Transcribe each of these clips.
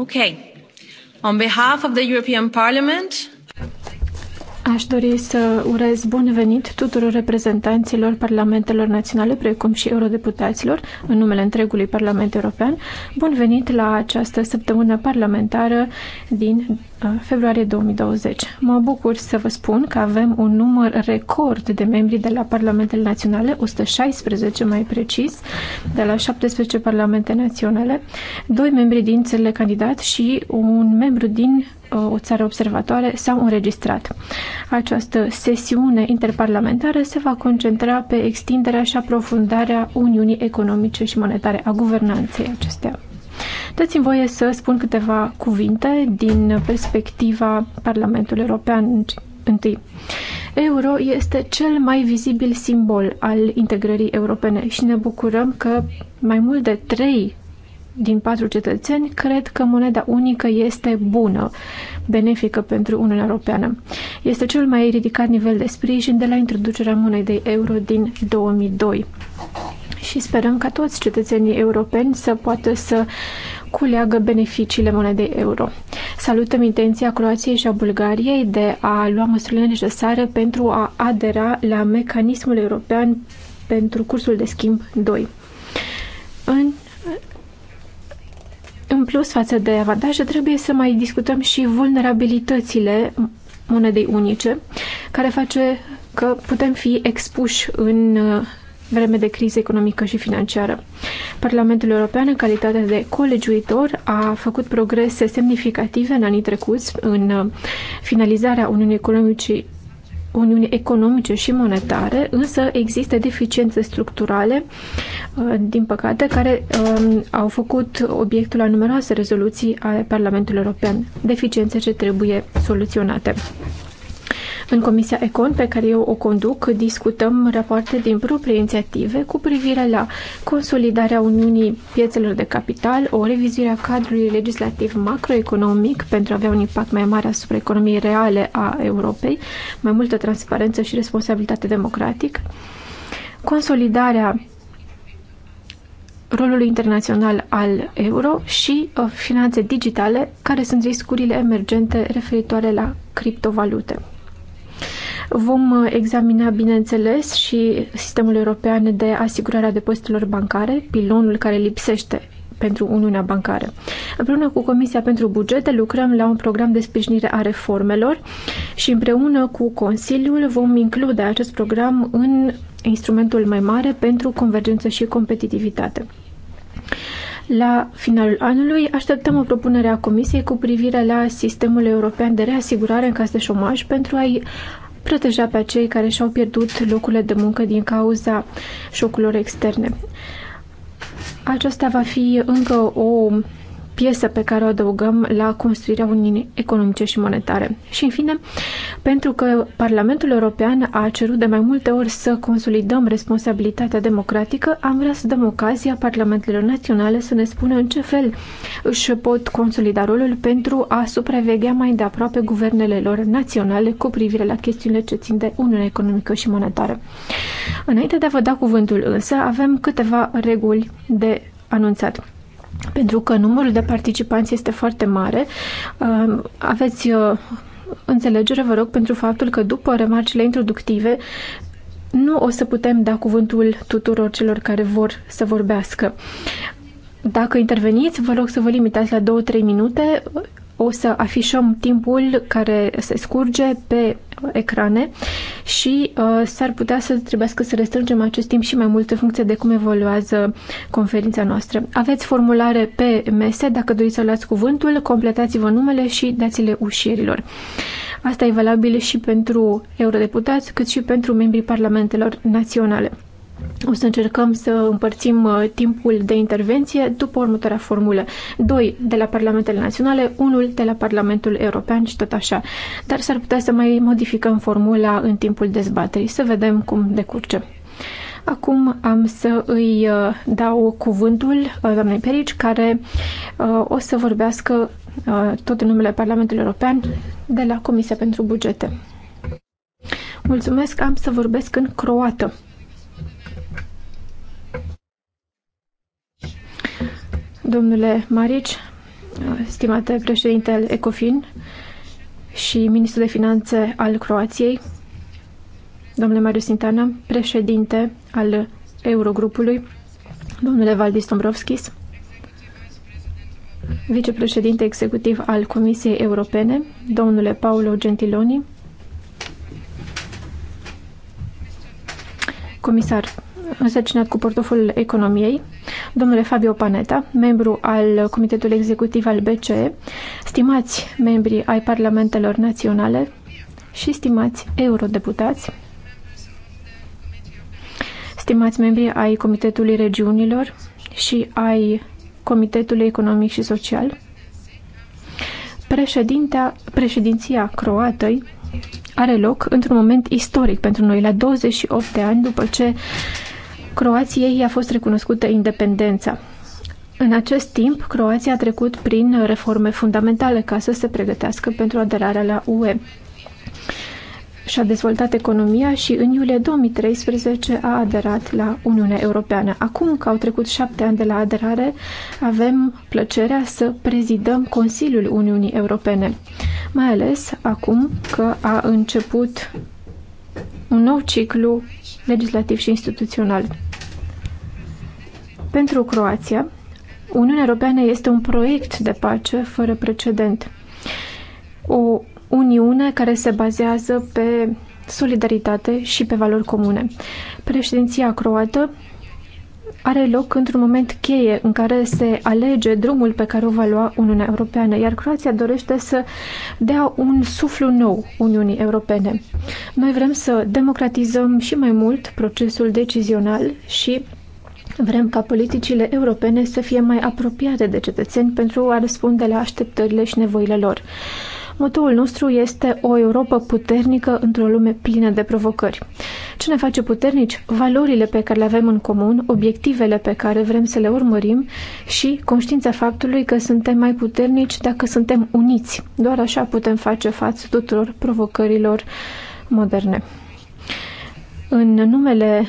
Okay. On behalf of the European Parliament, Aș dori să urez bun venit tuturor reprezentanților parlamentelor naționale, precum și eurodeputaților, în numele întregului Parlament European. Bun venit la această săptămână parlamentară din uh, februarie 2020. Mă bucur să vă spun că avem un număr record de membri de la parlamentele naționale, 116 mai precis, de la 17 parlamente naționale, doi membri din țările candidat și un membru din o țară observatoare s-au înregistrat. Această sesiune interparlamentară se va concentra pe extinderea și aprofundarea Uniunii Economice și Monetare a guvernanței acestea. Dați-mi voie să spun câteva cuvinte din perspectiva Parlamentului European întâi. Euro este cel mai vizibil simbol al integrării europene și ne bucurăm că mai mult de trei din patru cetățeni cred că moneda unică este bună, benefică pentru Uniunea Europeană. Este cel mai ridicat nivel de sprijin de la introducerea monedei euro din 2002. Și sperăm ca toți cetățenii europeni să poată să culeagă beneficiile monedei euro. Salutăm intenția Croației și a Bulgariei de a lua măsurile necesare pentru a adera la mecanismul european pentru cursul de schimb 2. În în plus, față de avantaje, trebuie să mai discutăm și vulnerabilitățile monedei unice, care face că putem fi expuși în uh, vreme de criză economică și financiară. Parlamentul European, în calitate de colegiuitor, a făcut progrese semnificative în anii trecuți în uh, finalizarea Uniunii Economice Uniunii Economice și Monetare, însă există deficiențe structurale, uh, din păcate, care um, au făcut obiectul a numeroase rezoluții ale Parlamentului European, deficiențe ce trebuie soluționate. În Comisia Econ, pe care eu o conduc, discutăm rapoarte din proprie inițiative cu privire la consolidarea Uniunii piețelor de capital, o revizuire a cadrului legislativ macroeconomic pentru a avea un impact mai mare asupra economiei reale a Europei, mai multă transparență și responsabilitate democratic, consolidarea rolului internațional al euro și uh, finanțe digitale, care sunt riscurile emergente referitoare la criptovalute. Vom uh, examina, bineînțeles, și sistemul european de asigurare a depozitelor bancare, pilonul care lipsește pentru Uniunea Bancară. Împreună cu Comisia pentru Bugete lucrăm la un program de sprijinire a reformelor și împreună cu Consiliul vom include acest program în instrumentul mai mare pentru convergență și competitivitate. La finalul anului așteptăm o propunere a Comisiei cu privire la sistemul european de reasigurare în caz de șomaj pentru a-i proteja pe cei care și-au pierdut locurile de muncă din cauza șocurilor externe. Aceasta va fi încă o piesă pe care o adăugăm la construirea Uniunii Economice și Monetare. Și, în fine, pentru că Parlamentul European a cerut de mai multe ori să consolidăm responsabilitatea democratică, am vrea să dăm ocazia Parlamentelor Naționale să ne spună în ce fel își pot consolida rolul pentru a supraveghea mai de aproape guvernele lor naționale cu privire la chestiunile ce țin de Uniunea Economică și Monetară. Înainte de a vă da cuvântul însă, avem câteva reguli de anunțat pentru că numărul de participanți este foarte mare. Um, aveți uh, înțelegere, vă rog, pentru faptul că după remarcile introductive nu o să putem da cuvântul tuturor celor care vor să vorbească. Dacă interveniți, vă rog să vă limitați la 2-3 minute, o să afișăm timpul care se scurge pe uh, ecrane și uh, s-ar putea să trebuiască să restrângem acest timp și mai mult în funcție de cum evoluează conferința noastră. Aveți formulare pe mese, dacă doriți să luați cuvântul, completați-vă numele și dați-le ușierilor. Asta e valabil și pentru eurodeputați, cât și pentru membrii parlamentelor naționale. O să încercăm să împărțim uh, timpul de intervenție după următoarea formulă. Doi de la Parlamentele Naționale, unul de la Parlamentul European și tot așa. Dar s-ar putea să mai modificăm formula în timpul dezbaterii. Să vedem cum decurge. Acum am să îi uh, dau cuvântul uh, doamnei Perici, care o să vorbească tot în numele Parlamentului European de la Comisia pentru Bugete. Mulțumesc, am să vorbesc în croată. Domnule Marici, stimate președinte al ECOFIN și ministru de finanțe al Croației, domnule Marius Sintana, președinte al Eurogrupului, domnule Valdis Dombrovskis, vicepreședinte executiv al Comisiei Europene, domnule Paolo Gentiloni, comisar însărcinat cu portofoliul economiei, domnule Fabio Paneta, membru al Comitetului Executiv al BCE, stimați membri ai Parlamentelor Naționale și stimați eurodeputați, stimați membri ai Comitetului Regiunilor și ai Comitetului Economic și Social, președinția Croatei are loc într-un moment istoric pentru noi, la 28 de ani după ce Croației i-a fost recunoscută independența. În acest timp, Croația a trecut prin reforme fundamentale ca să se pregătească pentru aderarea la UE și-a dezvoltat economia și în iulie 2013 a aderat la Uniunea Europeană. Acum că au trecut șapte ani de la aderare, avem plăcerea să prezidăm Consiliul Uniunii Europene, mai ales acum că a început un nou ciclu legislativ și instituțional. Pentru Croația, Uniunea Europeană este un proiect de pace fără precedent. O Uniune care se bazează pe solidaritate și pe valori comune. Președinția croată are loc într-un moment cheie în care se alege drumul pe care o va lua Uniunea Europeană, iar Croația dorește să dea un suflu nou Uniunii Europene. Noi vrem să democratizăm și mai mult procesul decizional și vrem ca politicile europene să fie mai apropiate de cetățeni pentru a răspunde la așteptările și nevoile lor. Motoul nostru este o Europa puternică într-o lume plină de provocări. Ce ne face puternici? Valorile pe care le avem în comun, obiectivele pe care vrem să le urmărim și conștiința faptului că suntem mai puternici dacă suntem uniți. Doar așa putem face față tuturor provocărilor moderne. În numele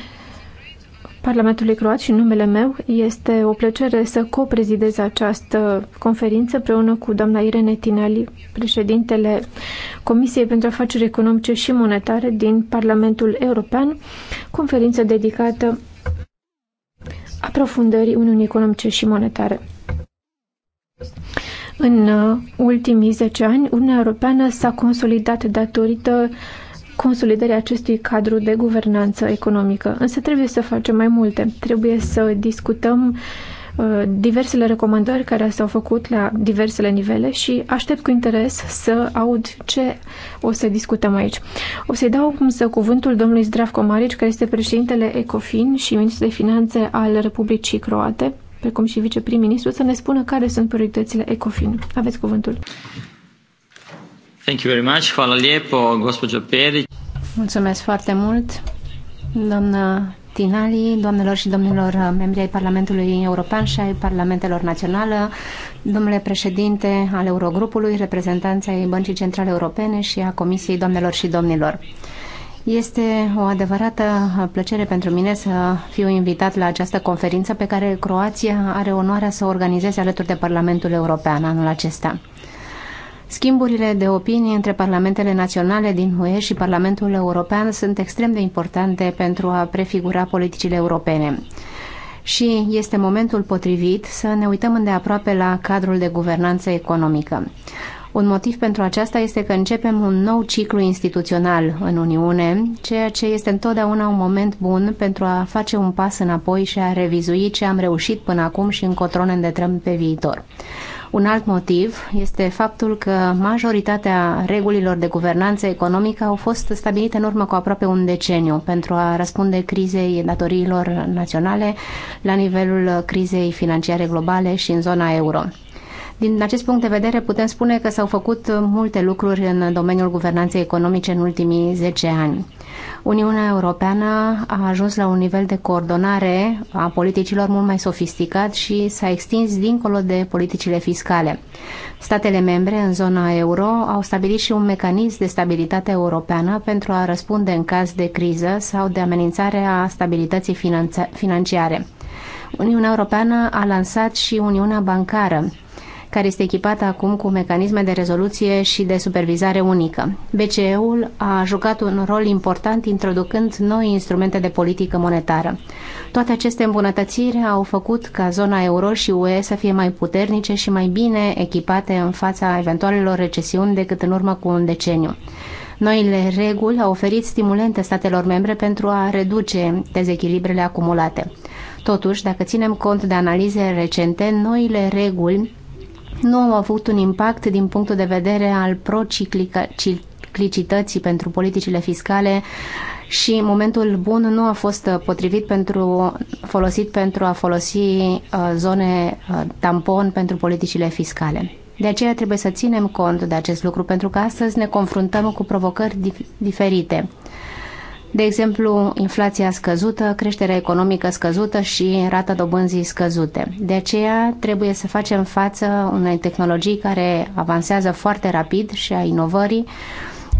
Parlamentului Croat și numele meu. Este o plăcere să coprezidez această conferință împreună cu doamna Irene Tinali, președintele Comisiei pentru Afaceri Economice și Monetare din Parlamentul European, conferință dedicată aprofundării Uniunii Economice și Monetare. În uh, ultimii 10 ani, Uniunea Europeană s-a consolidat datorită consolidării acestui cadru de guvernanță economică. Însă trebuie să facem mai multe. Trebuie să discutăm uh, diversele recomandări care s-au făcut la diversele nivele și aștept cu interes să aud ce o să discutăm aici. O să-i dau să cuvântul domnului Zdravko Maric, care este președintele ECOFIN și ministru de finanțe al Republicii Croate, precum și viceprim-ministru, să ne spună care sunt prioritățile ECOFIN. Aveți cuvântul. Thank you very much. Hvala lijepo, gospođo Perić. Mulțumesc foarte mult, doamnă Tinali, doamnelor și domnilor membri ai Parlamentului European și ai Parlamentelor Naționale, domnule președinte al Eurogrupului, reprezentanți ai Băncii Centrale Europene și a Comisiei Doamnelor și Domnilor. Este o adevărată plăcere pentru mine să fiu invitat la această conferință pe care Croația are onoarea să o organizeze alături de Parlamentul European anul acesta. Schimburile de opinie între parlamentele naționale din UE și Parlamentul European sunt extrem de importante pentru a prefigura politicile europene. Și este momentul potrivit să ne uităm îndeaproape la cadrul de guvernanță economică. Un motiv pentru aceasta este că începem un nou ciclu instituțional în Uniune, ceea ce este întotdeauna un moment bun pentru a face un pas înapoi și a revizui ce am reușit până acum și încotro ne îndetrăm pe viitor. Un alt motiv este faptul că majoritatea regulilor de guvernanță economică au fost stabilite în urmă cu aproape un deceniu pentru a răspunde crizei datoriilor naționale la nivelul crizei financiare globale și în zona euro. Din acest punct de vedere, putem spune că s-au făcut multe lucruri în domeniul guvernanței economice în ultimii 10 ani. Uniunea Europeană a ajuns la un nivel de coordonare a politicilor mult mai sofisticat și s-a extins dincolo de politicile fiscale. Statele membre în zona euro au stabilit și un mecanism de stabilitate europeană pentru a răspunde în caz de criză sau de amenințare a stabilității financiare. Uniunea Europeană a lansat și Uniunea Bancară care este echipată acum cu mecanisme de rezoluție și de supervizare unică. BCE-ul a jucat un rol important introducând noi instrumente de politică monetară. Toate aceste îmbunătățiri au făcut ca zona euro și UE să fie mai puternice și mai bine echipate în fața eventualelor recesiuni decât în urmă cu un deceniu. Noile reguli au oferit stimulente statelor membre pentru a reduce dezechilibrele acumulate. Totuși, dacă ținem cont de analize recente, noile reguli nu au avut un impact din punctul de vedere al prociclicității pentru politicile fiscale și momentul bun nu a fost potrivit pentru folosit pentru a folosi uh, zone uh, tampon pentru politicile fiscale. De aceea trebuie să ținem cont de acest lucru pentru că astăzi ne confruntăm cu provocări diferite de exemplu, inflația scăzută, creșterea economică scăzută și rata dobânzii scăzute. De aceea trebuie să facem față unei tehnologii care avansează foarte rapid și a inovării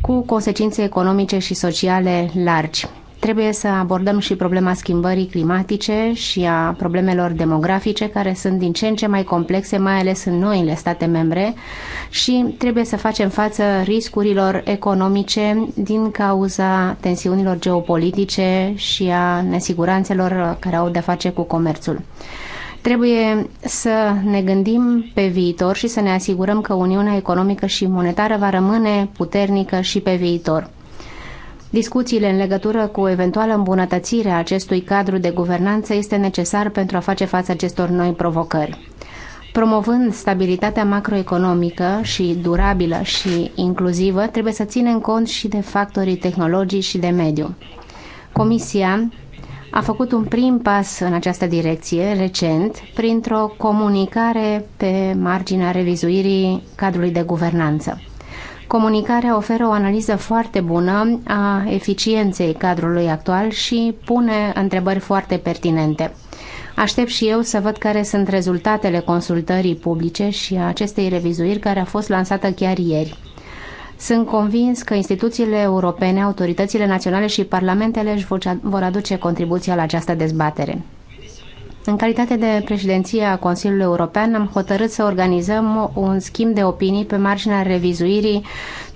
cu consecințe economice și sociale largi. Trebuie să abordăm și problema schimbării climatice și a problemelor demografice care sunt din ce în ce mai complexe, mai ales în noile state membre și trebuie să facem față riscurilor economice din cauza tensiunilor geopolitice și a nesiguranțelor care au de face cu comerțul. Trebuie să ne gândim pe viitor și să ne asigurăm că Uniunea Economică și Monetară va rămâne puternică și pe viitor. Discuțiile în legătură cu o eventuală îmbunătățire a acestui cadru de guvernanță este necesar pentru a face față acestor noi provocări. Promovând stabilitatea macroeconomică și durabilă și inclusivă, trebuie să ținem cont și de factorii tehnologici și de mediu. Comisia a făcut un prim pas în această direcție recent printr-o comunicare pe marginea revizuirii cadrului de guvernanță. Comunicarea oferă o analiză foarte bună a eficienței cadrului actual și pune întrebări foarte pertinente. Aștept și eu să văd care sunt rezultatele consultării publice și a acestei revizuiri care a fost lansată chiar ieri. Sunt convins că instituțiile europene, autoritățile naționale și parlamentele își vor aduce contribuția la această dezbatere. În calitate de președinție a Consiliului European, am hotărât să organizăm un schimb de opinii pe marginea revizuirii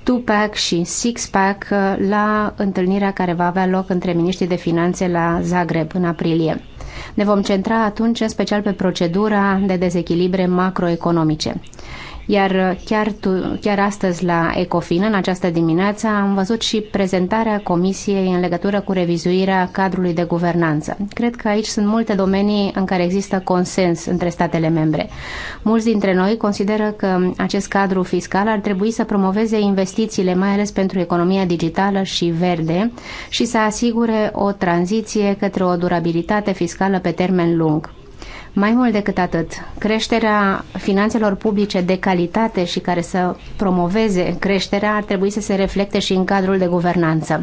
two-pack și six-pack uh, la întâlnirea care va avea loc între miniștrii de finanțe la Zagreb în aprilie. Ne vom centra atunci în special pe procedura de dezechilibre macroeconomice. Iar uh, chiar, tu, chiar astăzi la Ecofin, în această dimineață, am văzut și prezentarea Comisiei în legătură cu revizuirea cadrului de guvernanță. Cred că aici sunt multe domenii în care există consens între statele membre. Mulți dintre noi consideră că acest cadru fiscal ar trebui să promoveze investițiile, mai ales pentru economia digitală și verde, și să asigure o tranziție către o durabilitate fiscală pe termen lung. Mai mult decât atât, creșterea finanțelor publice de calitate și care să promoveze creșterea ar trebui să se reflecte și în cadrul de guvernanță.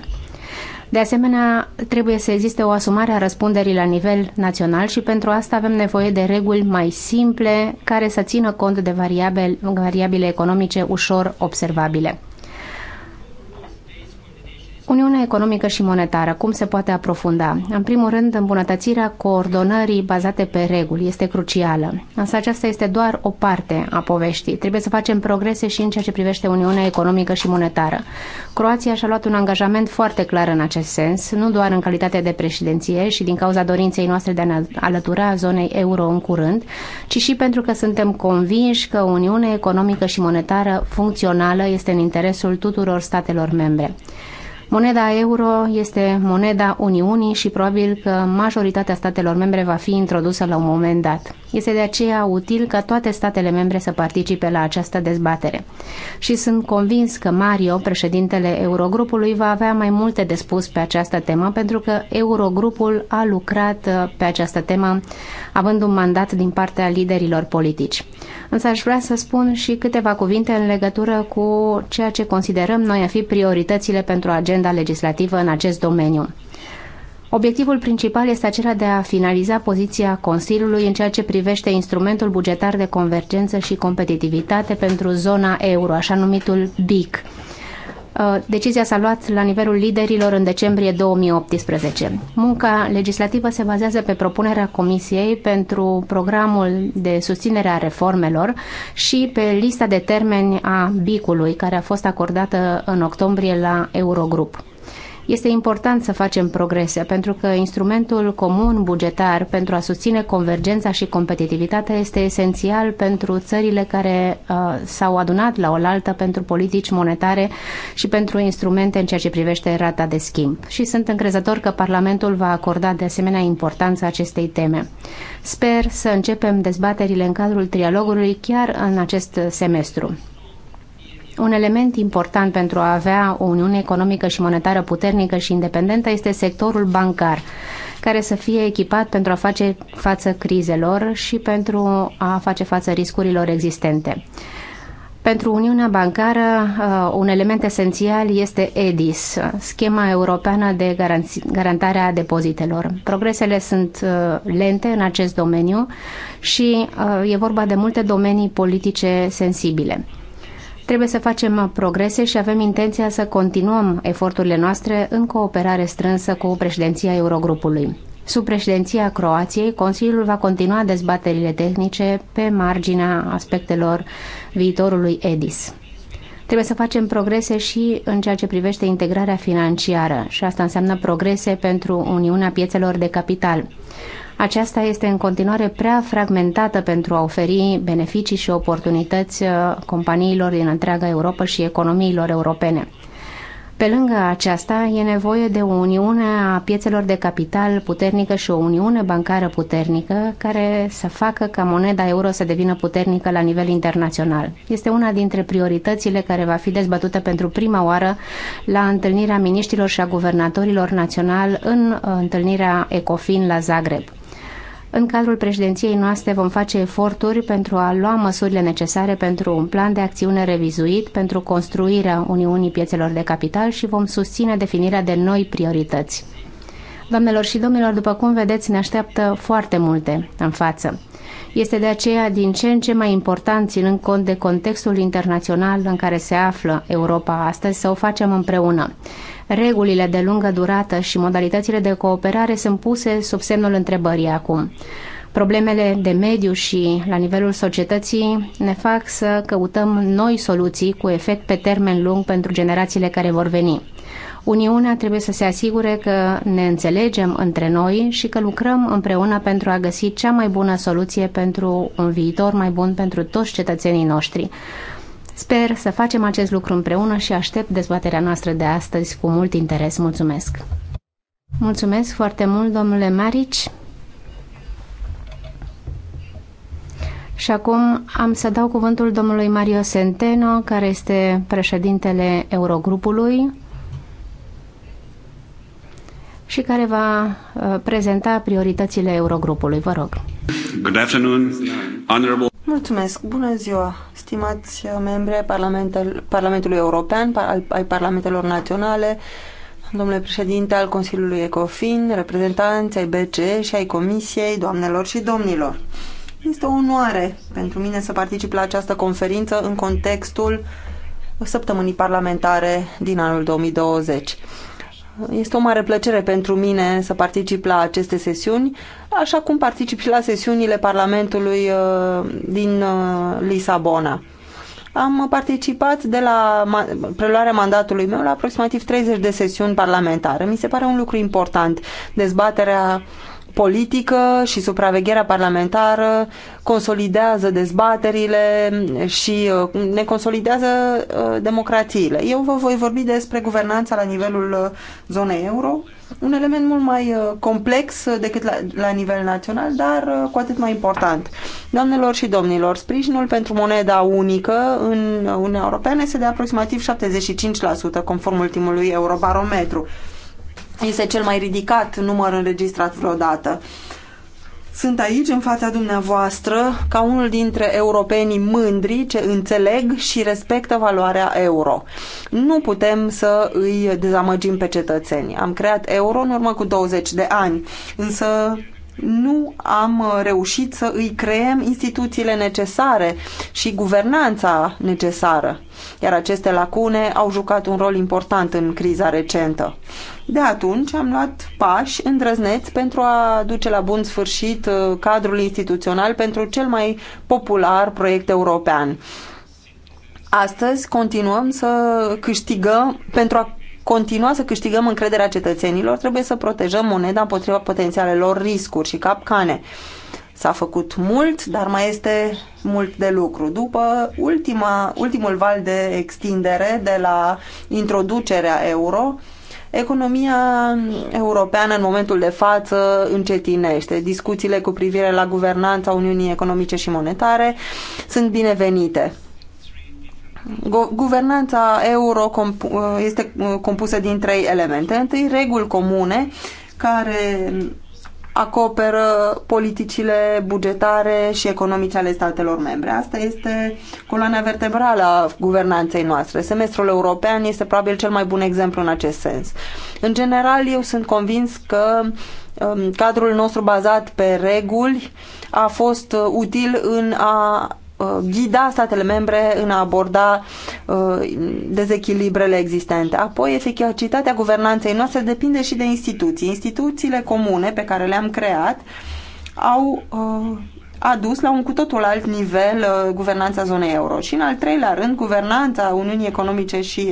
De asemenea, trebuie să existe o asumare a răspunderii la nivel național și pentru asta avem nevoie de reguli mai simple care să țină cont de variabile, variabile economice ușor observabile. Uniunea economică și monetară, cum se poate aprofunda? În primul rând, îmbunătățirea coordonării bazate pe reguli este crucială. Însă aceasta este doar o parte a poveștii. Trebuie să facem progrese și în ceea ce privește Uniunea economică și monetară. Croația și-a luat un angajament foarte clar în acest sens, nu doar în calitate de președinție și din cauza dorinței noastre de a ne alătura zonei euro în curând, ci și pentru că suntem convinși că Uniunea economică și monetară funcțională este în interesul tuturor statelor membre. Moneda euro este moneda Uniunii și probabil că majoritatea statelor membre va fi introdusă la un moment dat. Este de aceea util ca toate statele membre să participe la această dezbatere. Și sunt convins că Mario, președintele Eurogrupului, va avea mai multe de spus pe această temă, pentru că Eurogrupul a lucrat uh, pe această temă, având un mandat din partea liderilor politici. Însă aș vrea să spun și câteva cuvinte în legătură cu ceea ce considerăm noi a fi prioritățile pentru agenda agenda legislativă în acest domeniu. Obiectivul principal este acela de a finaliza poziția Consiliului în ceea ce privește instrumentul bugetar de convergență și competitivitate pentru zona euro, așa numitul BIC. Uh, decizia s-a luat la nivelul liderilor în decembrie 2018. Munca legislativă se bazează pe propunerea Comisiei pentru programul de susținere a reformelor și pe lista de termeni a BIC-ului, care a fost acordată în octombrie la Eurogrup. Este important să facem progrese, pentru că instrumentul comun bugetar pentru a susține convergența și competitivitatea este esențial pentru țările care uh, s-au adunat la oaltă pentru politici monetare și pentru instrumente în ceea ce privește rata de schimb. Și sunt încrezător că Parlamentul va acorda de asemenea importanța acestei teme. Sper să începem dezbaterile în cadrul trialogului chiar în acest semestru. Un element important pentru a avea o uniune economică și monetară puternică și independentă este sectorul bancar, care să fie echipat pentru a face față crizelor și pentru a face față riscurilor existente. Pentru Uniunea Bancară, uh, un element esențial este EDIS, Schema Europeană de Garantare a Depozitelor. Progresele sunt uh, lente în acest domeniu și uh, e vorba de multe domenii politice sensibile. Trebuie să facem progrese și avem intenția să continuăm eforturile noastre în cooperare strânsă cu președinția Eurogrupului. Sub președinția Croației, Consiliul va continua dezbaterile tehnice pe marginea aspectelor viitorului EDIS. Trebuie să facem progrese și în ceea ce privește integrarea financiară și asta înseamnă progrese pentru Uniunea Piețelor de Capital aceasta este în continuare prea fragmentată pentru a oferi beneficii și oportunități uh, companiilor din întreaga Europa și economiilor europene. Pe lângă aceasta, e nevoie de o uniune a piețelor de capital puternică și o uniune bancară puternică care să facă ca moneda euro să devină puternică la nivel internațional. Este una dintre prioritățile care va fi dezbătută pentru prima oară la întâlnirea miniștilor și a guvernatorilor național în uh, întâlnirea ECOFIN la Zagreb. În cadrul președinției noastre vom face eforturi pentru a lua măsurile necesare pentru un plan de acțiune revizuit, pentru construirea Uniunii Piețelor de Capital și vom susține definirea de noi priorități. Doamnelor și domnilor, după cum vedeți, ne așteaptă foarte multe în față. Este de aceea din ce în ce mai important, ținând cont de contextul internațional în care se află Europa astăzi, să o facem împreună. Regulile de lungă durată și modalitățile de cooperare sunt puse sub semnul întrebării acum. Problemele de mediu și la nivelul societății ne fac să căutăm noi soluții cu efect pe termen lung pentru generațiile care vor veni. Uniunea trebuie să se asigure că ne înțelegem între noi și că lucrăm împreună pentru a găsi cea mai bună soluție pentru un viitor mai bun pentru toți cetățenii noștri. Sper să facem acest lucru împreună și aștept dezbaterea noastră de astăzi cu mult interes. Mulțumesc! Mulțumesc foarte mult, domnule Marici! Și acum am să dau cuvântul domnului Mario Centeno, care este președintele Eurogrupului și care va uh, prezenta prioritățile Eurogrupului. Vă rog. Good afternoon, honorable... Mulțumesc. Bună ziua, stimați membri ai Parlamentul, Parlamentului European, al, ai Parlamentelor Naționale, domnule președinte al Consiliului ECOFIN, reprezentanți ai BCE și ai Comisiei, doamnelor și domnilor. Este o onoare pentru mine să particip la această conferință în contextul săptămânii parlamentare din anul 2020. Este o mare plăcere pentru mine să particip la aceste sesiuni, așa cum particip și la sesiunile Parlamentului uh, din uh, Lisabona. Am participat de la preluarea mandatului meu la aproximativ 30 de sesiuni parlamentare. Mi se pare un lucru important. Dezbaterea politică și supravegherea parlamentară consolidează dezbaterile și uh, ne consolidează uh, democrațiile. Eu vă voi vorbi despre guvernanța la nivelul uh, zonei euro, un element mult mai complex decât la, la nivel național, dar cu atât mai important. Doamnelor și domnilor, sprijinul pentru moneda unică în Uniunea Europeană este de aproximativ 75% conform ultimului Eurobarometru este cel mai ridicat număr înregistrat vreodată. Sunt aici, în fața dumneavoastră, ca unul dintre europenii mândri ce înțeleg și respectă valoarea euro. Nu putem să îi dezamăgim pe cetățeni. Am creat euro în urmă cu 20 de ani, însă nu am uh, reușit să îi creăm instituțiile necesare și guvernanța necesară, iar aceste lacune au jucat un rol important în criza recentă. De atunci am luat pași îndrăzneți pentru a duce la bun sfârșit uh, cadrul instituțional pentru cel mai popular proiect european. Astăzi continuăm să câștigăm pentru a continua să câștigăm încrederea cetățenilor, trebuie să protejăm moneda împotriva potențialelor riscuri și capcane. S-a făcut mult, dar mai este mult de lucru. După ultima, ultimul val de extindere de la introducerea euro, economia europeană în momentul de față încetinește. Discuțiile cu privire la guvernanța Uniunii Economice și Monetare sunt binevenite. Guvernanța euro uh, este uh, compusă din trei elemente. Întâi, reguli comune care acoperă politicile bugetare și economice ale statelor membre. Asta este coloana vertebrală a guvernanței noastre. Semestrul european este probabil cel mai bun exemplu în acest sens. În general, eu sunt convins că um, cadrul nostru bazat pe reguli a fost uh, util în a Uh, ghida statele membre în a aborda uh, dezechilibrele existente. Apoi, eficacitatea guvernanței noastre depinde și de instituții. Instituțiile comune pe care le-am creat au uh, adus la un cu totul alt nivel guvernanța zonei euro. Și în al treilea rând, guvernanța Uniunii Economice și,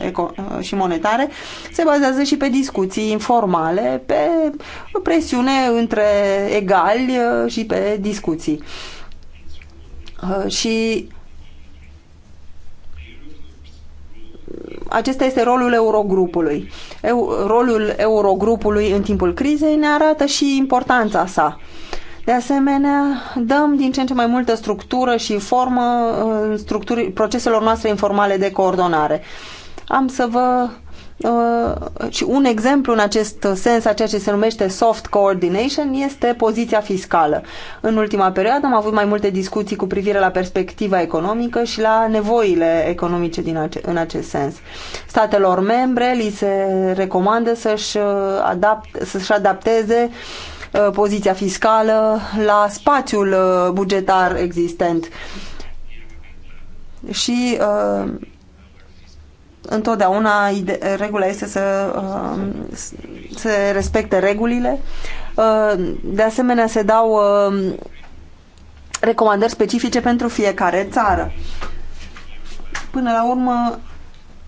eco, și Monetare se bazează și pe discuții informale, pe presiune între egali și pe discuții. Uh, Uh, și acesta este rolul Eurogrupului. Eu, rolul Eurogrupului în timpul crizei ne arată și importanța sa. De asemenea, dăm din ce în ce mai multă structură și formă în structuri, proceselor noastre informale de coordonare. Am să vă uh, Uh, și un exemplu în acest sens a ceea ce se numește soft coordination este poziția fiscală. În ultima perioadă am avut mai multe discuții cu privire la perspectiva economică și la nevoile economice din ace- în acest sens. Statelor membre li se recomandă să-și, uh, adapt- să adapteze uh, poziția fiscală la spațiul bugetar existent. Și uh, întotdeauna regula este să um, se respecte regulile. Uh, de asemenea, se dau um, recomandări specifice pentru fiecare țară. Până la urmă,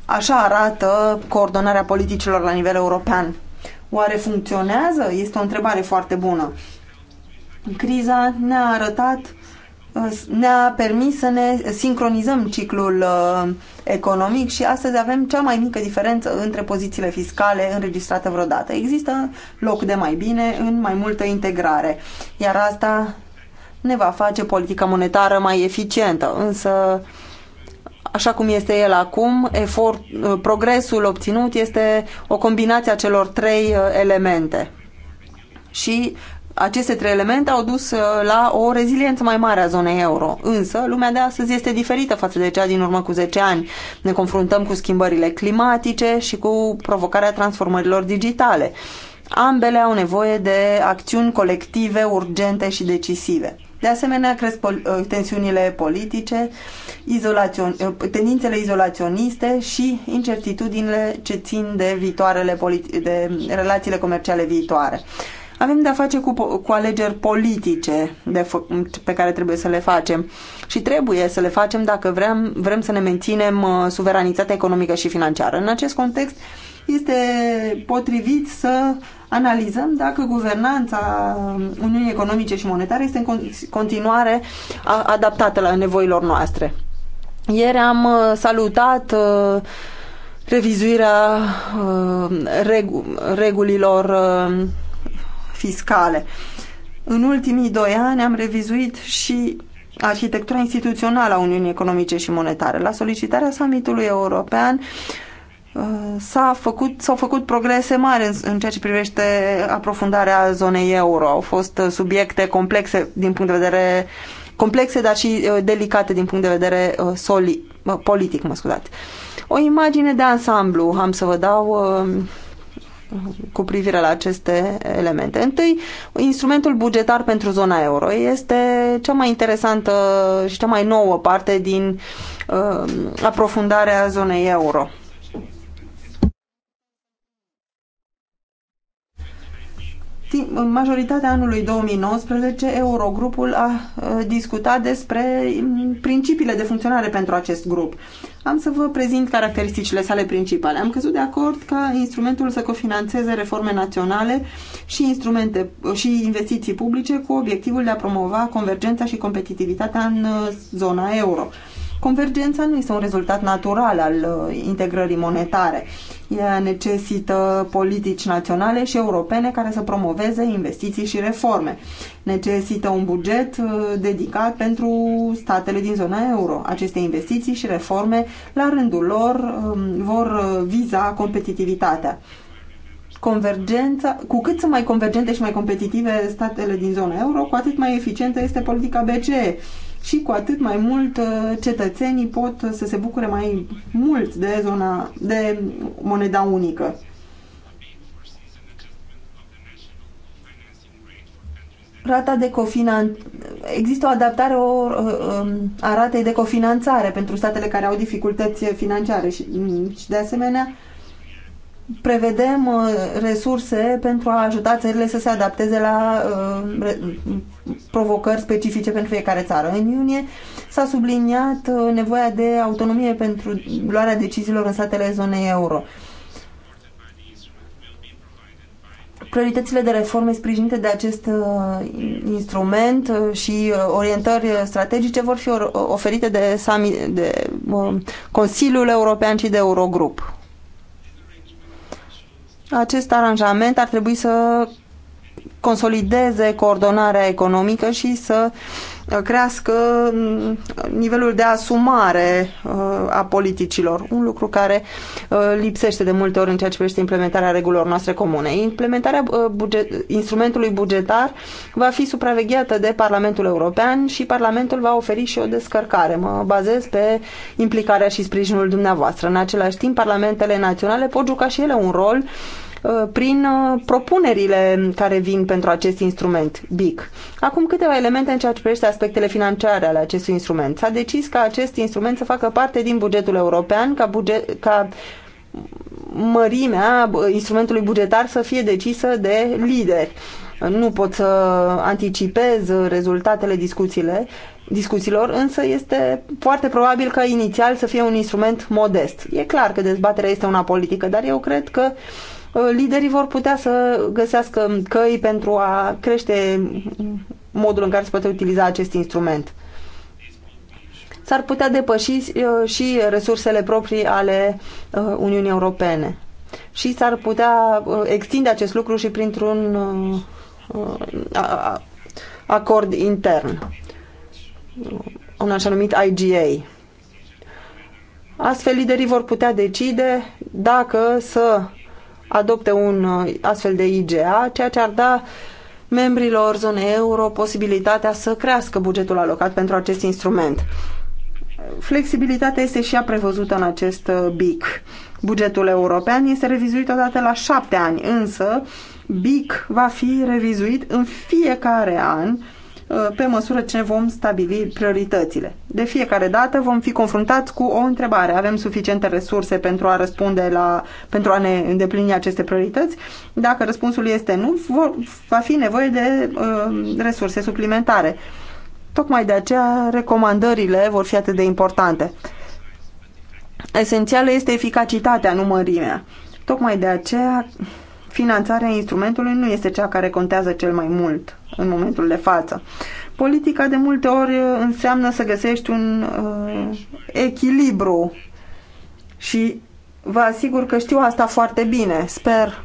așa arată coordonarea politicilor la nivel european. Oare funcționează? Este o întrebare foarte bună. Criza ne-a arătat ne-a permis să ne sincronizăm ciclul uh, economic și astăzi avem cea mai mică diferență între pozițiile fiscale înregistrate vreodată. Există loc de mai bine în mai multă integrare, iar asta ne va face politica monetară mai eficientă, însă așa cum este el acum, efort, uh, progresul obținut este o combinație a celor trei uh, elemente. Și aceste trei elemente au dus uh, la o reziliență mai mare a zonei euro. Însă, lumea de astăzi este diferită față de cea din urmă cu 10 ani. Ne confruntăm cu schimbările climatice și cu provocarea transformărilor digitale. Ambele au nevoie de acțiuni colective, urgente și decisive. De asemenea, cresc pol- uh, tensiunile politice, izolațion- uh, tendințele izolaționiste și incertitudinile ce țin de, viitoarele de relațiile comerciale viitoare. Avem de-a face cu, cu alegeri politice de pe care trebuie să le facem și trebuie să le facem dacă vrem, vrem să ne menținem uh, suveranitatea economică și financiară. În acest context este potrivit să analizăm dacă guvernanța Uniunii Economice și Monetare este în continuare adaptată la nevoilor noastre. Ieri am uh, salutat uh, revizuirea regulilor fiscale. În ultimii doi ani am revizuit și arhitectura instituțională a Uniunii Economice și Monetare. La solicitarea summitului european uh, S-a făcut, s-au făcut progrese mari în, în ceea ce privește aprofundarea zonei euro. Au fost uh, subiecte complexe din punct de vedere complexe, dar și uh, delicate din punct de vedere soli, politic, mă scuzați. O imagine de ansamblu am să vă dau cu privire la aceste elemente. Întâi, instrumentul bugetar pentru zona euro este cea mai interesantă și cea mai nouă parte din uh, aprofundarea zonei euro. în majoritatea anului 2019, Eurogrupul a uh, discutat despre mm, principiile de funcționare pentru acest grup. Am să vă prezint caracteristicile sale principale. Am căzut de acord ca instrumentul să cofinanțeze reforme naționale și, instrumente, uh, și investiții publice cu obiectivul de a promova convergența și competitivitatea în uh, zona euro. Convergența nu este un rezultat natural al integrării monetare necesită politici naționale și europene care să promoveze investiții și reforme. Necesită un buget uh, dedicat pentru statele din zona euro. Aceste investiții și reforme, la rândul lor, um, vor uh, viza competitivitatea convergența, cu cât sunt mai convergente și mai competitive statele din zona euro, cu atât mai eficientă este politica BCE și cu atât mai mult uh, cetățenii pot uh, să se bucure mai mult de zona de moneda unică. Rata de cofinan Există o adaptare o, uh, um, a ratei de cofinanțare pentru statele care au dificultăți financiare și, mm, și de asemenea prevedem uh, resurse pentru a ajuta țările să se adapteze la uh, provocări specifice pentru fiecare țară. În iunie s-a subliniat uh, nevoia de autonomie pentru luarea deciziilor în statele zonei euro. Prioritățile de reforme sprijinite de acest instrument și orientări strategice vor fi oferite de, de Consiliul European și de Eurogrup. Acest aranjament ar trebui să consolideze coordonarea economică și să uh, crească mm, nivelul de asumare uh, a politicilor, un lucru care uh, lipsește de multe ori în ceea ce privește implementarea regulilor noastre comune. Implementarea buget, instrumentului bugetar va fi supravegheată de Parlamentul European și Parlamentul va oferi și o descărcare. Mă bazez pe implicarea și sprijinul dumneavoastră. În același timp, parlamentele naționale pot juca și ele un rol uh, Uh, prin uh, propunerile care vin pentru acest instrument BIC. Acum câteva elemente în ceea ce privește aspectele financiare ale acestui instrument. S-a decis ca acest instrument să facă parte din bugetul european, ca, buget, ca mărimea uh, instrumentului bugetar să fie decisă de lideri. Nu pot să anticipez rezultatele discuțiile, discuțiilor, însă este foarte probabil că inițial să fie un instrument modest. E clar că dezbaterea este una politică, dar eu cred că Uh, liderii vor putea să găsească căi pentru a crește modul în care se poate utiliza acest instrument. S-ar putea depăși uh, și resursele proprii ale uh, Uniunii Europene și s-ar putea extinde acest lucru și printr-un acord intern, un așa numit IGA. Astfel, liderii vor putea decide dacă să adopte un uh, astfel de IGA, ceea ce ar da membrilor zonei euro posibilitatea să crească bugetul alocat pentru acest instrument. Flexibilitatea este și ea prevăzută în acest uh, BIC. Bugetul european este revizuit odată la șapte ani, însă BIC va fi revizuit în fiecare an Uh, pe măsură ce vom stabili prioritățile. De fiecare dată vom fi confruntați cu o întrebare. Avem suficiente resurse pentru a răspunde la, pentru a ne îndeplini aceste priorități? Dacă răspunsul este nu, va fi nevoie de uh, resurse suplimentare. Tocmai de aceea recomandările vor fi atât de importante. Esențială este eficacitatea, nu mărimea. Tocmai de aceea finanțarea instrumentului nu este cea care contează cel mai mult în momentul de față. Politica de multe ori uh, înseamnă să găsești un uh, echilibru și vă asigur că știu asta foarte bine. Sper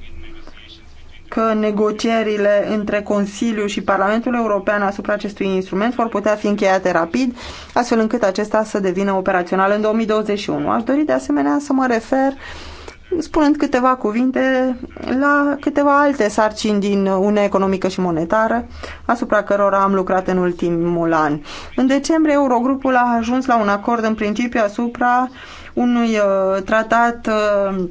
că negocierile între Consiliu și Parlamentul European asupra acestui instrument vor putea fi încheiate rapid, astfel încât acesta să devină operațional în 2021. Aș dori de asemenea să mă refer spunând câteva cuvinte la câteva alte sarcini din Uniunea Economică și Monetară, asupra cărora am lucrat în ultimul an. În decembrie, Eurogrupul a ajuns la un acord în principiu asupra unui uh, tratat uh,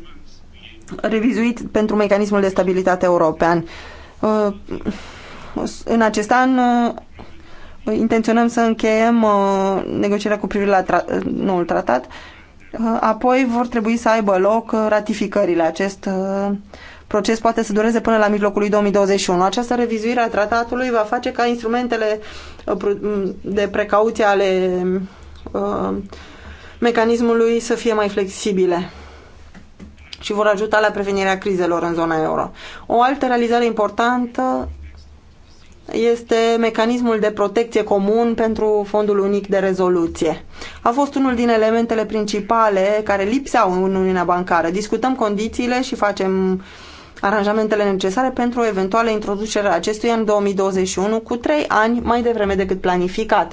revizuit pentru mecanismul de stabilitate european. Uh, în acest an uh, intenționăm să încheiem uh, negocierea cu privire la tra uh, noul tratat Uh, apoi vor trebui să aibă loc uh, ratificările. Acest uh, proces poate să dureze până la mijlocul lui 2021. Această revizuire a tratatului va face ca instrumentele de precauție ale mecanismului să fie mai flexibile și vor ajuta la prevenirea crizelor în zona euro. O altă realizare importantă este mecanismul de protecție comun pentru Fondul Unic de Rezoluție. A fost unul din elementele principale care lipseau în Uniunea Bancară. Discutăm condițiile și facem aranjamentele necesare pentru eventuală a acestui an 2021 cu trei ani mai devreme decât planificat.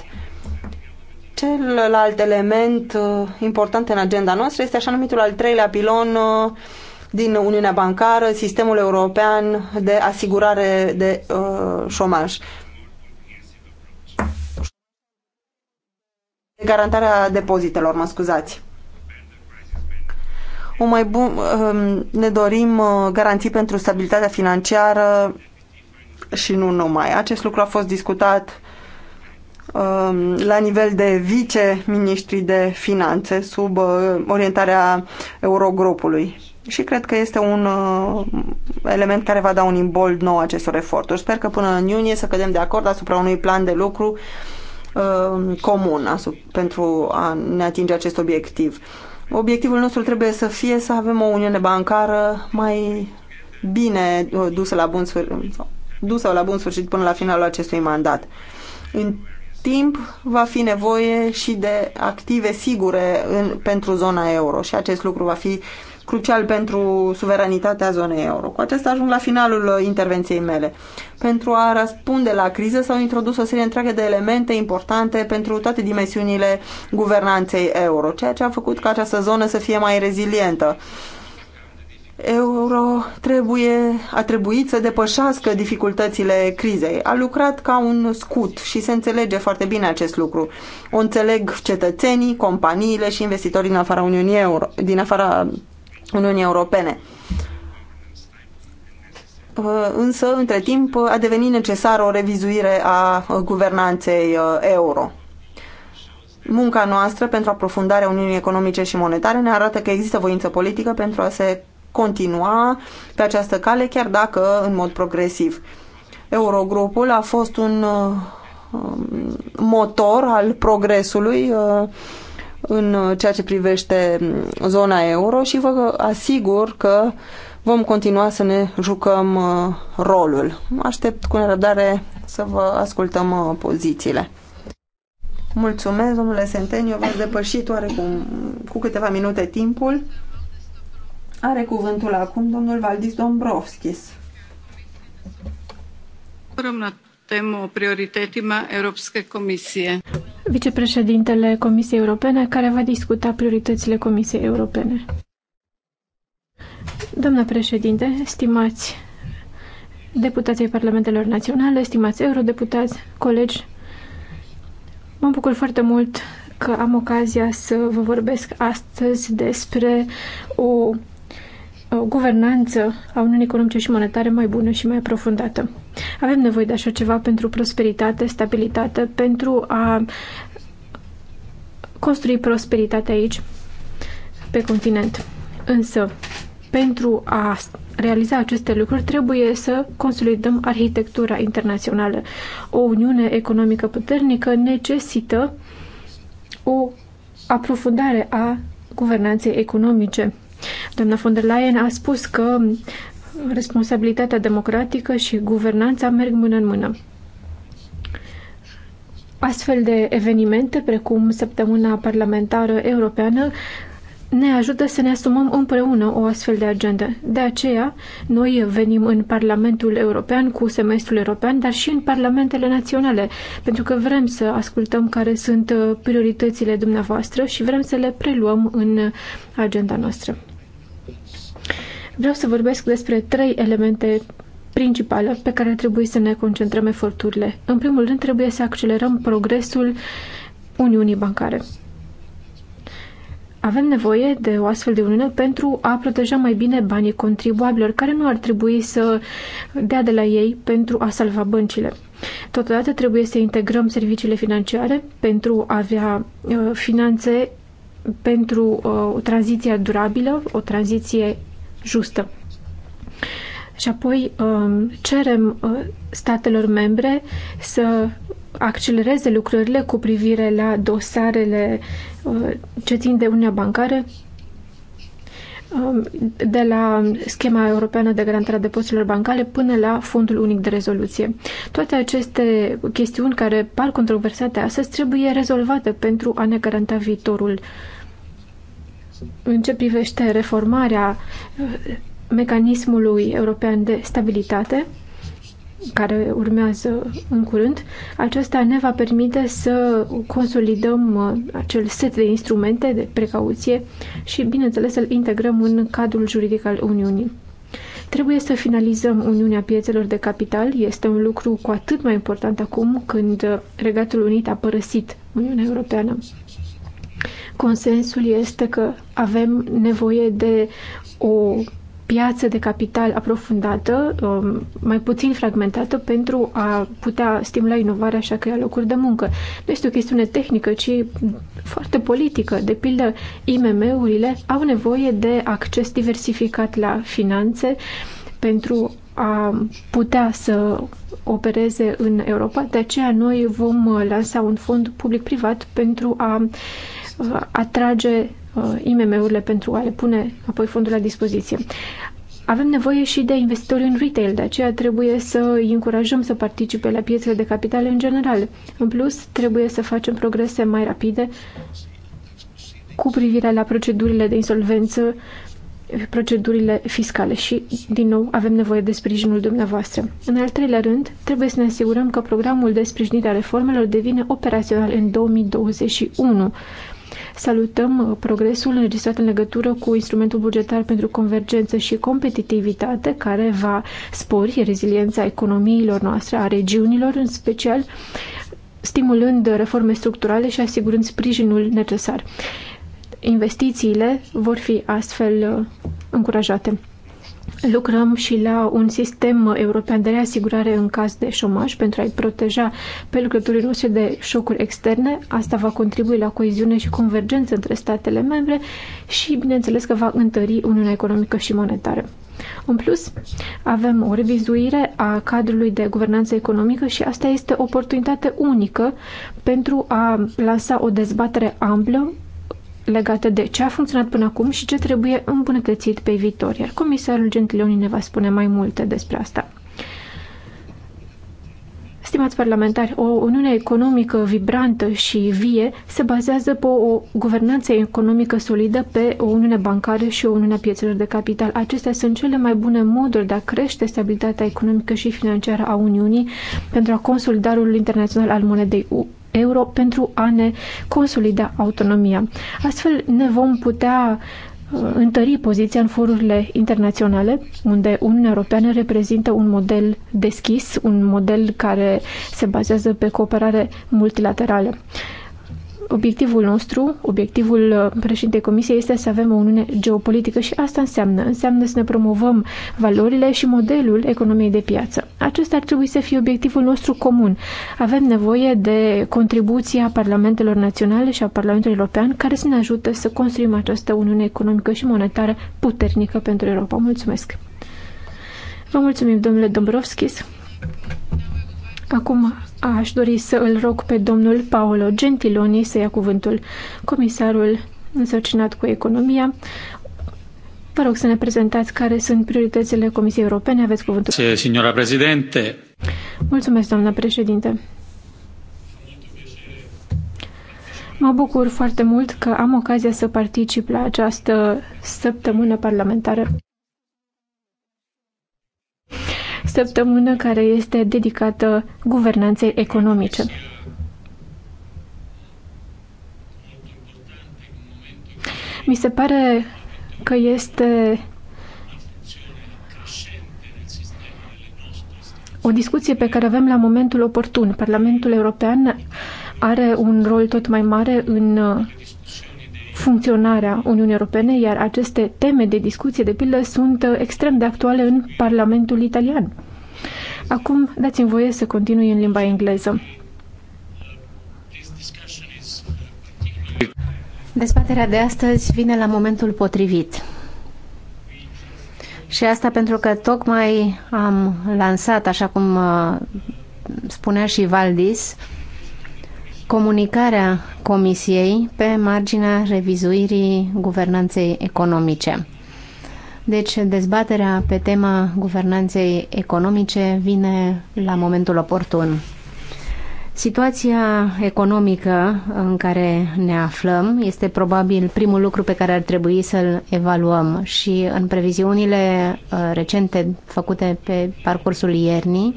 Celălalt element uh, important în agenda noastră este așa numitul al treilea pilon uh, din Uniunea Bancară, Sistemul European de Asigurare de uh, Șomaj. Garantarea depozitelor, mă scuzați. O mai bun, uh, ne dorim uh, garanții pentru stabilitatea financiară și nu numai. Acest lucru a fost discutat um, la nivel de vice-ministri de finanțe sub uh, orientarea Eurogrupului și cred că este un uh, element care va da un imbold nou acestor eforturi. Sper că până în iunie să cădem de acord asupra unui plan de lucru uh, comun asup- pentru a ne atinge acest obiectiv. Obiectivul nostru trebuie să fie să avem o uniune bancară mai bine uh, dusă la bun sfârșit, dusă la bun sfârșit până la finalul acestui mandat. În timp va fi nevoie și de active sigure în, pentru zona euro și acest lucru va fi uh, crucial pentru suveranitatea zonei euro. Cu acesta ajung la finalul uh, intervenției mele. Pentru a răspunde la criză s-au introdus o serie întreagă de elemente importante pentru toate dimensiunile guvernanței euro, ceea ce a făcut ca această zonă să fie mai rezilientă euro trebuie, a trebuit să depășească dificultățile crizei. A lucrat ca un scut și se înțelege foarte bine acest lucru. O înțeleg cetățenii, companiile și investitorii din afara Uniunii Euro, din afara Uniunii Europene. Uh, însă, între timp, a devenit necesară o revizuire a uh, guvernanței uh, euro. Munca noastră pentru aprofundarea Uniunii Economice și Monetare ne arată că există voință politică pentru a se continua pe această cale, chiar dacă în mod progresiv. Eurogrupul a fost un um, motor al progresului în ceea ce privește zona euro și vă asigur că vom continua să ne jucăm uh, rolul. Aștept cu nerăbdare să vă ascultăm uh, pozițiile. Mulțumesc, domnule Senteniu, v-ați depășit oarecum cu câteva minute timpul. Are cuvântul acum domnul Valdis Dombrovskis. Rămnat temu prioritetima Europske Comisie. Vicepreședintele Comisiei Europene care va discuta prioritățile Comisiei Europene. Doamna președinte, stimați deputații Parlamentelor Naționale, stimați eurodeputați, colegi, mă bucur foarte mult că am ocazia să vă vorbesc astăzi despre o, o guvernanță a Uniunii Economice și Monetare mai bună și mai aprofundată. Avem nevoie de așa ceva pentru prosperitate, stabilitate, pentru a construi prosperitate aici, pe continent. Însă, pentru a realiza aceste lucruri, trebuie să consolidăm arhitectura internațională. O uniune economică puternică necesită o aprofundare a guvernanței economice. Doamna von der Leyen a spus că responsabilitatea democratică și guvernanța merg mână în mână. Astfel de evenimente, precum Săptămâna Parlamentară Europeană, ne ajută să ne asumăm împreună o astfel de agendă. De aceea, noi venim în Parlamentul European cu semestrul european, dar și în parlamentele naționale, pentru că vrem să ascultăm care sunt prioritățile dumneavoastră și vrem să le preluăm în agenda noastră. Vreau să vorbesc despre trei elemente principale pe care trebuie să ne concentrăm eforturile. În primul rând, trebuie să accelerăm progresul Uniunii Bancare. Avem nevoie de o astfel de uniune pentru a proteja mai bine banii contribuabilor, care nu ar trebui să dea de la ei pentru a salva băncile. Totodată trebuie să integrăm serviciile financiare pentru a avea uh, finanțe pentru uh, o tranziție durabilă, o tranziție justă. Și apoi um, cerem uh, statelor membre să accelereze lucrările cu privire la dosarele uh, ce țin de Uniunea Bancară um, de la schema europeană de garantare a depozitelor bancare până la fondul unic de rezoluție. Toate aceste chestiuni care par controversate astăzi trebuie rezolvate pentru a ne garanta viitorul în ce privește reformarea mecanismului european de stabilitate, care urmează în curând, aceasta ne va permite să consolidăm uh, acel set de instrumente de precauție și, bineînțeles, să-l integrăm în cadrul juridic al Uniunii. Trebuie să finalizăm Uniunea Piețelor de Capital. Este un lucru cu atât mai important acum când Regatul Unit a părăsit Uniunea Europeană. Consensul este că avem nevoie de o piață de capital aprofundată, um, mai puțin fragmentată, pentru a putea stimula inovarea și a crea locuri de muncă. Nu este o chestiune tehnică, ci foarte politică. De pildă, IMM-urile au nevoie de acces diversificat la finanțe pentru a putea să opereze în Europa. De aceea noi vom lansa un fond public-privat pentru a Uh, atrage uh, IMM-urile pentru a le pune apoi fondul la dispoziție. Avem nevoie și de investitori în retail, de aceea trebuie să îi încurajăm să participe la piețele de capitale în general. În plus, trebuie să facem progrese mai rapide cu privire la procedurile de insolvență, procedurile fiscale și, din nou, avem nevoie de sprijinul dumneavoastră. În al treilea rând, trebuie să ne asigurăm că programul de sprijinire a reformelor devine operațional în 2021 Salutăm uh, progresul înregistrat în legătură cu instrumentul bugetar pentru convergență și competitivitate, care va spori reziliența economiilor noastre, a regiunilor, în special stimulând reforme structurale și asigurând sprijinul necesar. Investițiile vor fi astfel uh, încurajate. Lucrăm și la un sistem european de reasigurare în caz de șomaj pentru a-i proteja pe lucrătorii noștri de șocuri externe. Asta va contribui la coeziune și convergență între statele membre și, bineînțeles, că va întări Uniunea Economică și Monetară. În plus, avem o revizuire a cadrului de guvernanță economică și asta este o oportunitate unică pentru a lansa o dezbatere amplă legate de ce a funcționat până acum și ce trebuie îmbunătățit pe viitor, iar comisarul Gentiloni ne va spune mai multe despre asta. Stimați parlamentari, o uniune economică vibrantă și vie se bazează pe o guvernanță economică solidă, pe o uniune bancară și o uniune a piețelor de capital. Acestea sunt cele mai bune moduri de a crește stabilitatea economică și financiară a Uniunii pentru a consolida rolul internațional al monedei euro pentru a ne consolida autonomia. Astfel ne vom putea uh, întări poziția în forurile internaționale, unde Uniunea Europeană reprezintă un model deschis, un model care se bazează pe cooperare multilaterală obiectivul nostru, obiectivul uh, președintei Comisiei este să avem o uniune geopolitică și asta înseamnă. Înseamnă să ne promovăm valorile și modelul economiei de piață. Acesta ar trebui să fie obiectivul nostru comun. Avem nevoie de contribuția parlamentelor naționale și a Parlamentului European care să ne ajute să construim această uniune economică și monetară puternică pentru Europa. Mulțumesc! Vă mulțumim, domnule Dombrovskis! Acum aș dori să îl rog pe domnul Paolo Gentiloni să ia cuvântul, comisarul însărcinat cu economia. Vă rog să ne prezentați care sunt prioritățile Comisiei Europene. Aveți cuvântul. Signora Presidente. Mulțumesc, doamna președinte. Mă bucur foarte mult că am ocazia să particip la această săptămână parlamentară. săptămână care este dedicată guvernanței economice. Mi se pare că este o discuție pe care avem la momentul oportun. Parlamentul European are un rol tot mai mare în funcționarea Uniunii Europene, iar aceste teme de discuție, de pildă, sunt extrem de actuale în Parlamentul italian. Acum dați-mi voie să continui în limba engleză. Dezbaterea de astăzi vine la momentul potrivit. Și asta pentru că tocmai am lansat, așa cum uh, spunea și Valdis, comunicarea Comisiei pe marginea revizuirii guvernanței economice. Deci dezbaterea pe tema guvernanței economice vine la momentul oportun. Situația economică în care ne aflăm este probabil primul lucru pe care ar trebui să-l evaluăm și în previziunile uh, recente făcute pe parcursul iernii,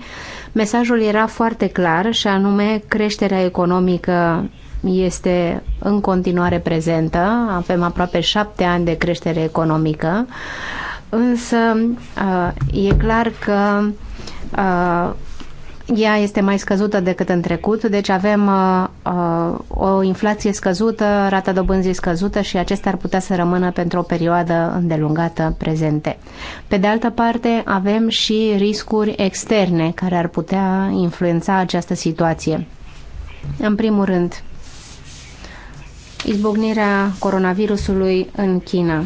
mesajul era foarte clar și anume creșterea economică este în continuare prezentă. Avem aproape șapte ani de creștere economică, însă uh, e clar că uh, ea este mai scăzută decât în trecut, deci avem uh, uh, o inflație scăzută, rata dobânzii scăzută și acestea ar putea să rămână pentru o perioadă îndelungată prezente. Pe de altă parte, avem și riscuri externe care ar putea influența această situație. În primul rând, izbucnirea coronavirusului în China.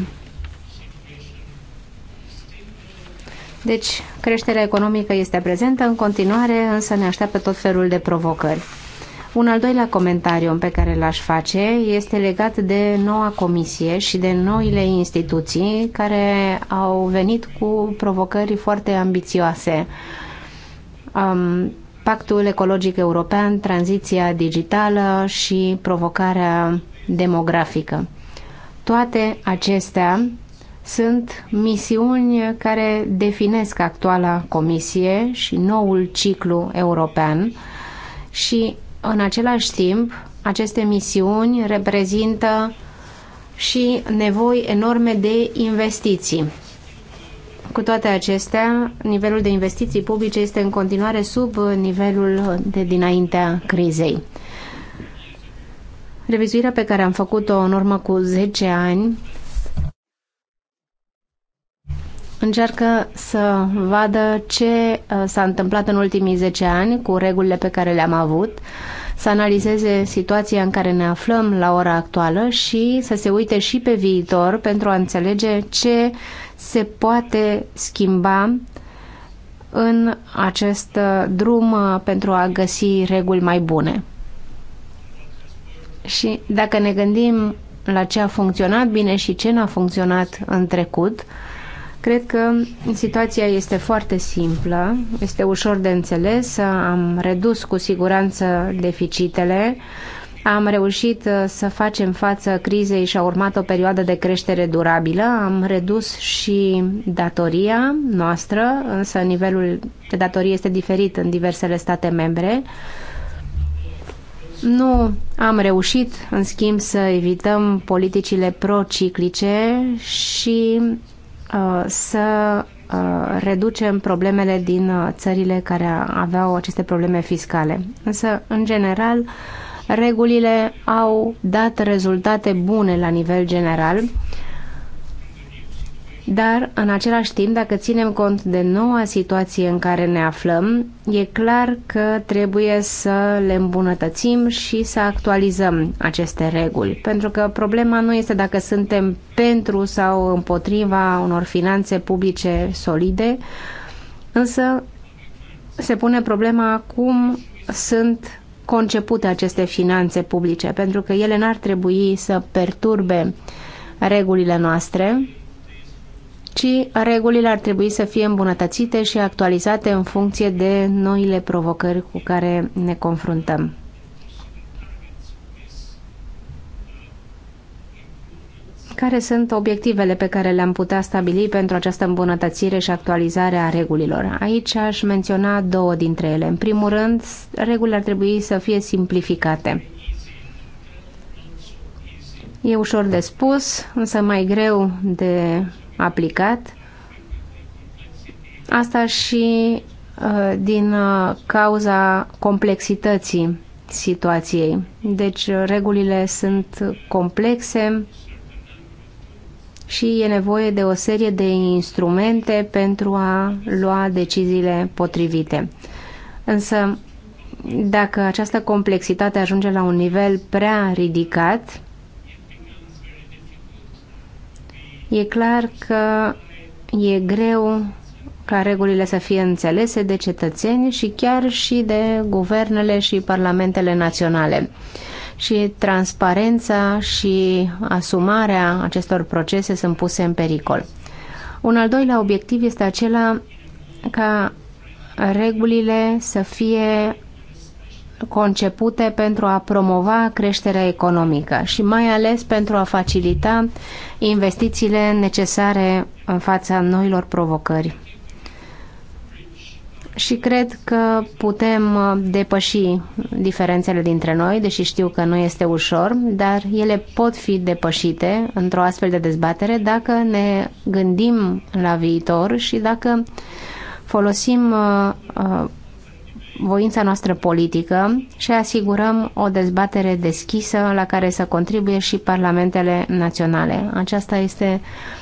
Deci, creșterea economică este prezentă în continuare, însă ne așteaptă tot felul de provocări. Un al doilea comentariu pe care l-aș face este legat de noua comisie și de noile instituții care au venit cu provocări foarte ambițioase. Um, Pactul Ecologic European, tranziția digitală și provocarea demografică. Toate acestea sunt misiuni care definesc actuala comisie și noul ciclu european și în același timp aceste misiuni reprezintă și nevoi enorme de investiții. Cu toate acestea, nivelul de investiții publice este în continuare sub nivelul de dinaintea crizei. Revizuirea pe care am făcut-o în urmă cu 10 ani încearcă să vadă ce uh, s-a întâmplat în ultimii 10 ani cu regulile pe care le-am avut, să analizeze situația în care ne aflăm la ora actuală și să se uite și pe viitor pentru a înțelege ce se poate schimba în acest uh, drum uh, pentru a găsi reguli mai bune. Și dacă ne gândim la ce a funcționat bine și ce n-a funcționat în trecut, cred că situația este foarte simplă, este ușor de înțeles, am redus cu siguranță deficitele, am reușit uh, să facem față crizei și a urmat o perioadă de creștere durabilă, am redus și datoria noastră, însă nivelul de datorie este diferit în diversele state membre, nu am reușit, în schimb, să evităm politicile prociclice și uh, să uh, reducem problemele din uh, țările care aveau aceste probleme fiscale. Însă, în general, regulile au dat rezultate bune la nivel general dar, în același timp, dacă ținem cont de noua situație în care ne aflăm, e clar că trebuie să le îmbunătățim și să actualizăm aceste reguli. Pentru că problema nu este dacă suntem pentru sau împotriva unor finanțe publice solide, însă se pune problema cum sunt concepute aceste finanțe publice, pentru că ele n-ar trebui să perturbe regulile noastre, ci regulile ar trebui să fie îmbunătățite și actualizate în funcție de noile provocări cu care ne confruntăm. Care sunt obiectivele pe care le-am putea stabili pentru această îmbunătățire și actualizare a regulilor? Aici aș menționa două dintre ele. În primul rând, regulile ar trebui să fie simplificate. E ușor de spus, însă mai greu de aplicat. Asta și uh, din uh, cauza complexității situației. Deci uh, regulile sunt complexe și e nevoie de o serie de instrumente pentru a lua deciziile potrivite. Însă, dacă această complexitate ajunge la un nivel prea ridicat, E clar că e greu ca regulile să fie înțelese de cetățeni și chiar și de guvernele și parlamentele naționale. Și transparența și asumarea acestor procese sunt puse în pericol. Un al doilea obiectiv este acela ca regulile să fie concepute pentru a promova creșterea economică și mai ales pentru a facilita investițiile necesare în fața noilor provocări. Și cred că putem depăși diferențele dintre noi, deși știu că nu este ușor, dar ele pot fi depășite într-o astfel de dezbatere dacă ne gândim la viitor și dacă folosim uh, uh, voința noastră politică și asigurăm o dezbatere deschisă la care să contribuie și parlamentele naționale. Aceasta este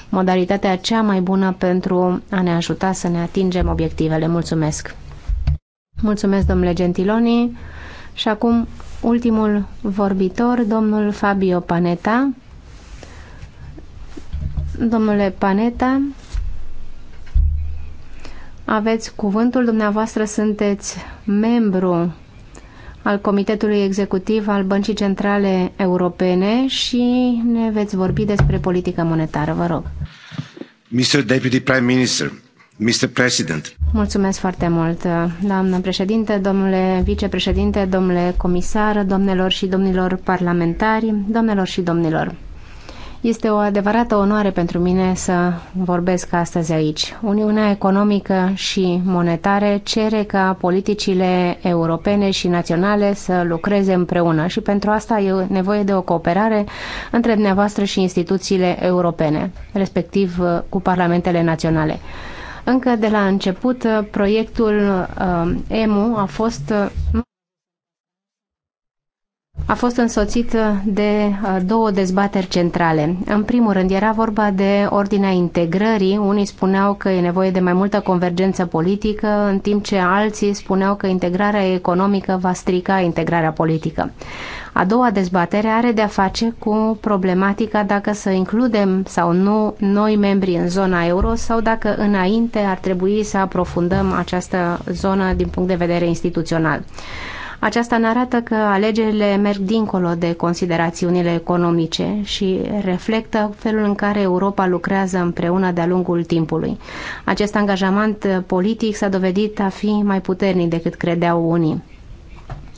modalitatea cea mai bună pentru a ne ajuta să ne atingem obiectivele. Mulțumesc! Mulțumesc, domnule Gentiloni! Și acum ultimul vorbitor, domnul Fabio Paneta. Domnule Paneta, aveți cuvântul, dumneavoastră sunteți membru al Comitetului Executiv al Băncii Centrale Europene și ne veți vorbi despre politică monetară, vă rog. Mr. Deputy Prime Minister, Mr. President. Mulțumesc foarte mult, doamnă președinte, domnule vicepreședinte, domnule comisar, domnilor și domnilor parlamentari, domnilor și domnilor. Este o adevărată onoare pentru mine să vorbesc astăzi aici. Uniunea economică și monetare cere ca politicile europene și naționale să lucreze împreună și pentru asta e nevoie de o cooperare între dumneavoastră și instituțiile europene, respectiv uh, cu parlamentele naționale. Încă de la început, uh, proiectul EMU uh, a fost a fost însoțită de uh, două dezbateri centrale. În primul rând, era vorba de ordinea integrării. Unii spuneau că e nevoie de mai multă convergență politică, în timp ce alții spuneau că integrarea economică va strica integrarea politică. A doua dezbatere are de-a face cu problematica dacă să includem sau nu noi membri în zona euro sau dacă înainte ar trebui să aprofundăm această zonă din punct de vedere instituțional. Aceasta ne arată că alegerile merg dincolo de considerațiunile economice și reflectă felul în care Europa lucrează împreună de-a lungul timpului. Acest angajament politic s-a dovedit a fi mai puternic decât credeau unii.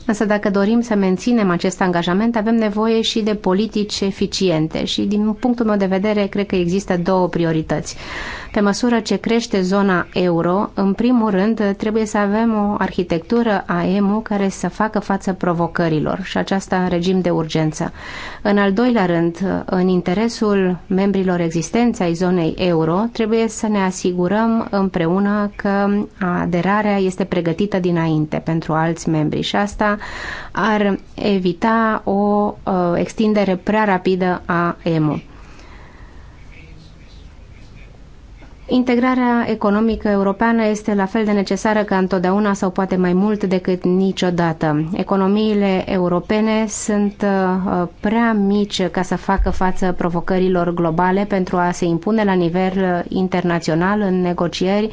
Însă dacă dorim să menținem acest angajament, avem nevoie și de politici eficiente și din punctul meu de vedere cred că există două priorități. Pe măsură ce crește zona euro, în primul rând trebuie să avem o arhitectură a EMU care să facă față provocărilor și aceasta în regim de urgență. În al doilea rând, în interesul membrilor existenței ai zonei euro, trebuie să ne asigurăm împreună că aderarea este pregătită dinainte pentru alți membri și asta ar evita o uh, extindere prea rapidă a EMU. Integrarea economică europeană este la fel de necesară ca întotdeauna sau poate mai mult decât niciodată. Economiile europene sunt uh, prea mici ca să facă față provocărilor globale pentru a se impune la nivel uh, internațional în negocieri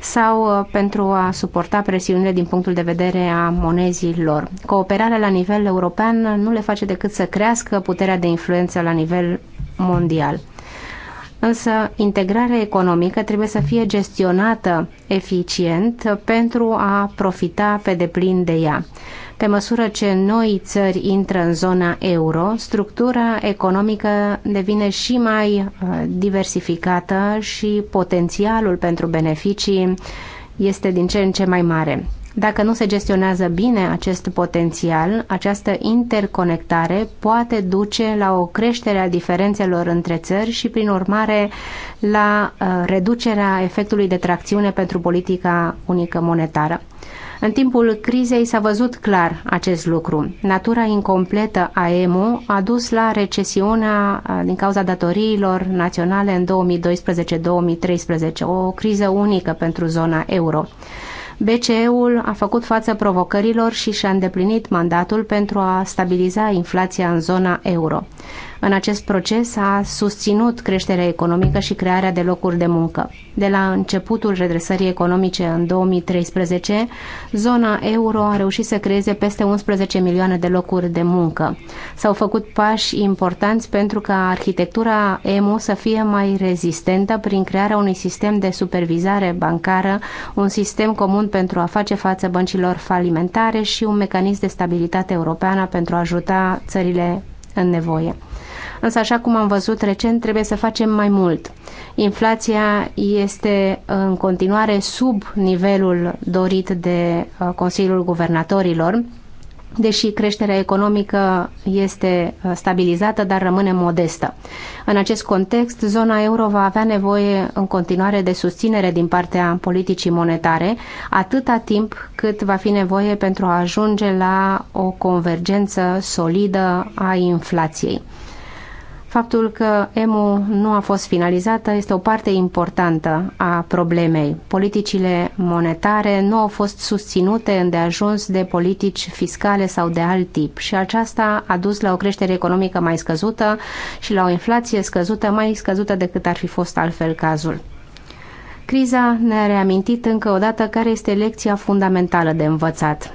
sau uh, pentru a suporta presiunile din punctul de vedere a monezilor. Cooperarea la nivel european nu le face decât să crească puterea de influență la nivel mondial însă integrarea economică trebuie să fie gestionată eficient pentru a profita pe deplin de ea. Pe măsură ce noi țări intră în zona euro, structura economică devine și mai uh, diversificată și potențialul pentru beneficii este din ce în ce mai mare. Dacă nu se gestionează bine acest potențial, această interconectare poate duce la o creștere a diferențelor între țări și, prin urmare, la uh, reducerea efectului de tracțiune pentru politica unică monetară. În timpul crizei s-a văzut clar acest lucru. Natura incompletă a EMU a dus la recesiunea uh, din cauza datoriilor naționale în 2012-2013, o criză unică pentru zona euro. BCE-ul a făcut față provocărilor și și-a îndeplinit mandatul pentru a stabiliza inflația în zona euro. În acest proces a susținut creșterea economică și crearea de locuri de muncă. De la începutul redresării economice în 2013, zona euro a reușit să creeze peste 11 milioane de locuri de muncă. S-au făcut pași importanți pentru ca arhitectura EMU să fie mai rezistentă prin crearea unui sistem de supervizare bancară, un sistem comun pentru a face față băncilor falimentare și un mecanism de stabilitate europeană pentru a ajuta țările în nevoie. Însă, așa cum am văzut recent, trebuie să facem mai mult. Inflația este în continuare sub nivelul dorit de uh, Consiliul Guvernatorilor, deși creșterea economică este uh, stabilizată, dar rămâne modestă. În acest context, zona euro va avea nevoie în continuare de susținere din partea politicii monetare, atâta timp cât va fi nevoie pentru a ajunge la o convergență solidă a inflației. Faptul că EMU nu a fost finalizată este o parte importantă a problemei. Politicile monetare nu au fost susținute îndeajuns de politici fiscale sau de alt tip și aceasta a dus la o creștere economică mai scăzută și la o inflație scăzută, mai scăzută decât ar fi fost altfel cazul. Criza ne-a reamintit încă o dată care este lecția fundamentală de învățat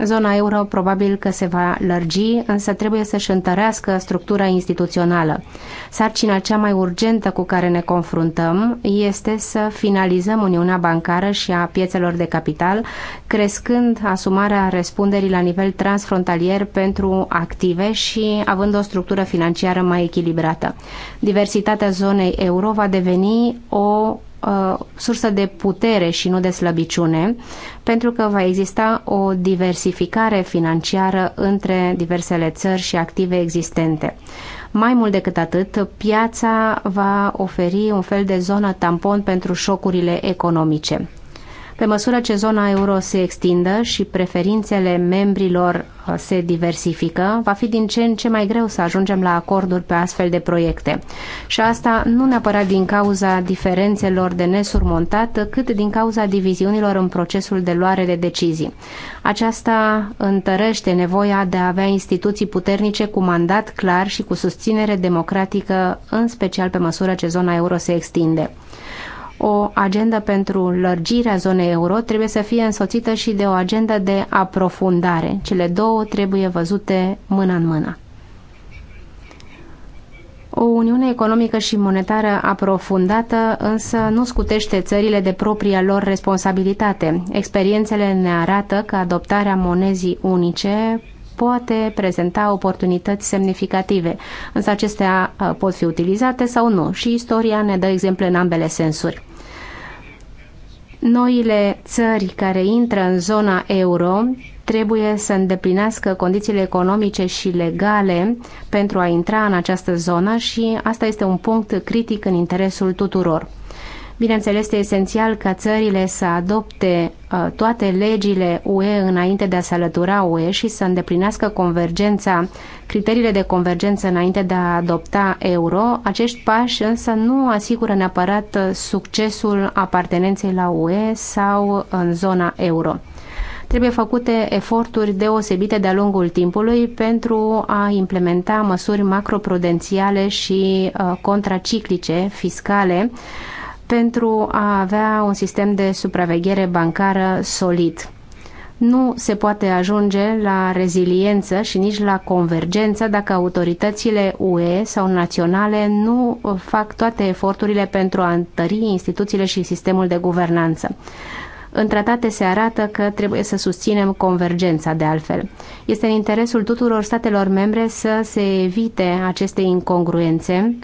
Zona euro probabil că se va lărgi, însă trebuie să-și întărească structura instituțională. Sarcina cea mai urgentă cu care ne confruntăm este să finalizăm Uniunea Bancară și a piețelor de capital, crescând asumarea răspunderii la nivel transfrontalier pentru active și având o structură financiară mai echilibrată. Diversitatea zonei euro va deveni o uh, sursă de putere și nu de slăbiciune, pentru că va exista o diversificare financiară între diversele țări și active existente. Mai mult decât atât, piața va oferi un fel de zonă tampon pentru șocurile economice. Pe măsură ce zona euro se extindă și preferințele membrilor uh, se diversifică, va fi din ce în ce mai greu să ajungem la acorduri pe astfel de proiecte. Și asta nu neapărat din cauza diferențelor de nesurmontat, cât din cauza diviziunilor în procesul de luare de decizii. Aceasta întărește nevoia de a avea instituții puternice cu mandat clar și cu susținere democratică, în special pe măsură ce zona euro se extinde o agendă pentru lărgirea zonei euro trebuie să fie însoțită și de o agendă de aprofundare. Cele două trebuie văzute mână în mână. O uniune economică și monetară aprofundată însă nu scutește țările de propria lor responsabilitate. Experiențele ne arată că adoptarea monezii unice poate prezenta oportunități semnificative, însă acestea uh, pot fi utilizate sau nu și istoria ne dă exemple în ambele sensuri. Noile țări care intră în zona euro trebuie să îndeplinească condițiile economice și legale pentru a intra în această zonă și asta este un punct critic în interesul tuturor. Bineînțeles, este esențial ca țările să adopte uh, toate legile UE înainte de a se alătura UE și să îndeplinească convergența, criteriile de convergență înainte de a adopta euro. Acești pași însă nu asigură neapărat uh, succesul apartenenței la UE sau în zona euro trebuie făcute eforturi deosebite de-a lungul timpului pentru a implementa măsuri macroprudențiale și uh, contraciclice fiscale pentru a avea un sistem de supraveghere bancară solid. Nu se poate ajunge la reziliență și nici la convergență dacă autoritățile UE sau naționale nu fac toate eforturile pentru a întări instituțiile și sistemul de guvernanță. În tratate se arată că trebuie să susținem convergența de altfel. Este în interesul tuturor statelor membre să se evite aceste incongruențe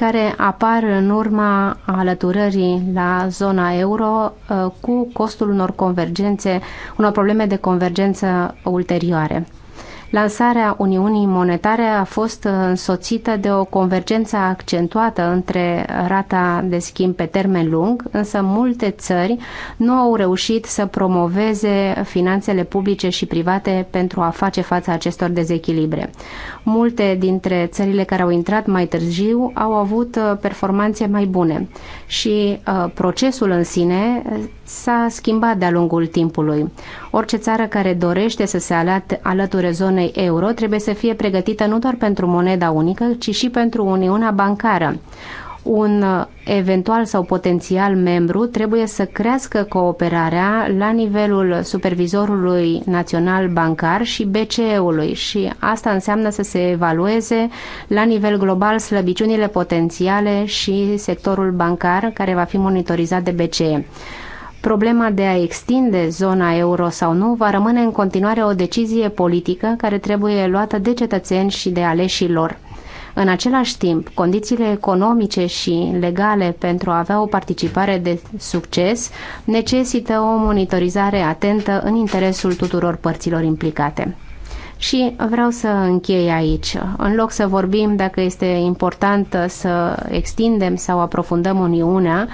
care apar în urma alăturării la zona euro uh, cu costul unor convergențe, unor probleme de convergență ulterioare. Lansarea Uniunii Monetare a fost însoțită de o convergență accentuată între rata de schimb pe termen lung, însă multe țări nu au reușit să promoveze finanțele publice și private pentru a face față acestor dezechilibre. Multe dintre țările care au intrat mai târziu au avut uh, performanțe mai bune și uh, procesul în sine s-a schimbat de-a lungul timpului. Orice țară care dorește să se alăture zone zonei euro trebuie să fie pregătită nu doar pentru moneda unică, ci și pentru Uniunea Bancară un eventual sau potențial membru trebuie să crească cooperarea la nivelul supervizorului național bancar și BCE-ului și asta înseamnă să se evalueze la nivel global slăbiciunile potențiale și sectorul bancar care va fi monitorizat de BCE. Problema de a extinde zona euro sau nu va rămâne în continuare o decizie politică care trebuie luată de cetățeni și de aleșii lor. În același timp, condițiile economice și legale pentru a avea o participare de succes necesită o monitorizare atentă în interesul tuturor părților implicate. Și vreau să închei aici. În loc să vorbim dacă este important să extindem sau aprofundăm Uniunea,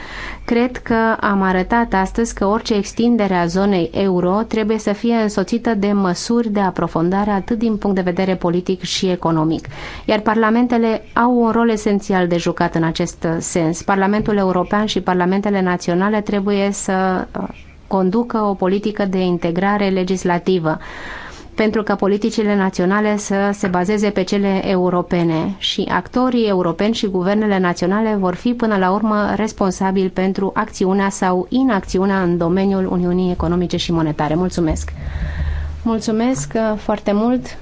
cred că am arătat astăzi că orice extindere a zonei euro trebuie să fie însoțită de măsuri de aprofundare atât din punct de vedere politic și economic. Iar parlamentele au un rol esențial de jucat în acest sens. Parlamentul European și parlamentele naționale trebuie să conducă o politică de integrare legislativă pentru ca politicile naționale să se bazeze pe cele europene și actorii europeni și guvernele naționale vor fi până la urmă responsabili pentru acțiunea sau inacțiunea în domeniul Uniunii Economice și Monetare. Mulțumesc! Mulțumesc uh, foarte mult!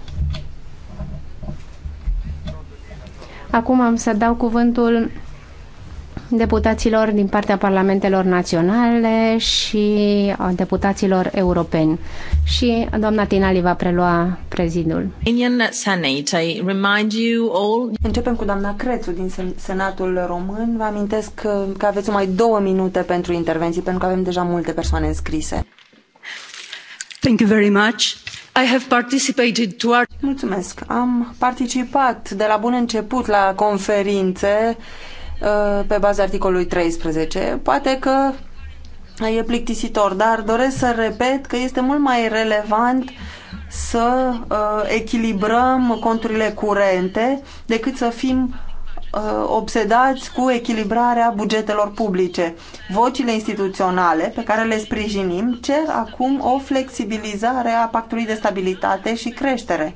Acum am să dau cuvântul deputaților din partea parlamentelor naționale și deputaților europeni. Și doamna Tinali va prelua prezidul. Începem cu doamna Crețu din Senatul Român. Vă amintesc că aveți mai două minute pentru intervenții, pentru că avem deja multe persoane înscrise. Thank you very much. I have participated to our... Mulțumesc. Am participat de la bun început la conferințe Uh, pe baza articolului 13. Poate că e plictisitor, dar doresc să repet că este mult mai relevant să uh, echilibrăm conturile curente decât să fim uh, obsedați cu echilibrarea bugetelor publice. Vocile instituționale pe care le sprijinim cer acum o flexibilizare a pactului de stabilitate și creștere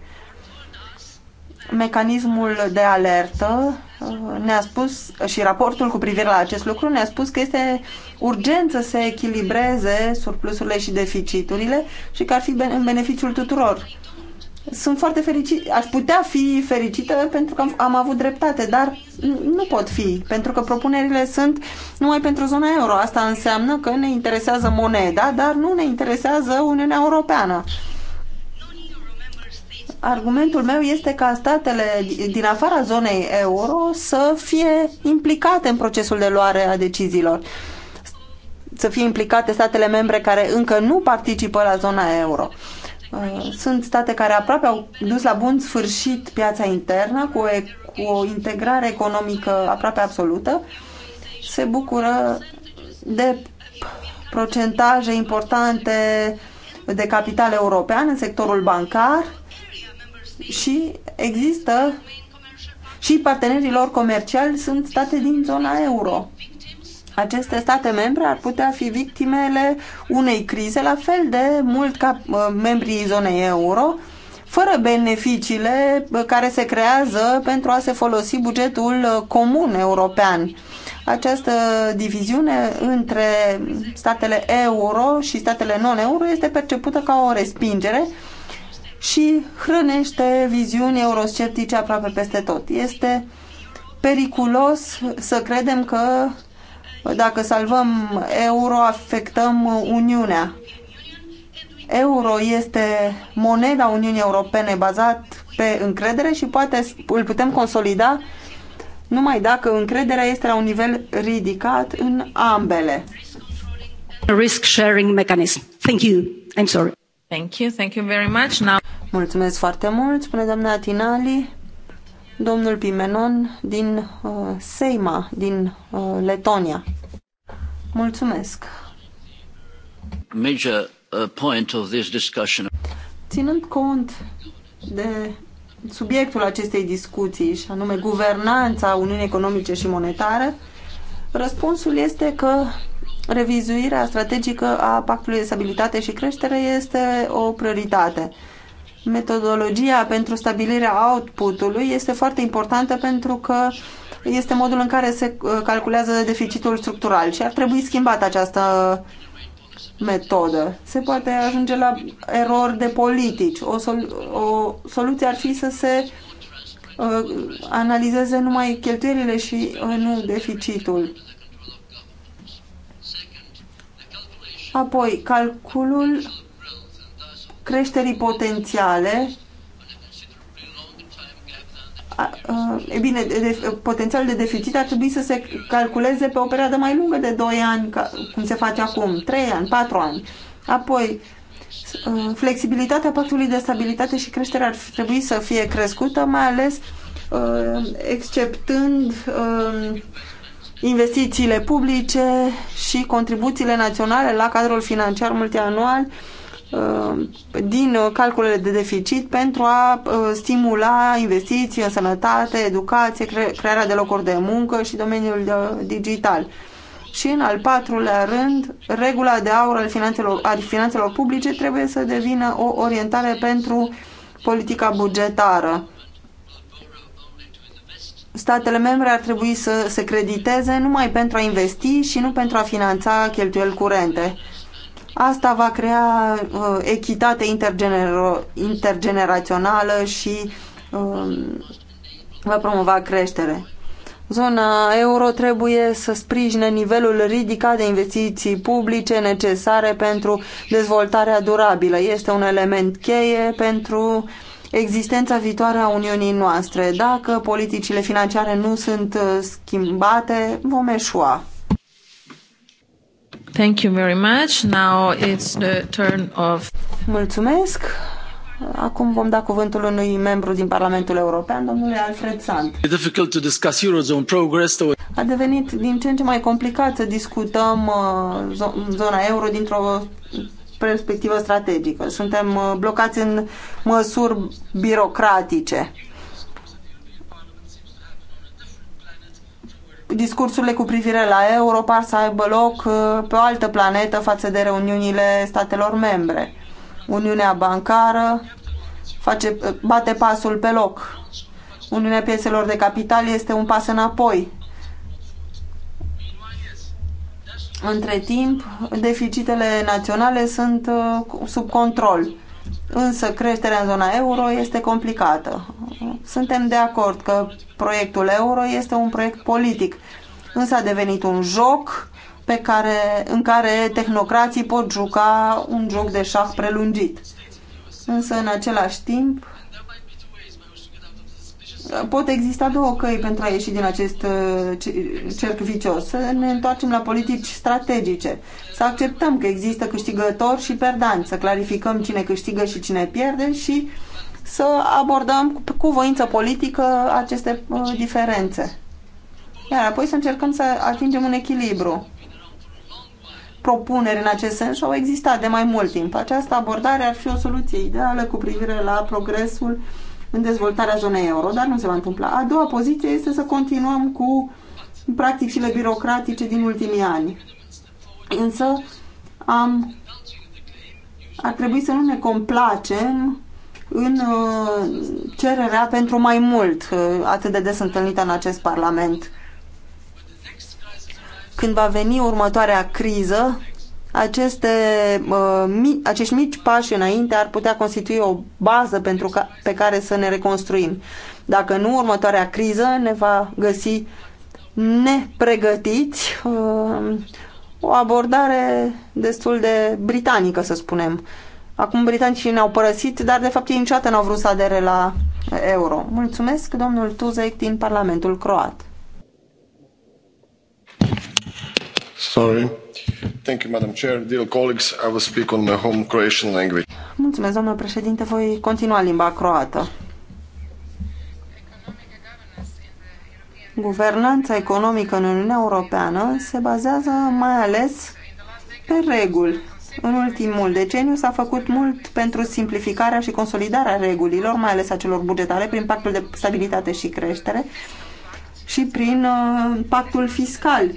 mecanismul de alertă uh, ne-a spus și raportul cu privire la acest lucru ne-a spus că este urgent să se echilibreze surplusurile și deficiturile și că ar fi în beneficiul tuturor. Sunt foarte fericit, aș putea fi fericită pentru că am avut dreptate, dar nu pot fi, pentru că propunerile sunt numai pentru zona euro. Asta înseamnă că ne interesează moneda, dar nu ne interesează Uniunea Europeană argumentul meu este ca statele din afara zonei euro să fie implicate în procesul de luare a deciziilor. Să fie implicate statele membre care încă nu participă la zona euro. Uh, sunt state care aproape au dus la bun sfârșit piața internă cu, cu o integrare economică aproape absolută. Se bucură de procentaje importante de capital european în sectorul bancar și există și partenerii lor comerciali sunt state din zona euro. Aceste state membre ar putea fi victimele unei crize la fel de mult ca uh, membrii zonei euro, fără beneficiile uh, care se creează pentru a se folosi bugetul uh, comun european. Această diviziune între statele euro și statele non-euro este percepută ca o respingere și hrănește viziuni eurosceptice aproape peste tot. Este periculos să credem că dacă salvăm euro, afectăm Uniunea. Euro este moneda Uniunii Europene bazat pe încredere și poate îl putem consolida numai dacă încrederea este la un nivel ridicat în ambele. Risk sharing mechanism. Thank you. I'm sorry. Thank you, thank you very much. Now... Mulțumesc foarte mult, spune doamna Tinali. Domnul Pimenon din uh, Seima, din uh, Letonia. Mulțumesc. Major uh, point of this discussion. Ținând cont de subiectul acestei discuții, și anume guvernanța Uniunii Economice și Monetare, răspunsul este că revizuirea strategică a Pactului de Stabilitate și Creștere este o prioritate. Metodologia pentru stabilirea outputului este foarte importantă pentru că este modul în care se uh, calculează deficitul structural și ar trebui schimbat această metodă. Se poate ajunge la erori de politici. O, sol o soluție ar fi să se uh, analizeze numai cheltuielile și uh, nu deficitul Apoi, calculul creșterii potențiale uh, e bine, potențialul de deficit ar trebui să se calculeze pe o perioadă mai lungă de 2 ani, cum se face acum, 3 ani, 4 ani. Apoi, uh, flexibilitatea pactului de stabilitate și creștere ar trebui să fie crescută, mai ales uh, exceptând investițiile publice și contribuțiile naționale la cadrul financiar multianual uh, din uh, calculele de deficit pentru a uh, stimula investiții în sănătate, educație, crearea de locuri de muncă și domeniul digital. Și în al patrulea rând, regula de aur al finanțelor, al finanțelor publice trebuie să devină o orientare pentru politica bugetară statele membre ar trebui să se crediteze numai pentru a investi și nu pentru a finanța cheltuieli curente. Asta va crea uh, echitate intergener intergenerațională și uh, va promova creștere. Zona euro trebuie să sprijine nivelul ridicat de investiții publice necesare pentru dezvoltarea durabilă. Este un element cheie pentru uh, existența viitoare a Uniunii noastre. Dacă politicile financiare nu sunt uh, schimbate, vom eșua. Thank you very much. Now it's the turn of... Mulțumesc. Acum vom da cuvântul unui membru din Parlamentul European, domnule Alfred Sant. A devenit din ce în ce mai complicat să discutăm uh, zona euro dintr-o perspectivă strategică. Suntem uh, blocați în măsuri birocratice. Discursurile cu privire la euro par să aibă loc uh, pe o altă planetă față de reuniunile statelor membre. Uniunea bancară face, uh, bate pasul pe loc. Uniunea piețelor de capital este un pas înapoi Între timp, deficitele naționale sunt uh, sub control, însă creșterea în zona euro este complicată. Suntem de acord că proiectul euro este un proiect politic, însă a devenit un joc pe care, în care tehnocrații pot juca un joc de șah prelungit. Însă, în același timp, pot exista două căi pentru a ieși din acest uh, cerc vicios. Să ne întoarcem la politici strategice, să acceptăm că există câștigători și perdanți, să clarificăm cine câștigă și cine pierde și să abordăm cu voință politică aceste uh, diferențe. Iar apoi să încercăm să atingem un echilibru. Propuneri în acest sens au existat de mai mult timp. Această abordare ar fi o soluție ideală cu privire la progresul uh, în dezvoltarea zonei euro, dar nu se va întâmpla. A doua poziție este să continuăm cu practicile birocratice din ultimii ani. Însă am, ar trebui să nu ne complacem în uh, cererea pentru mai mult, uh, atât de des întâlnită în acest Parlament. Când va veni următoarea criză, aceste, uh, acești mici pași înainte ar putea constitui o bază pentru ca, pe care să ne reconstruim. Dacă nu, următoarea criză ne va găsi nepregătiți uh, o abordare destul de britanică, să spunem. Acum britanicii ne-au părăsit, dar de fapt ei niciodată n-au vrut să adere la euro. Mulțumesc, domnul Tuzek din Parlamentul Croat. Sorry. Thank you, Madam Chair. Dear colleagues, I will speak on my home Croatian language. Mulțumesc, doamnă președinte. Voi continua limba croată. Guvernanța economică în Uniunea Europeană se bazează mai ales pe reguli. În ultimul deceniu s-a făcut mult pentru simplificarea și consolidarea regulilor, mai ales a celor bugetare, prin pactul de stabilitate și creștere și prin uh, pactul fiscal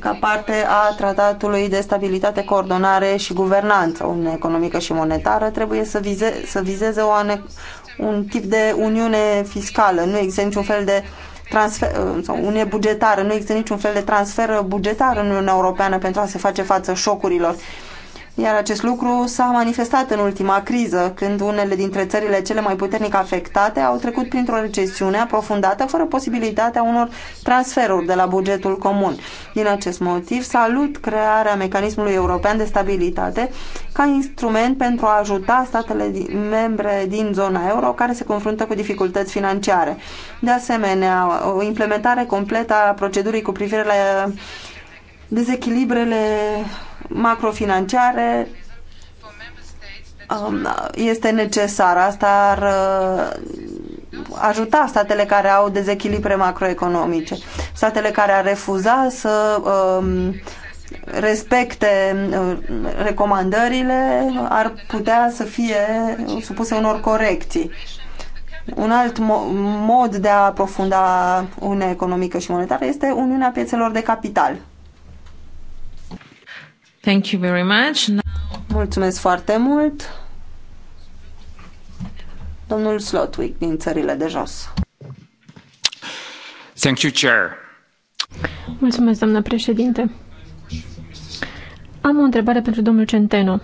ca parte a Tratatului de Stabilitate, Coordonare și Guvernanță, Uniunea Economică și Monetară, trebuie să, vize, să vizeze o ane, un tip de uniune fiscală. Nu există niciun fel de transfer, sau uniune bugetară, nu există niciun fel de transfer bugetar în Uniunea Europeană pentru a se face față șocurilor. Iar acest lucru s-a manifestat în ultima criză, când unele dintre țările cele mai puternic afectate au trecut printr-o recesiune aprofundată, fără posibilitatea unor transferuri de la bugetul comun. Din acest motiv, salut crearea mecanismului european de stabilitate ca instrument pentru a ajuta statele membre din zona euro care se confruntă cu dificultăți financiare. De asemenea, o implementare completă a procedurii cu privire la dezechilibrele macrofinanciare um, este necesară. Asta ar uh, ajuta statele care au dezechilibre macroeconomice. Statele care ar refuza să um, respecte uh, recomandările ar putea să fie supuse unor corecții. Un alt mo mod de a aprofunda Uniunea Economică și Monetară este Uniunea Piețelor de Capital. Thank you very much. Mulțumesc foarte mult. Domnul Slotwick din țările de jos. Thank you, Chair. Mulțumesc, doamnă președinte. Am o întrebare pentru domnul Centeno.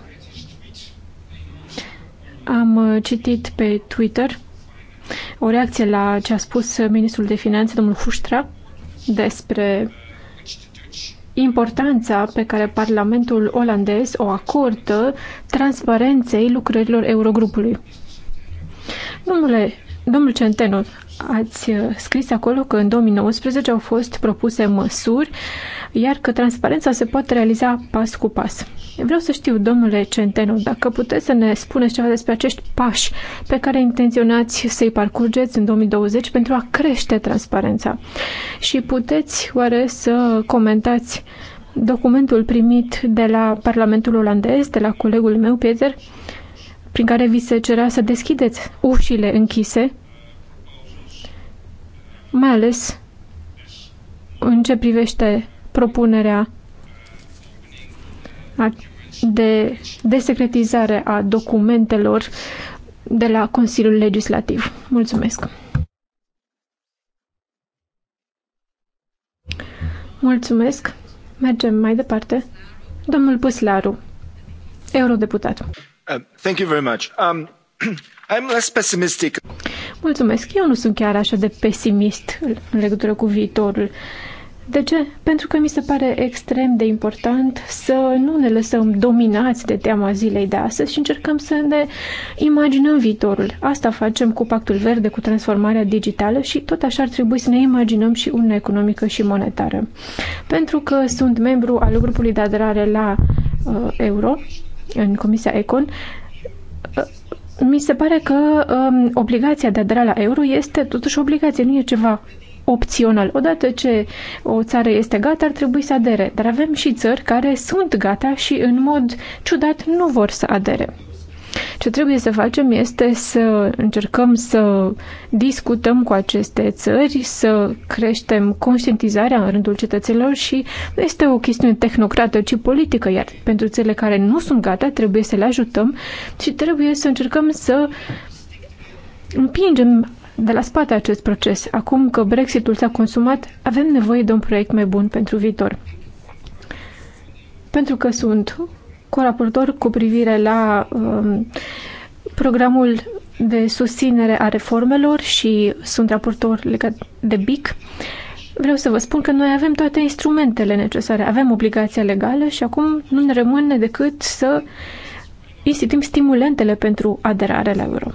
Am uh, citit pe Twitter o reacție la ce a spus ministrul de finanțe, domnul Huștra, despre importanța pe care Parlamentul olandez o acordă transparenței lucrărilor Eurogrupului. Domnule, domnul Centeno, ați uh, scris acolo că în 2019 au fost propuse măsuri, iar că transparența se poate realiza pas cu pas. Vreau să știu, domnule Centeno, dacă puteți să ne spuneți ceva despre acești pași pe care intenționați să-i parcurgeți în 2020 pentru a crește transparența. Și puteți oare să comentați documentul primit de la Parlamentul olandez, de la colegul meu, Peter, prin care vi se cerea să deschideți ușile închise mai ales în ce privește propunerea de desecretizare a documentelor de la Consiliul Legislativ. Mulțumesc! Mulțumesc! Mergem mai departe. Domnul Puslaru, eurodeputat. Uh, thank you very much. Um, I'm less pessimistic. Mulțumesc, eu nu sunt chiar așa de pesimist în legătură cu viitorul. De ce? Pentru că mi se pare extrem de important să nu ne lăsăm dominați de teama zilei de astăzi și încercăm să ne imaginăm viitorul. Asta facem cu Pactul Verde, cu transformarea digitală și tot așa ar trebui să ne imaginăm și una economică și monetară. Pentru că sunt membru al grupului de aderare la uh, euro în Comisia Econ, uh, mi se pare că um, obligația de a adera la euro este totuși obligație, nu e ceva opțional. Odată ce o țară este gata, ar trebui să adere. Dar avem și țări care sunt gata și în mod ciudat nu vor să adere. Ce trebuie să facem este să încercăm să discutăm cu aceste țări, să creștem conștientizarea în rândul cetățenilor și nu este o chestiune tehnocrată, ci politică, iar pentru țările care nu sunt gata, trebuie să le ajutăm și trebuie să încercăm să împingem de la spate acest proces. Acum că Brexitul s-a consumat, avem nevoie de un proiect mai bun pentru viitor. Pentru că sunt coraportor cu privire la um, programul de susținere a reformelor și sunt raportor legat de BIC. Vreau să vă spun că noi avem toate instrumentele necesare, avem obligația legală și acum nu ne rămâne decât să instituim stimulentele pentru aderarea la euro.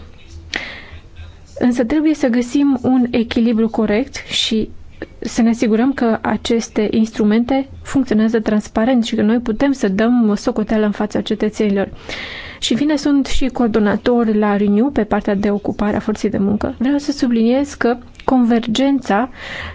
Însă trebuie să găsim un echilibru corect și să ne asigurăm că aceste instrumente funcționează transparent și că noi putem să dăm socoteală în fața cetățenilor. Și în fine, sunt și coordonator la Renew pe partea de ocupare a forței de muncă. Vreau să subliniez că convergența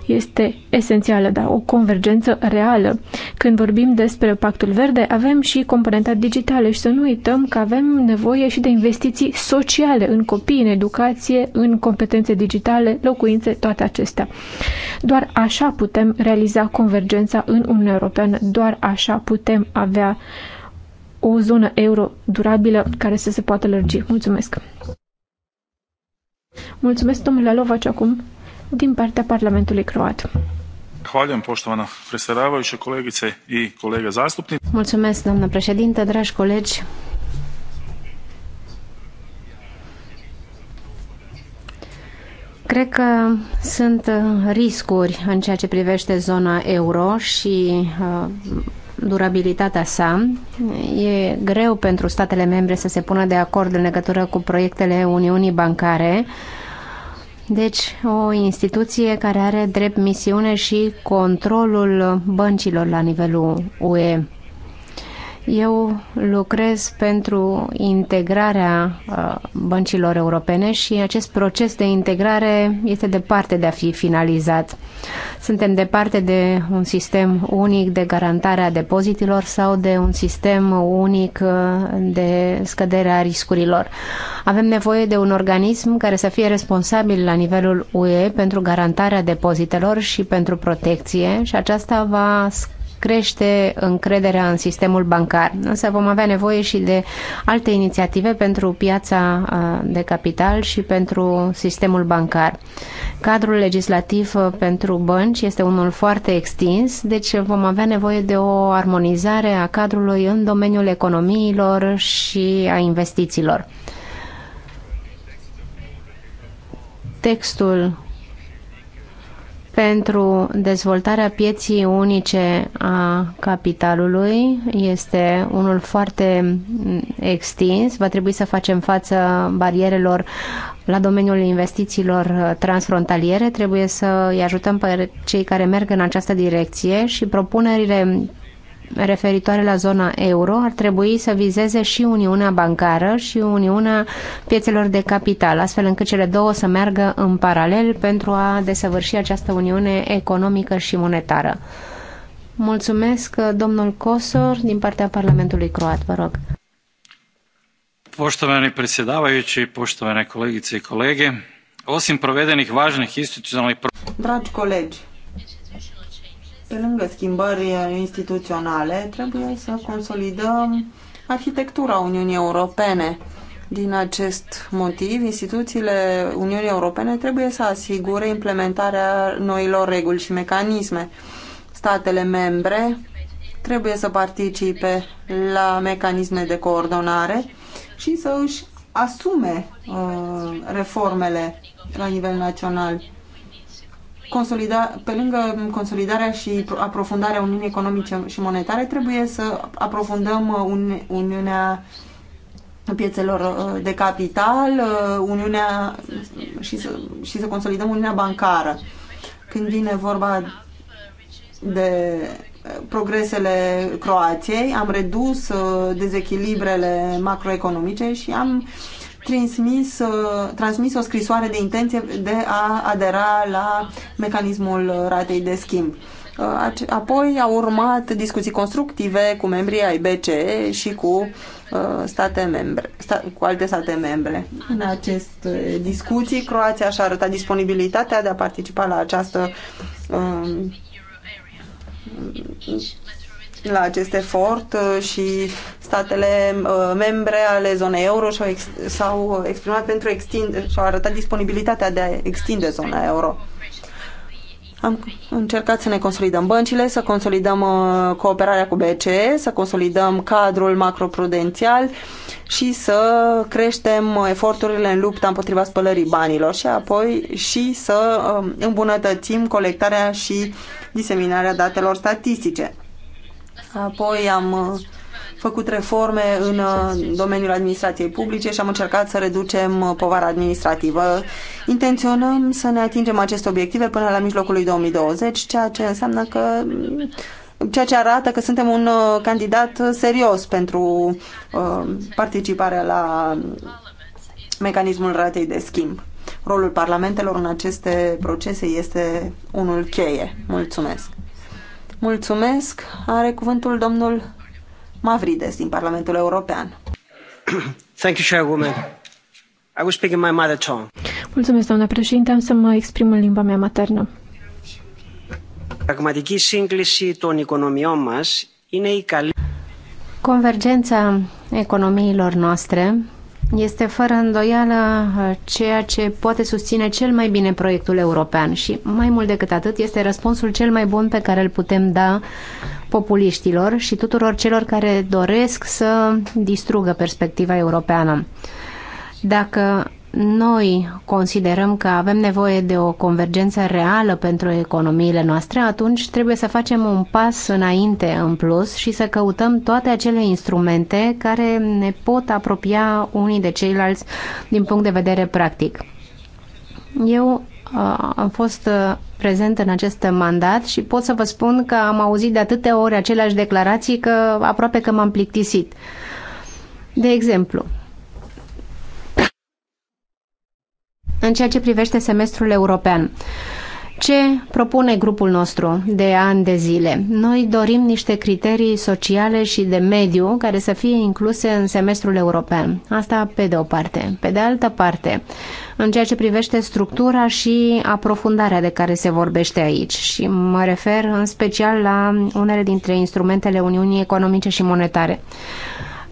este esențială, dar o convergență reală. Când vorbim despre pactul verde, avem și componenta digitală și să nu uităm că avem nevoie și de investiții sociale în copii, în educație, în competențe digitale, locuințe, toate acestea. Doar așa putem realiza convergența în Uniunea Europeană, doar așa putem avea o zonă euro durabilă care să se poată lărgi. Mulțumesc! Mulțumesc, domnule Lovaci, acum din partea Parlamentului Croat. poštovana kolegice i zastupnici. Mulțumesc, doamnă președinte, dragi colegi. Cred că sunt riscuri în ceea ce privește zona euro și uh, durabilitatea sa. E greu pentru statele membre să se pună de acord în legătură cu proiectele Uniunii Bancare, deci, o instituție care are drept misiune și controlul băncilor la nivelul UE. Eu lucrez pentru integrarea uh, băncilor europene și acest proces de integrare este departe de a fi finalizat. Suntem departe de un sistem unic de garantare a depozitelor sau de un sistem unic uh, de scădere a riscurilor. Avem nevoie de un organism care să fie responsabil la nivelul UE pentru garantarea depozitelor și pentru protecție și aceasta va crește încrederea în sistemul bancar. Însă vom avea nevoie și de alte inițiative pentru piața de capital și pentru sistemul bancar. Cadrul legislativ pentru bănci este unul foarte extins, deci vom avea nevoie de o armonizare a cadrului în domeniul economiilor și a investițiilor. Textul pentru dezvoltarea pieții unice a capitalului este unul foarte mm, extins. Va trebui să facem față barierelor la domeniul investițiilor uh, transfrontaliere. Trebuie să îi ajutăm pe cei care merg în această direcție și propunerile referitoare la zona euro ar trebui să vizeze și Uniunea Bancară și Uniunea Piețelor de Capital, astfel încât cele două să meargă în paralel pentru a desăvârși această Uniune economică și monetară. Mulțumesc, domnul Kosor, din partea Parlamentului Croat, vă rog. Poštovani predsjedavajući, poštovane kolegice i kolege, osim provedenih važnih institucionalnih... Dragi colegi, pe lângă schimbări instituționale, trebuie să consolidăm arhitectura Uniunii Europene. Din acest motiv, instituțiile Uniunii Europene trebuie să asigure implementarea noilor reguli și mecanisme. Statele membre trebuie să participe la mecanisme de coordonare și să își asume uh, reformele la nivel național consolida, pe lângă consolidarea și aprofundarea Uniunii Economice și Monetare, trebuie să aprofundăm uh, Uniunea piețelor uh, de capital, uh, Uniunea și să, și să consolidăm Uniunea bancară. Când vine vorba de progresele Croației, am redus dezechilibrele macroeconomice și am uh, transmis, uh, transmis o scrisoare de intenție de a adera la mecanismul ratei de schimb. Uh, apoi au urmat discuții constructive cu membrii ai BCE și cu uh, state membre, sta, cu alte state membre. În aceste discuții, Croația și-a arătat disponibilitatea de a participa la această um, la acest efort uh, și statele uh, membre ale zonei euro s-au exprimat pentru extinde, și-au arătat disponibilitatea de a extinde zona euro. Am încercat să ne consolidăm băncile, să consolidăm uh, cooperarea cu BCE, să consolidăm cadrul macroprudențial și să creștem eforturile în lupta împotriva spălării banilor și apoi și să um, îmbunătățim colectarea și diseminarea datelor statistice. Apoi am uh, făcut reforme în uh, domeniul administrației publice și am încercat să reducem uh, povara administrativă. Intenționăm să ne atingem aceste obiective până la mijlocul lui 2020, ceea ce înseamnă că mm, ceea ce arată că suntem un candidat serios pentru participarea la mm, mecanismul ratei de schimb. Rolul parlamentelor în aceste procese este unul cheie. Mulțumesc! Mulțumesc. Are cuvântul domnul Mavrides din Parlamentul European. Thank you, Chairwoman. I will speak in my mother tongue. Mulțumesc, doamna președinte. Am să mă exprim în limba mea maternă. Pragmatica σύγκληση των οικονομιών μας είναι η καλή... Convergența economiilor noastre este fără îndoială uh, ceea ce poate susține cel mai bine proiectul european și mai mult decât atât este răspunsul cel mai bun pe care îl putem da populiștilor și tuturor celor care doresc să distrugă perspectiva europeană. Dacă noi considerăm că avem nevoie de o convergență reală pentru economiile noastre, atunci trebuie să facem un pas înainte în plus și să căutăm toate acele instrumente care ne pot apropia unii de ceilalți din punct de vedere practic. Eu uh, am fost uh, prezent în acest mandat și pot să vă spun că am auzit de atâtea ori aceleași declarații că aproape că m-am plictisit. De exemplu, în ceea ce privește semestrul european. Ce propune grupul nostru de ani de zile? Noi dorim niște criterii sociale și de mediu care să fie incluse în semestrul european. Asta pe de o parte. Pe de altă parte, în ceea ce privește structura și aprofundarea de care se vorbește aici și mă refer în special la unele dintre instrumentele Uniunii Economice și Monetare.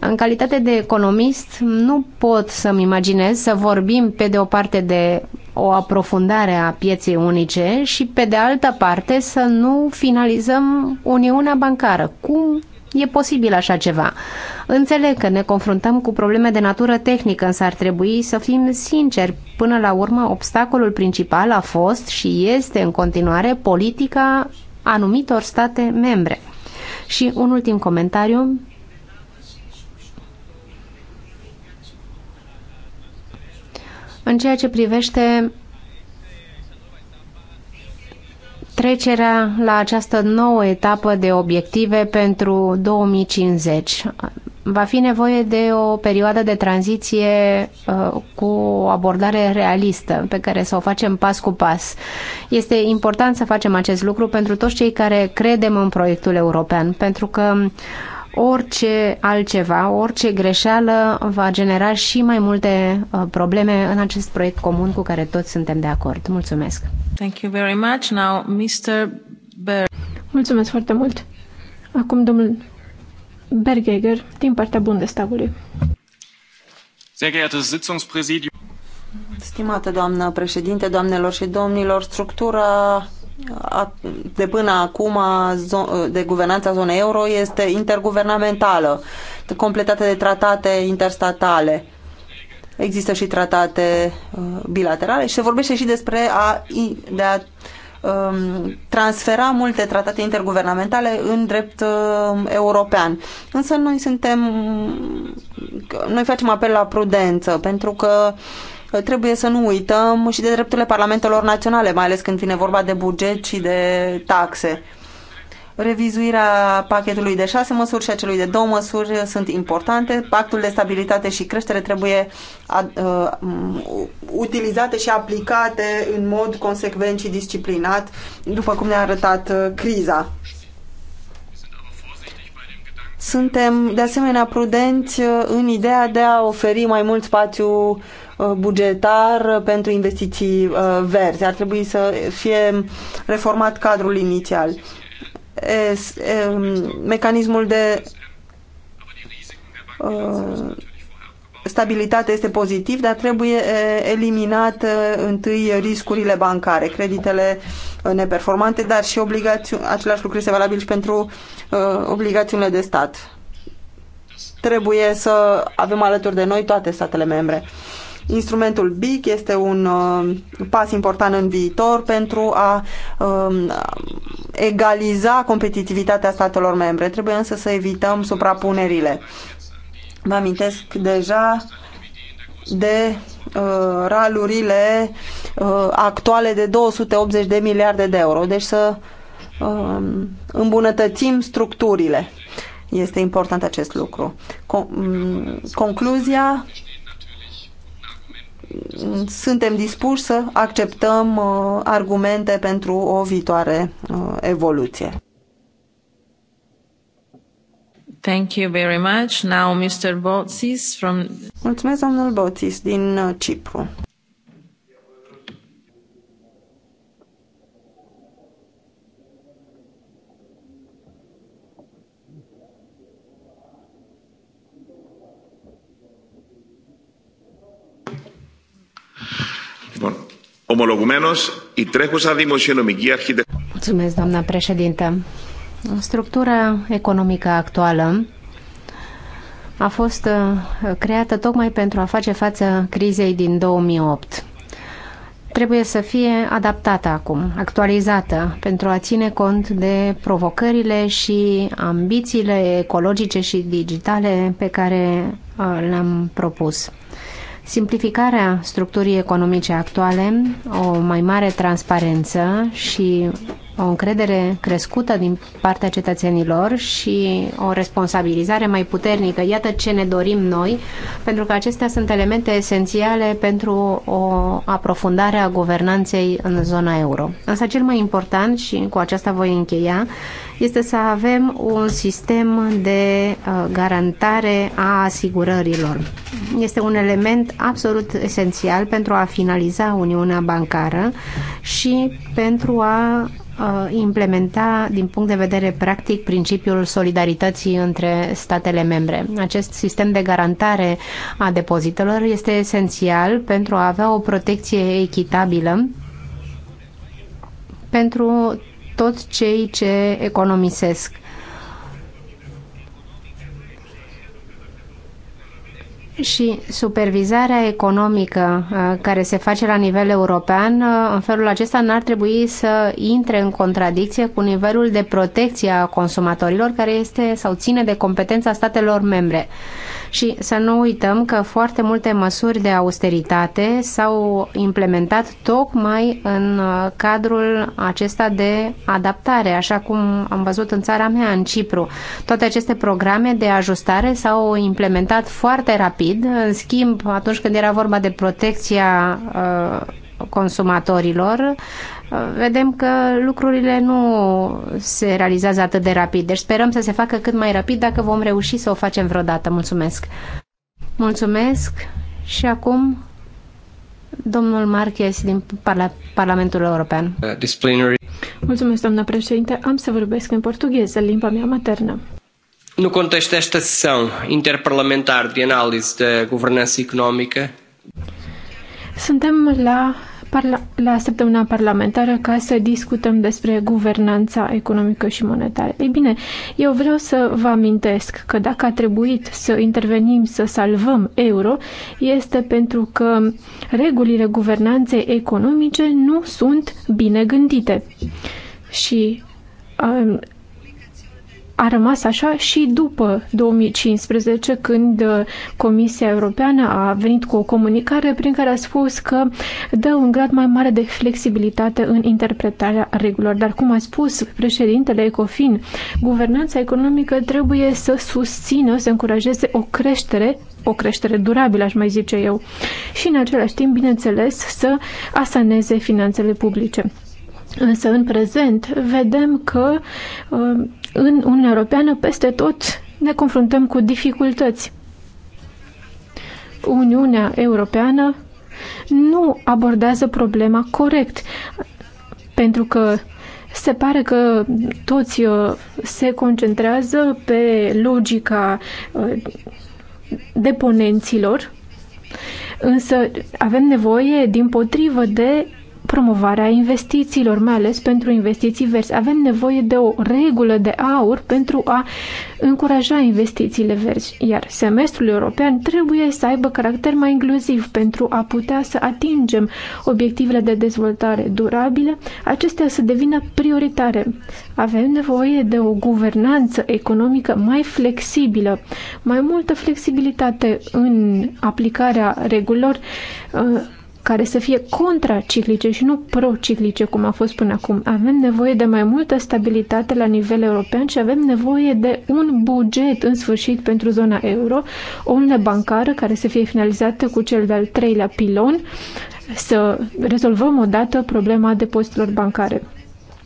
În calitate de economist, nu pot să-mi imaginez să vorbim pe de o parte de o aprofundare a pieței unice și pe de altă parte să nu finalizăm Uniunea Bancară. Cum E posibil așa ceva. Înțeleg că ne confruntăm cu probleme de natură tehnică, însă ar trebui să fim sinceri. Până la urmă, obstacolul principal a fost și este în continuare politica anumitor state membre. Și un ultim comentariu În ceea ce privește trecerea la această nouă etapă de obiective pentru 2050. Va fi nevoie de o perioadă de tranziție uh, cu o abordare realistă pe care să o facem pas cu pas. Este important să facem acest lucru pentru toți cei care credem în proiectul european, pentru că uh, orice altceva, orice greșeală va genera și mai multe uh, probleme în acest proiect comun cu care toți suntem de acord. Mulțumesc! Thank you very much. Now, Mr. Ber- Mulțumesc foarte mult! Acum domnul Bergegger din partea Bundestagului. Stimată doamnă președinte, doamnelor și domnilor, structura de până acum de guvernanța zonei euro este interguvernamentală, completată de tratate interstatale. Există și tratate uh, bilaterale și se vorbește și despre a, de a um, transfera multe tratate interguvernamentale în drept um, european. Însă noi suntem noi facem apel la prudență pentru că uh, trebuie să nu uităm și de drepturile parlamentelor naționale, mai ales când vine vorba de buget și de taxe. Revizuirea pachetului de șase măsuri și a celui de două măsuri sunt importante. Pactul de stabilitate și creștere trebuie uh, utilizate și aplicate în mod consecvent și disciplinat, după cum ne-a arătat uh, criza. Suntem de asemenea prudenți uh, în ideea de a oferi mai mult spațiu Uh, bugetar uh, pentru investiții uh, verzi. Ar trebui să fie reformat cadrul inițial. Mecanismul de stabilitate este pozitiv, dar trebuie eliminat întâi riscurile bancare, creditele neperformante, dar și obligațiuni, același lucru este valabil și pentru uh, obligațiunile de stat. Trebuie să avem alături de noi toate statele membre. Instrumentul BIC este un uh, pas important în viitor pentru a uh, egaliza competitivitatea statelor membre. Trebuie însă să evităm suprapunerile. Mă amintesc deja de uh, ralurile uh, actuale de 280 de miliarde de euro. Deci să uh, îmbunătățim structurile. Este important acest lucru. Con mm, concluzia suntem dispuși să acceptăm uh, argumente pentru o viitoare uh, evoluție. Thank you very much. Now Mr. Botsis from Mulțumesc domnul Botsis din uh, Cipru. Ομολογουμένως, η τρέχουσα δημοσιονομική αρχιτεκτονă... președintă. Structura economică actuală a fost uh, creată tocmai pentru a face față crizei din 2008 trebuie să fie adaptată acum, actualizată, pentru a ține cont de provocările și ambițiile ecologice și digitale pe care uh, le-am propus. Simplificarea structurii economice actuale, o mai mare transparență și o încredere crescută din partea cetățenilor și o responsabilizare mai puternică. Iată ce ne dorim noi, pentru că acestea sunt elemente esențiale pentru o aprofundare a guvernanței în zona euro. Însă cel mai important, și cu aceasta voi încheia, este să avem un sistem de uh, garantare a asigurărilor. Este un element absolut esențial pentru a finaliza Uniunea Bancară și pentru a Uh, implementa din punct de vedere practic principiul solidarității între statele membre. Acest sistem de garantare a depozitelor este esențial pentru a avea o protecție echitabilă pentru toți cei ce economisesc Și supervizarea economică uh, care se face la nivel european, uh, în felul acesta n-ar trebui să intre în contradicție cu nivelul de protecție a consumatorilor care este sau ține de competența statelor membre. Și să nu uităm că foarte multe măsuri de austeritate s-au implementat tocmai în uh, cadrul acesta de adaptare, așa cum am văzut în țara mea, în Cipru. Toate aceste programe de ajustare s-au implementat foarte rapid rapid. În schimb, atunci când era vorba de protecția uh, consumatorilor, uh, vedem că lucrurile nu se realizează atât de rapid. Deci sperăm să se facă cât mai rapid dacă vom reuși să o facem vreodată. Mulțumesc! Mulțumesc și acum domnul Marches din Parla Parlamentul European. Uh, Mulțumesc, doamna președinte. Am să vorbesc în portugheză, limba mea maternă. No contexto desta sessão interparlamentar de análise da governança económica. Suntem la, la săptămâna parlamentară ca să discutăm despre guvernanța economică și monetară. Ei bine, eu vreau să vă amintesc că dacă a trebuit să intervenim să salvăm euro, este pentru că regulile guvernanței economice nu sunt bine gândite. Și um, a rămas așa și după 2015, când uh, Comisia Europeană a venit cu o comunicare prin care a spus că dă un grad mai mare de flexibilitate în interpretarea regulilor. Dar, cum a spus președintele Ecofin, guvernanța economică trebuie să susțină, să încurajeze o creștere o creștere durabilă, aș mai zice eu, și în același timp, bineînțeles, să asaneze finanțele publice. Însă, în prezent, vedem că uh, în Uniunea Europeană, peste tot, ne confruntăm cu dificultăți. Uniunea Europeană nu abordează problema corect, pentru că se pare că toți uh, se concentrează pe logica uh, deponenților, însă avem nevoie, din potrivă, de promovarea investițiilor, mai ales pentru investiții verzi. Avem nevoie de o regulă de aur pentru a încuraja investițiile verzi, iar semestrul european trebuie să aibă caracter mai inclusiv pentru a putea să atingem obiectivele de dezvoltare durabile, acestea să devină prioritare. Avem nevoie de o guvernanță economică mai flexibilă, mai multă flexibilitate în aplicarea regulilor, uh, care să fie contraciclice și nu prociclice, cum a fost până acum. Avem nevoie de mai multă stabilitate la nivel european și avem nevoie de un buget în sfârșit pentru zona euro, o uniune bancară care să fie finalizată cu cel de-al treilea pilon, să rezolvăm odată problema depozitelor bancare.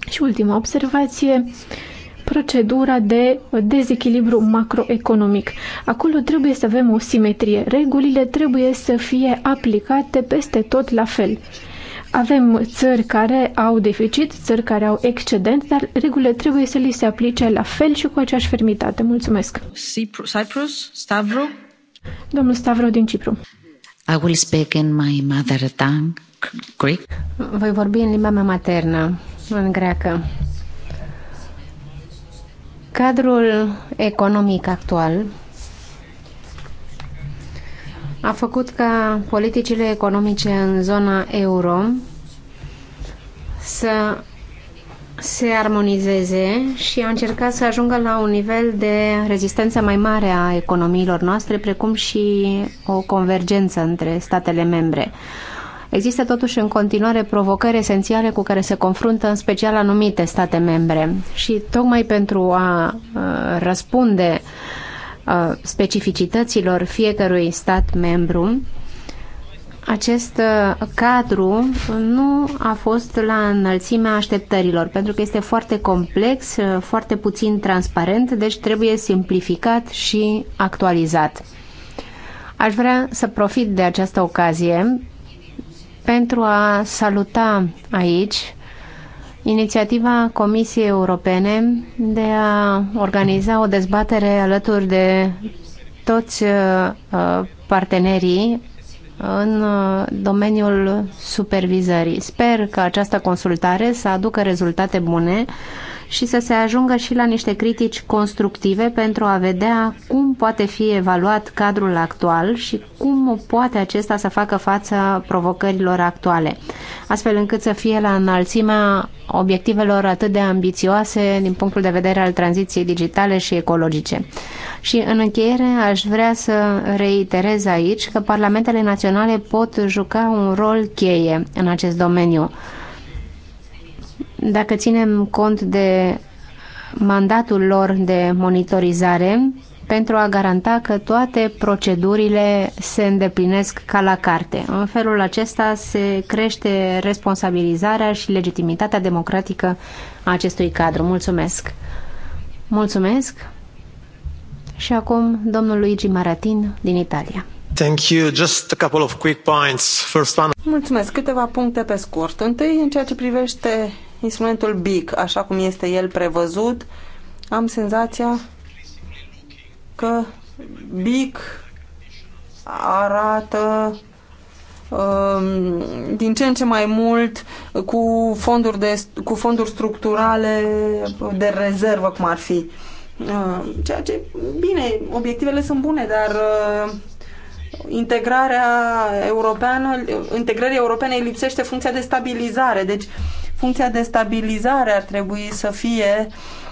Și ultima observație, uh, procedura de dezechilibru macroeconomic. Acolo trebuie să avem o simetrie. Regulile trebuie să fie aplicate peste tot la fel. Avem țări care au deficit, țări care au excedent, dar regulile trebuie să li se aplice la fel și cu aceeași fermitate. Mulțumesc. Cyprus, Stavro. Domnul Stavro din Cipru. I will speak in my mother tongue, Greek. Voi vorbi în limba mea maternă, în greacă. Cadrul economic actual a făcut ca politicile economice în zona euro să se armonizeze și a încercat să ajungă la un nivel de rezistență mai mare a economiilor noastre, precum și o convergență între statele membre. Există totuși în continuare provocări esențiale cu care se confruntă în special anumite state membre și tocmai pentru a răspunde specificităților fiecărui stat membru, acest cadru nu a fost la înălțimea așteptărilor, pentru că este foarte complex, foarte puțin transparent, deci trebuie simplificat și actualizat. Aș vrea să profit de această ocazie pentru a saluta aici inițiativa Comisiei Europene de a organiza o dezbatere alături de toți uh, partenerii în uh, domeniul supervizării. Sper că această consultare să aducă rezultate bune și să se ajungă și la niște critici constructive pentru a vedea cum poate fi evaluat cadrul actual și cum poate acesta să facă față provocărilor actuale, astfel încât să fie la înălțimea obiectivelor atât de ambițioase din punctul de vedere al tranziției digitale și ecologice. Și în încheiere aș vrea să reiterez aici că parlamentele naționale pot juca un rol cheie în acest domeniu. Dacă ținem cont de mandatul lor de monitorizare, pentru a garanta că toate procedurile se îndeplinesc ca la carte. În felul acesta se crește responsabilizarea și legitimitatea democratică a acestui cadru. Mulțumesc! Mulțumesc! Și acum domnul Luigi Maratin din Italia. Thank you. Just a couple of quick points. First one. Mulțumesc. Câteva puncte pe scurt. Întâi, în ceea ce privește instrumentul BIC, așa cum este el prevăzut, am senzația că BIC arată um, din ce în ce mai mult cu fonduri, de, cu fonduri structurale de rezervă, cum ar fi. Um, ceea ce, bine, obiectivele sunt bune, dar uh, integrarea europeană, integrării europene lipsește funcția de stabilizare. Deci Funcția de stabilizare ar trebui să fie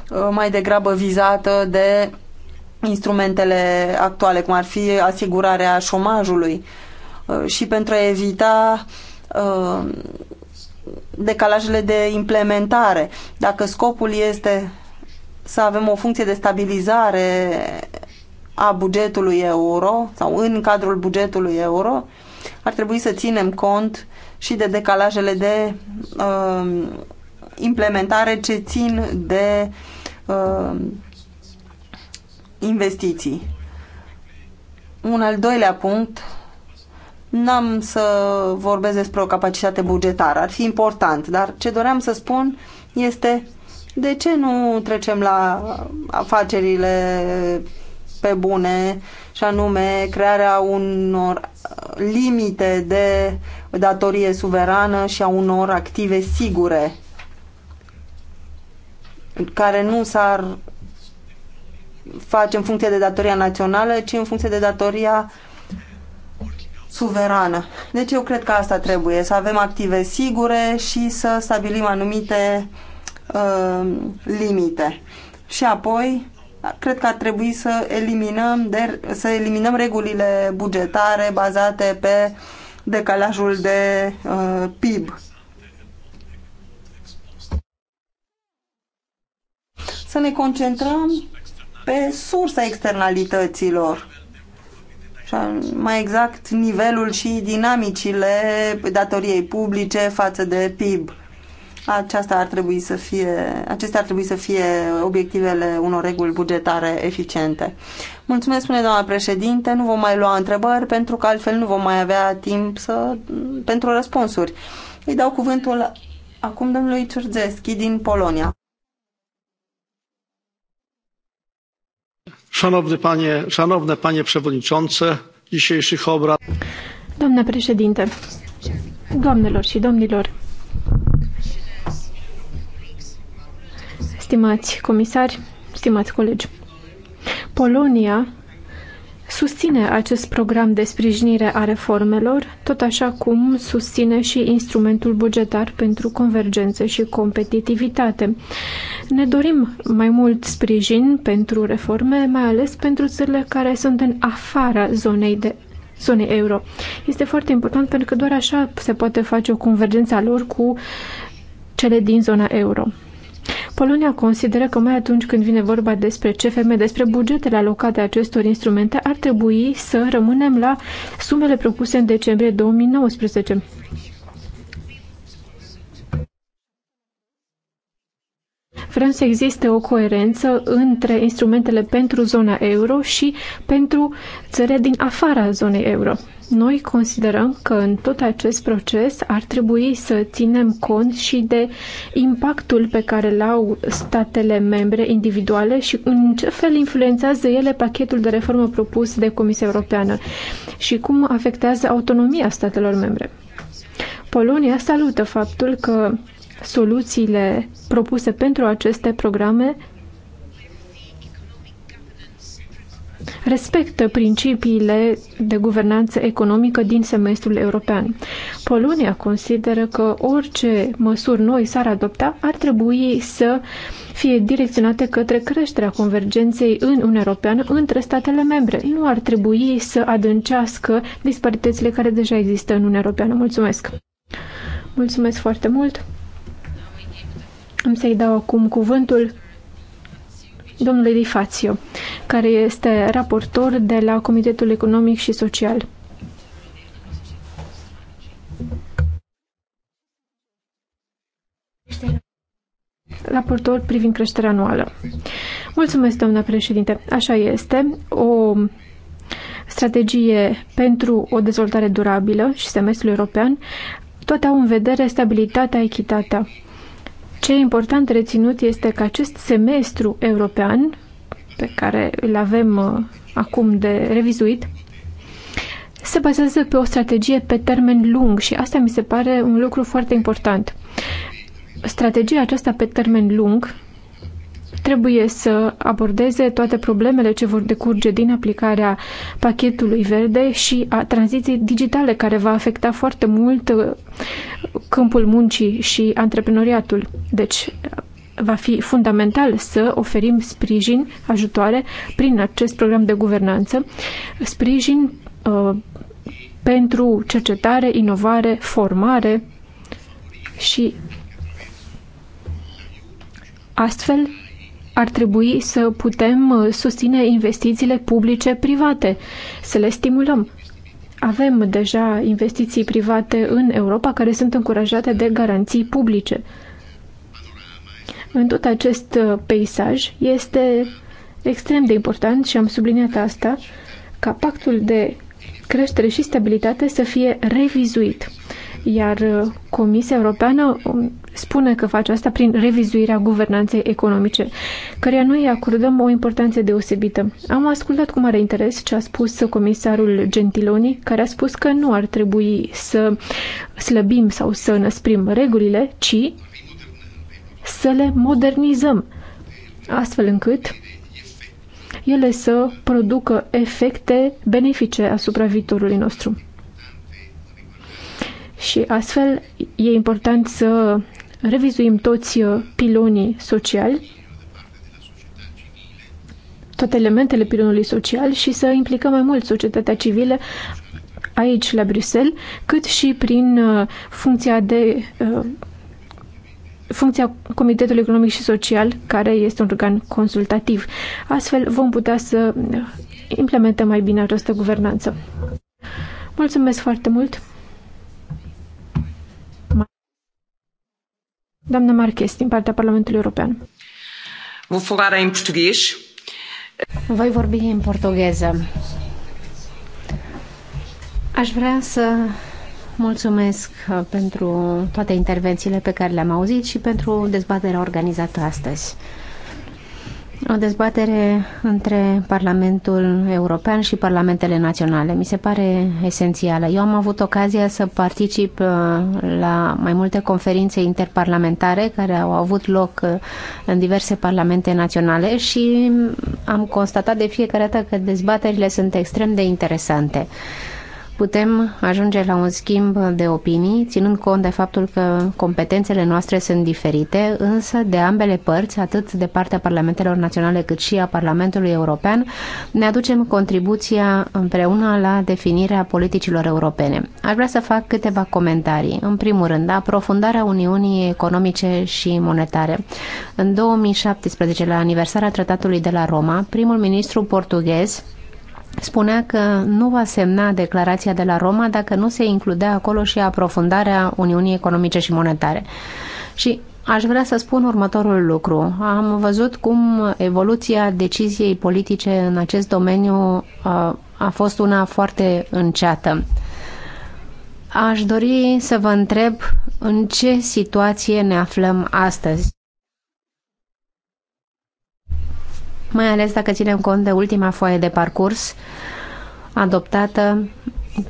uh, mai degrabă vizată de instrumentele actuale, cum ar fi asigurarea șomajului uh, și pentru a evita uh, decalajele de implementare. Dacă scopul este să avem o funcție de stabilizare a bugetului euro sau în cadrul bugetului euro, ar trebui să ținem cont și de decalajele de uh, implementare ce țin de uh, investiții. Un al doilea punct, n-am să vorbesc despre o capacitate bugetară, ar fi important, dar ce doream să spun este de ce nu trecem la afacerile pe bune și anume crearea unor limite de datorie suverană și a unor active sigure care nu s-ar face în funcție de datoria națională, ci în funcție de datoria suverană. Deci eu cred că asta trebuie, să avem active sigure și să stabilim anumite uh, limite. Și apoi cred că ar trebui să eliminăm, de, să eliminăm regulile bugetare bazate pe decalajul de uh, PIB. Să ne concentrăm pe sursa externalităților mai exact nivelul și dinamicile datoriei publice față de PIB aceasta ar trebui să fie, acestea ar trebui să fie obiectivele unor reguli bugetare eficiente. Mulțumesc, spune doamna președinte, nu vom mai lua întrebări pentru că altfel nu vom mai avea timp să, pentru răspunsuri. Îi dau cuvântul acum domnului Ciurzeschi din Polonia. Szanowny panie, szanowne panie przewodniczące dzisiejszych obrad. Domnule președinte, domnilor și domnilor, Stimați comisari, stimați colegi, Polonia susține acest program de sprijinire a reformelor, tot așa cum susține și instrumentul bugetar pentru convergență și competitivitate. Ne dorim mai mult sprijin pentru reforme, mai ales pentru țările care sunt în afara zonei de zonei euro. Este foarte important pentru că doar așa se poate face o convergență a lor cu cele din zona euro. Polonia consideră că mai atunci când vine vorba despre CFM, despre bugetele alocate acestor instrumente, ar trebui să rămânem la sumele propuse în decembrie 2019. Vrem să existe o coerență între instrumentele pentru zona euro și pentru țările din afara zonei euro. Noi considerăm că în tot acest proces ar trebui să ținem cont și de impactul pe care îl au statele membre individuale și în ce fel influențează ele pachetul de reformă propus de Comisia Europeană și cum afectează autonomia statelor membre. Polonia salută faptul că soluțiile propuse pentru aceste programe respectă principiile de guvernanță economică din semestrul european. Polonia consideră că orice măsuri noi s-ar adopta ar trebui să fie direcționate către creșterea convergenței în Uniunea Europeană între statele membre. Nu ar trebui să adâncească disparitățile care deja există în Uniunea Europeană. Mulțumesc! Mulțumesc foarte mult! Am să-i dau acum cuvântul domnului Difațiu, care este raportor de la Comitetul Economic și Social. Raportor privind creșterea anuală. Mulțumesc, doamna președinte. Așa este. O strategie pentru o dezvoltare durabilă și semestrul european, toate au în vedere stabilitatea, echitatea ce e important reținut este că acest semestru european pe care îl avem uh, acum de revizuit se bazează pe o strategie pe termen lung și asta mi se pare un lucru foarte important. Strategia aceasta pe termen lung trebuie să abordeze toate problemele ce vor decurge din aplicarea pachetului verde și a tranziției digitale care va afecta foarte mult uh, câmpul muncii și antreprenoriatul. Deci uh, va fi fundamental să oferim sprijin, ajutoare prin acest program de guvernanță, sprijin uh, pentru cercetare, inovare, formare și astfel ar trebui să putem uh, susține investițiile publice private, să le stimulăm. Avem deja investiții private în Europa care sunt încurajate de garanții publice. În tot acest uh, peisaj este extrem de important și am subliniat asta ca pactul de creștere și stabilitate să fie revizuit iar uh, Comisia Europeană um, spune că face asta prin revizuirea guvernanței economice, căreia noi acordăm o importanță deosebită. Am ascultat cu mare interes ce a spus comisarul Gentiloni, care a spus că nu ar trebui să slăbim sau să năsprim regulile, ci să le modernizăm, astfel încât ele să producă efecte benefice asupra viitorului nostru. Și astfel e important să revizuim toți uh, pilonii sociali, toate elementele pilonului social și să implicăm mai mult societatea civilă aici, la Bruxelles, cât și prin uh, funcția de uh, funcția Comitetului Economic și Social, care este un organ consultativ. Astfel vom putea să implementăm mai bine această guvernanță. Mulțumesc foarte mult! Doamna Marques, din partea Parlamentului European. Vou falar em português. Voi vorbi în portugheză. Aș vrea să mulțumesc uh, pentru toate intervențiile pe care le-am auzit și pentru dezbaterea organizată astăzi o dezbatere între Parlamentul European și Parlamentele Naționale. Mi se pare esențială. Eu am avut ocazia să particip uh, la mai multe conferințe interparlamentare care au avut loc uh, în diverse parlamente naționale și am constatat de fiecare dată că dezbaterile sunt extrem de interesante putem ajunge la un schimb de opinii, ținând cont de faptul că competențele noastre sunt diferite, însă de ambele părți, atât de partea Parlamentelor Naționale cât și a Parlamentului European, ne aducem contribuția împreună la definirea politicilor europene. Aș vrea să fac câteva comentarii. În primul rând, aprofundarea Uniunii Economice și Monetare. În 2017, la aniversarea Tratatului de la Roma, primul ministru portughez, spunea că nu va semna declarația de la Roma dacă nu se includea acolo și aprofundarea Uniunii Economice și Monetare. Și aș vrea să spun următorul lucru. Am văzut cum evoluția deciziei politice în acest domeniu a, uh, a fost una foarte înceată. Aș dori să vă întreb în ce situație ne aflăm astăzi. mai ales dacă ținem cont de ultima foaie de parcurs adoptată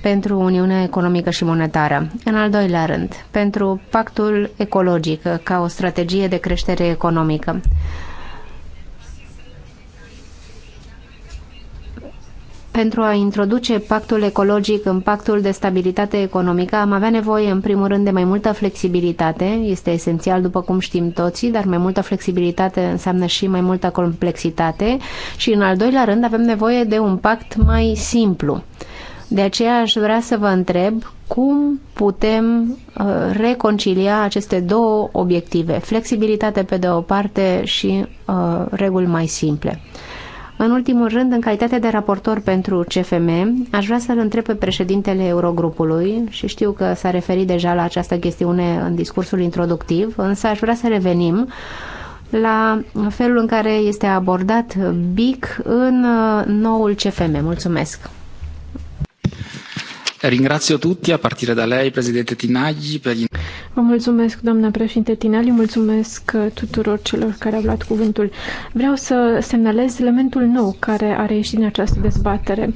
pentru Uniunea Economică și Monetară. În al doilea rând, pentru pactul ecologic ca o strategie de creștere economică. pentru a introduce pactul ecologic în pactul de stabilitate economică am avea nevoie, în primul rând, de mai multă flexibilitate. Este esențial, după cum știm toții, dar mai multă flexibilitate înseamnă și mai multă complexitate. Și, în al doilea rând, avem nevoie de un pact mai simplu. De aceea aș vrea să vă întreb cum putem uh, reconcilia aceste două obiective, flexibilitate pe de o parte și uh, reguli mai simple. În ultimul rând, în calitate de raportor pentru CFM, aș vrea să-l întreb pe președintele Eurogrupului și știu că s-a referit deja la această chestiune în discursul introductiv, însă aș vrea să revenim la felul în care este abordat BIC în uh, noul CFM. Mulțumesc! Ringrazio tutti, a partire da lei, președinte Tinagli. Per... Vă mulțumesc, doamna președinte Tinagli, mulțumesc tuturor celor care au luat cuvântul. Vreau să semnalez elementul nou care a reieșit din această dezbatere,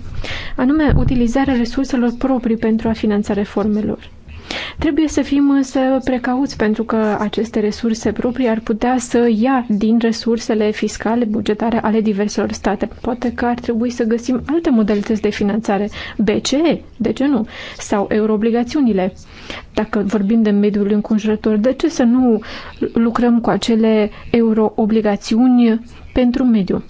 anume utilizarea resurselor proprii pentru a finanța reformelor. Trebuie să fim însă precauți pentru că aceste resurse proprii ar putea să ia din resursele fiscale, bugetare ale diverselor state. Poate că ar trebui să găsim alte modalități de finanțare, BCE, de ce nu, sau euroobligațiunile. Dacă vorbim de mediul înconjurător, de ce să nu lucrăm cu acele euroobligațiuni pentru mediu?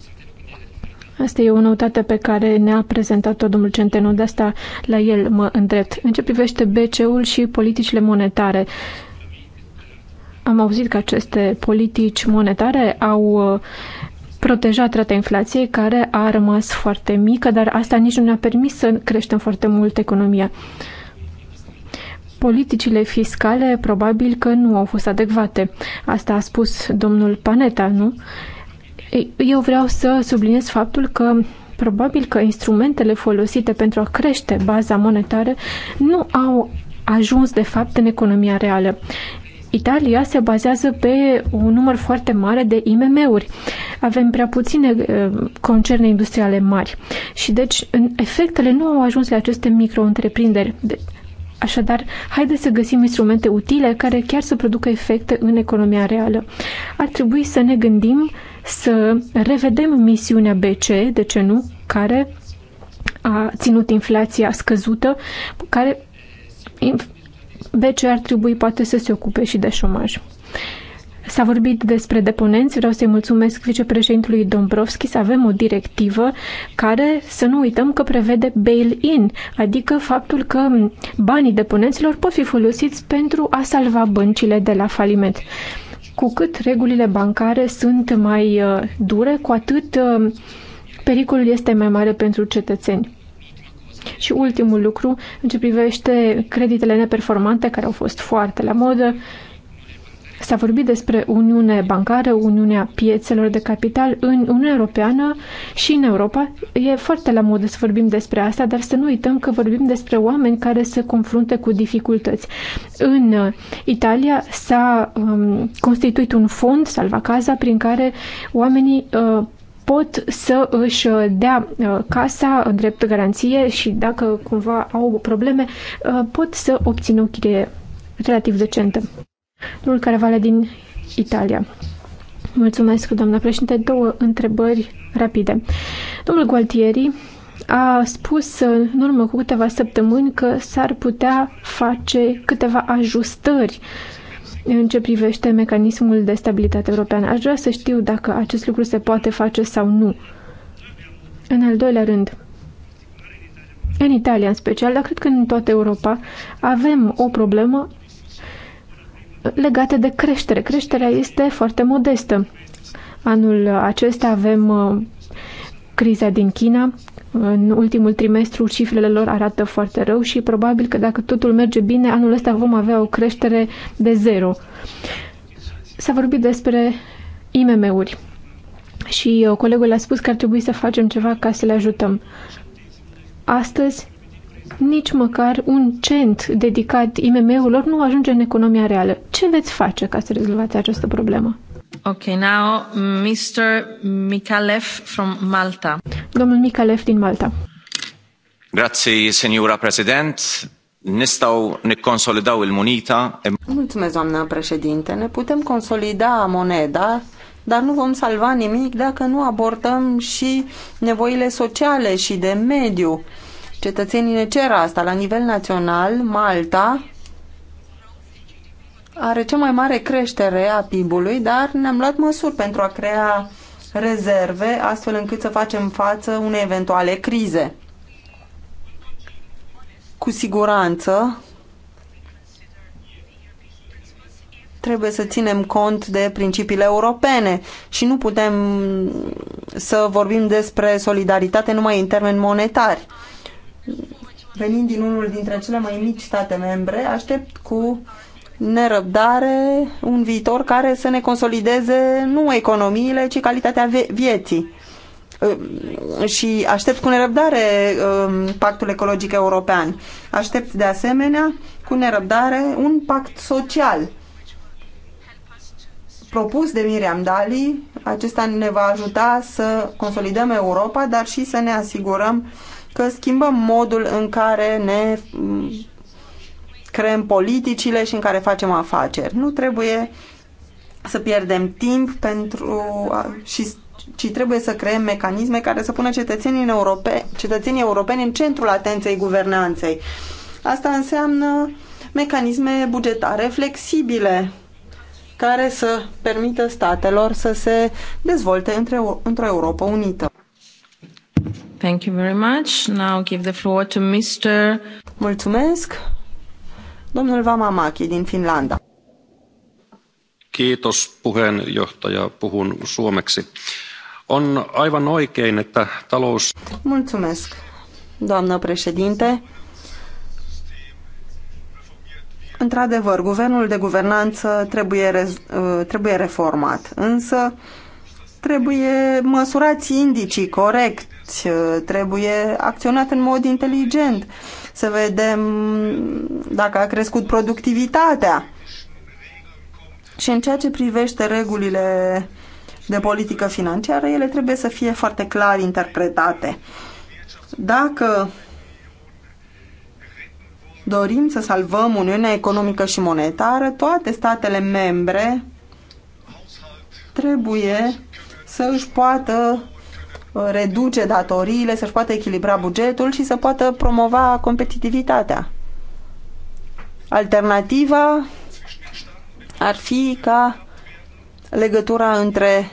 Asta e o noutate pe care ne-a prezentat-o domnul Centenu, de asta la el mă îndrept. În ce privește BCE-ul și politicile monetare, am auzit că aceste politici monetare au uh, protejat rata inflației, care a rămas foarte mică, dar asta nici nu ne-a permis să creștem foarte mult economia. Politicile fiscale probabil că nu au fost adecvate. Asta a spus domnul Paneta, nu? Uh, eu vreau să subliniez faptul că probabil că instrumentele folosite pentru a crește baza monetară nu au ajuns de fapt în economia reală. Italia se bazează pe un număr foarte mare de IMM-uri. Avem prea puține uh, concerne industriale mari și deci efectele nu au ajuns la aceste micro-întreprinderi. Așadar, haideți să găsim instrumente utile care chiar să producă efecte în economia reală. Ar trebui să ne gândim să revedem misiunea BCE, de ce nu, care a ținut inflația scăzută, care BCE ar trebui poate să se ocupe și de șomaj. S-a vorbit despre deponenți, vreau să-i mulțumesc vicepreședintului Dombrovski să avem o directivă care, să nu uităm că prevede bail-in, adică faptul că banii deponenților pot fi folosiți pentru a salva băncile de la faliment. Cu cât regulile bancare sunt mai uh, dure, cu atât uh, pericolul este mai mare pentru cetățeni. Și ultimul lucru, în ce privește creditele neperformante, care au fost foarte la modă, S-a vorbit despre Uniune bancară, Uniunea piețelor de capital în Uniunea Europeană și în Europa. E foarte la modă să vorbim despre asta, dar să nu uităm că vorbim despre oameni care se confruntă cu dificultăți. În uh, Italia s-a um, constituit un fond, Salva Casa, prin care oamenii uh, pot să își uh, dea uh, casa în drept garanție și dacă cumva au probleme, pot să obțină o chirie relativ decentă. Domnul Caravale din Italia. Mulțumesc, doamna președinte. Două întrebări rapide. Domnul Gualtieri a spus în urmă cu câteva săptămâni că s-ar putea face câteva ajustări în ce privește mecanismul de stabilitate europeană. Aș vrea să știu dacă acest lucru se poate face sau nu. În al doilea rând, în Italia în special, dar cred că în toată Europa, avem o problemă legate de creștere. Creșterea este foarte modestă. Anul acesta avem uh, criza din China. În ultimul trimestru cifrele lor arată foarte rău și probabil că dacă totul merge bine, anul ăsta vom avea o creștere de zero. S-a vorbit despre IMM-uri și uh, colegul a spus că ar trebui să facem ceva ca să le ajutăm. Astăzi nici măcar un cent dedicat IMM-urilor nu ajunge în economia reală. Ce veți face ca să rezolvați această problemă? Ok, now Mr. Mikalev from Malta. Domnul Mikalev din Malta. Grazie, signora President. Ne stau, ne consolidau il monita. Mulțumesc, doamnă președinte. Ne putem consolida moneda, dar nu vom salva nimic dacă nu abordăm și nevoile sociale și de mediu Cetățenii ne cer asta. La nivel național, Malta are cea mai mare creștere a PIB-ului, dar ne-am luat măsuri pentru a crea rezerve, astfel încât să facem față unei eventuale crize. Cu siguranță, trebuie să ținem cont de principiile europene și nu putem să vorbim despre solidaritate numai în termeni monetari venind din unul dintre cele mai mici state membre, aștept cu nerăbdare un viitor care să ne consolideze nu economiile, ci calitatea vieții. Ă, și aștept cu nerăbdare ă, pactul ecologic european. Aștept de asemenea cu nerăbdare un pact social propus de Miriam Dali. Acesta ne va ajuta să consolidăm Europa, dar și să ne asigurăm uh, că schimbăm modul în care ne mm, creăm politicile și în care facem afaceri. Nu trebuie să pierdem timp pentru a, și ci trebuie să creăm mecanisme care să pună cetățenii, în europe, cetățenii europeni în centrul atenției guvernanței. Asta înseamnă mecanisme bugetare flexibile care să permită statelor să se dezvolte într-o Europa unită. Thank you very much. Now give the floor to Mr. Mulțumesc. Domnul Vamamaki din Finlanda. Kiitos puheenjohtaja. Puhun suomeksi. On aivan oikein, että talous... Mulțumesc, doamnă președinte. Într-adevăr, guvernul de guvernanță trebuie, trebuie reformat, însă Trebuie măsurați indicii corect, trebuie acționat în mod inteligent, să vedem dacă a crescut productivitatea. Și în ceea ce privește regulile de politică financiară, ele trebuie să fie foarte clar interpretate. Dacă dorim să salvăm Uniunea Economică și Monetară, toate statele membre trebuie să își poată uh, reduce datoriile, să își poată echilibra bugetul și să poată promova competitivitatea. Alternativa ar fi ca legătura între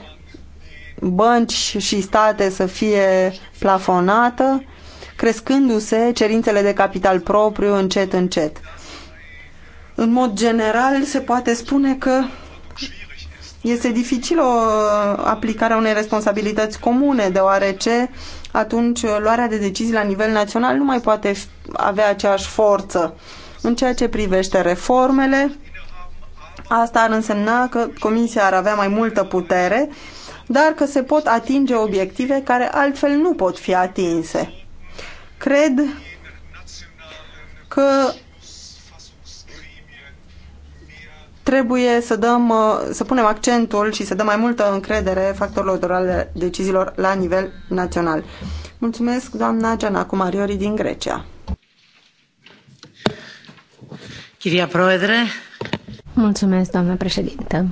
bănci și state să fie plafonată, crescându-se cerințele de capital propriu încet, încet. În mod general, se poate spune că este dificil o aplicare a unei responsabilități comune, deoarece atunci luarea de decizii la nivel național nu mai poate avea aceeași forță. În ceea ce privește reformele, asta ar însemna că Comisia ar avea mai multă putere, dar că se pot atinge obiective care altfel nu pot fi atinse. Cred că trebuie să, dăm, uh, să punem accentul și să dăm mai multă încredere factorilor de ale deciziilor la nivel național. Mulțumesc, doamna Gianacu Cumariori din Grecia. Chiria Proedre. Mulțumesc, doamna președintă.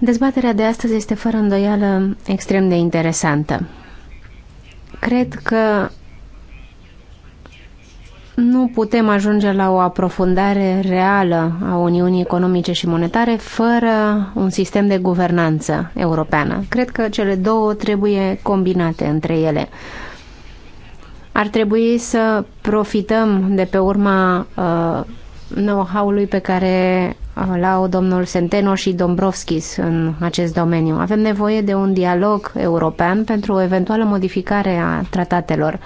Dezbaterea de astăzi este fără îndoială extrem de interesantă. Cred că nu putem ajunge la o aprofundare reală a Uniunii Economice și Monetare fără un sistem de guvernanță europeană. Cred că cele două trebuie combinate între ele. Ar trebui să profităm de pe urma uh, know-how-ului pe care uh, l-au domnul Senteno și Dombrovskis în acest domeniu. Avem nevoie de un dialog european pentru o eventuală modificare a tratatelor. Uh,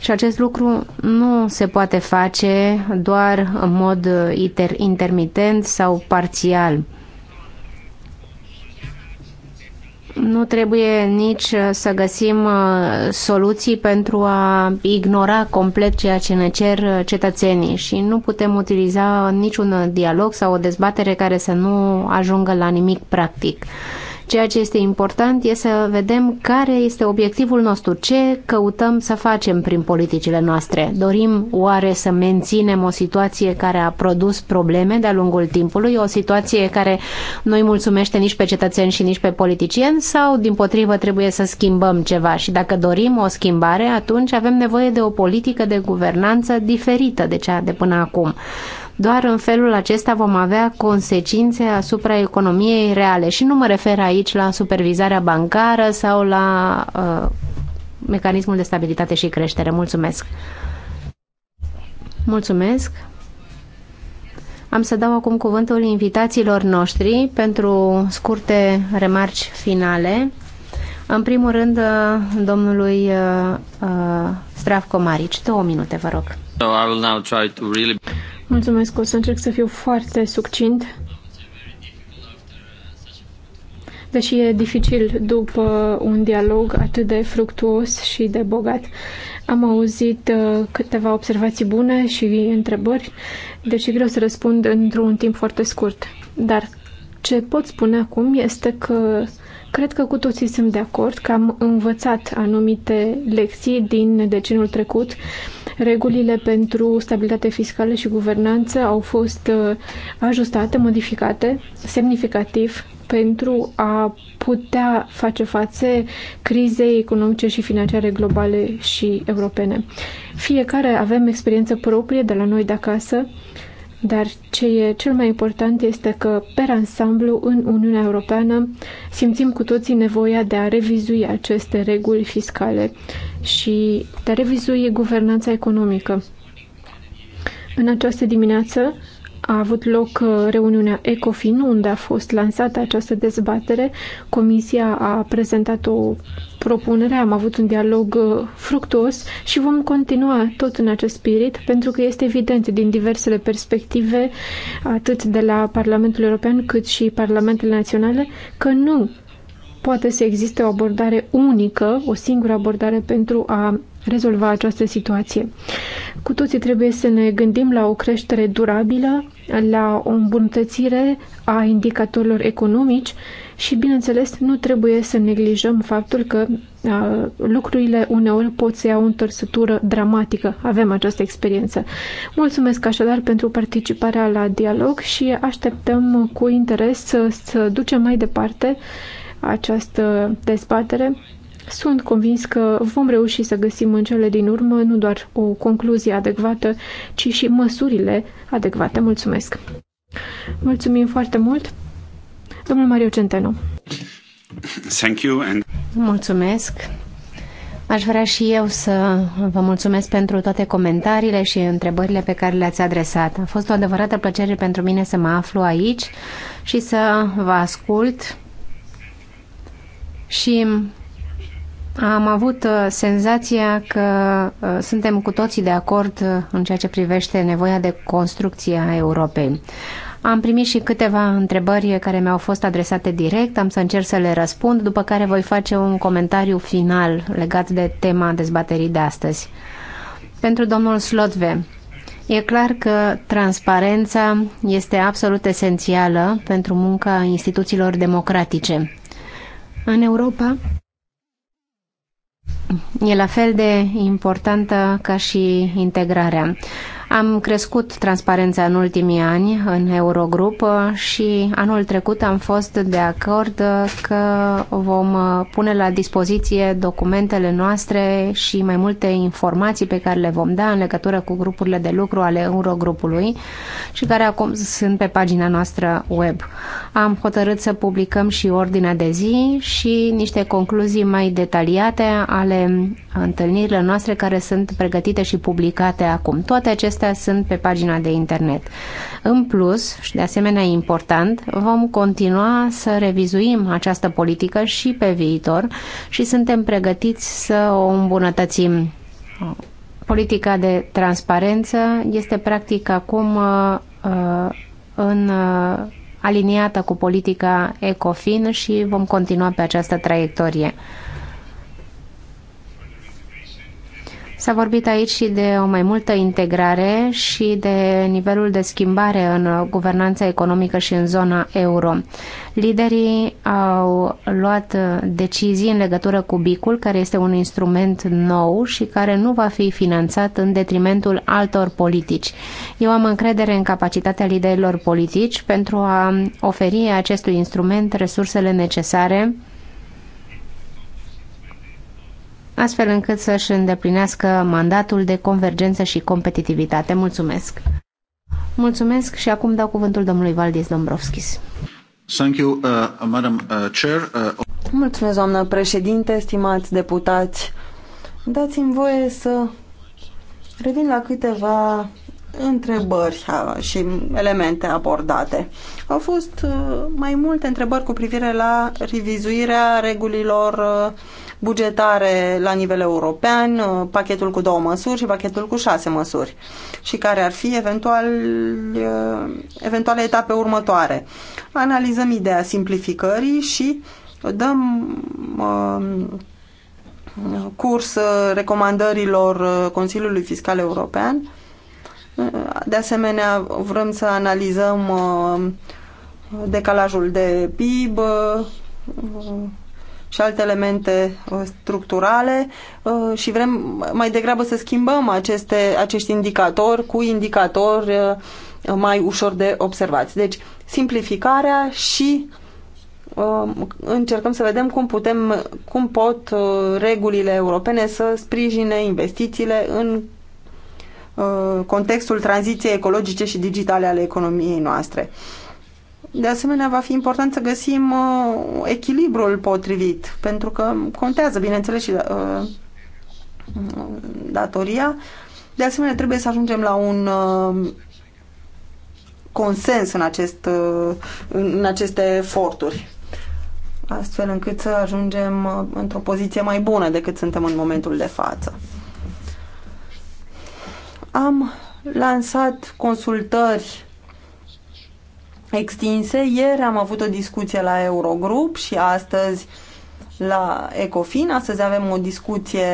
și acest lucru nu se poate face doar în mod uh, inter intermitent sau parțial. nu trebuie nici uh, să găsim uh, soluții pentru a ignora complet ceea ce ne cer cetățenii și nu putem utiliza niciun dialog sau o dezbatere care să nu ajungă la nimic practic. Ceea ce este important este să vedem care este obiectivul nostru, ce căutăm să facem prin politicile noastre. Dorim oare să menținem o situație care a produs probleme de-a lungul timpului, o situație care nu îi mulțumește nici pe cetățeni și nici pe politicieni sau, din potrivă, trebuie să schimbăm ceva și dacă dorim o schimbare, atunci avem nevoie de o politică de guvernanță diferită de cea de până acum. Doar în felul acesta vom avea consecințe asupra economiei reale și nu mă refer aici la supervizarea bancară sau la uh, mecanismul de stabilitate și creștere. Mulțumesc! Mulțumesc! Am să dau acum cuvântul invitațiilor noștri pentru scurte remarci finale. În primul rând, uh, domnului uh, uh, Stravko Marici. Două minute, vă rog. So I will now try to really... Mulțumesc, o să încerc să fiu foarte succint. Deși e dificil după un dialog atât de fructuos și de bogat. Am auzit uh, câteva observații bune și întrebări, deci e greu să răspund într-un timp foarte scurt. Dar ce pot spune acum este că Cred că cu toții sunt de acord că am învățat anumite lecții din decenul trecut. Regulile pentru stabilitate fiscală și guvernanță au fost uh, ajustate, modificate semnificativ pentru a putea face față crizei economice și financiare globale și europene. Fiecare avem experiență proprie de la noi de acasă dar ce e cel mai important este că, per ansamblu, în Uniunea Europeană simțim cu toții nevoia de a revizui aceste reguli fiscale și de a revizui guvernanța economică. În această dimineață a avut loc uh, reuniunea ECOFIN, unde a fost lansată această dezbatere. Comisia a prezentat o propunere, am avut un dialog uh, fructuos și vom continua tot în acest spirit, pentru că este evident din diversele perspective, atât de la Parlamentul European cât și Parlamentele Naționale, că nu poate să existe o abordare unică, o singură abordare pentru a rezolva această situație. Cu toții trebuie să ne gândim la o creștere durabilă, la o îmbunătățire a indicatorilor economici și, bineînțeles, nu trebuie să neglijăm faptul că a, lucrurile uneori pot să iau o întorsătură dramatică. Avem această experiență. Mulțumesc așadar pentru participarea la dialog și așteptăm cu interes să, să ducem mai departe această dezbatere sunt convins că vom reuși să găsim în cele din urmă nu doar o concluzie adecvată, ci și măsurile adecvate. Mulțumesc! Mulțumim foarte mult! Domnul Mario Centeno. Thank you and... Mulțumesc! Aș vrea și eu să vă mulțumesc pentru toate comentariile și întrebările pe care le-ați adresat. A fost o adevărată plăcere pentru mine să mă aflu aici și să vă ascult și am avut uh, senzația că uh, suntem cu toții de acord uh, în ceea ce privește nevoia de construcție a Europei. Am primit și câteva întrebări care mi-au fost adresate direct, am să încerc să le răspund, după care voi face un comentariu final legat de tema dezbaterii de astăzi. Pentru domnul Slotve, E clar că transparența este absolut esențială pentru munca instituțiilor democratice. În Europa, e la fel de importantă ca și integrarea. Am crescut transparența în ultimii ani în Eurogrup și anul trecut am fost de acord că vom pune la dispoziție documentele noastre și mai multe informații pe care le vom da în legătură cu grupurile de lucru ale Eurogrupului și care acum sunt pe pagina noastră web. Am hotărât să publicăm și ordinea de zi și niște concluzii mai detaliate ale întâlnirilor noastre care sunt pregătite și publicate acum. Toate aceste acestea sunt pe pagina de internet. În plus, și de asemenea important, vom continua să revizuim această politică și pe viitor și suntem pregătiți să o îmbunătățim. Politica de transparență este practic acum uh, uh, în uh, aliniată cu politica ECOFIN și vom continua pe această traiectorie. S-a vorbit aici și de o mai multă integrare și de nivelul de schimbare în guvernanța economică și în zona euro. Liderii au luat decizii în legătură cu BIC-ul, care este un instrument nou și care nu va fi finanțat în detrimentul altor politici. Eu am încredere în capacitatea liderilor politici pentru a oferi acestui instrument resursele necesare astfel încât să-și îndeplinească mandatul de convergență și competitivitate. Mulțumesc! Mulțumesc și acum dau cuvântul domnului Valdis Dombrovskis. Thank you, uh, Madam uh, Chair. Uh... Mulțumesc, doamnă președinte, stimați deputați. Dați-mi voie să revin la câteva întrebări uh, și elemente abordate. Au fost uh, mai multe întrebări cu privire la revizuirea regulilor uh, bugetare la nivel european, uh, pachetul cu două măsuri și pachetul cu șase măsuri și care ar fi eventual, uh, eventuale etape următoare. Analizăm ideea simplificării și dăm uh, curs recomandărilor Consiliului Fiscal European. De asemenea, vrem să analizăm decalajul de PIB, și alte elemente uh, structurale uh, și vrem mai degrabă să schimbăm aceste, acești indicatori cu indicatori uh, mai ușor de observați. Deci, simplificarea și încercăm să vedem cum putem, cum pot regulile europene să sprijine investițiile în contextul tranziției ecologice și digitale ale economiei noastre. De asemenea, va fi important să găsim uh, echilibrul potrivit, pentru că contează, bineînțeles, și uh, datoria. De asemenea, trebuie să ajungem la un uh, consens în, acest, uh, în aceste eforturi, astfel încât să ajungem uh, într-o poziție mai bună decât suntem în momentul de față. Am lansat consultări extinse. Ieri am avut o discuție la Eurogrup și astăzi la Ecofin. Astăzi avem o discuție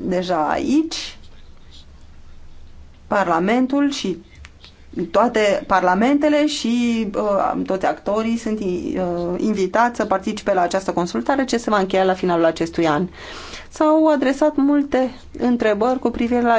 deja aici. Parlamentul și toate parlamentele și uh, toți actorii sunt uh, invitați să participe la această consultare ce se va încheia la finalul acestui an. Uh, S-au adresat multe întrebări cu privire la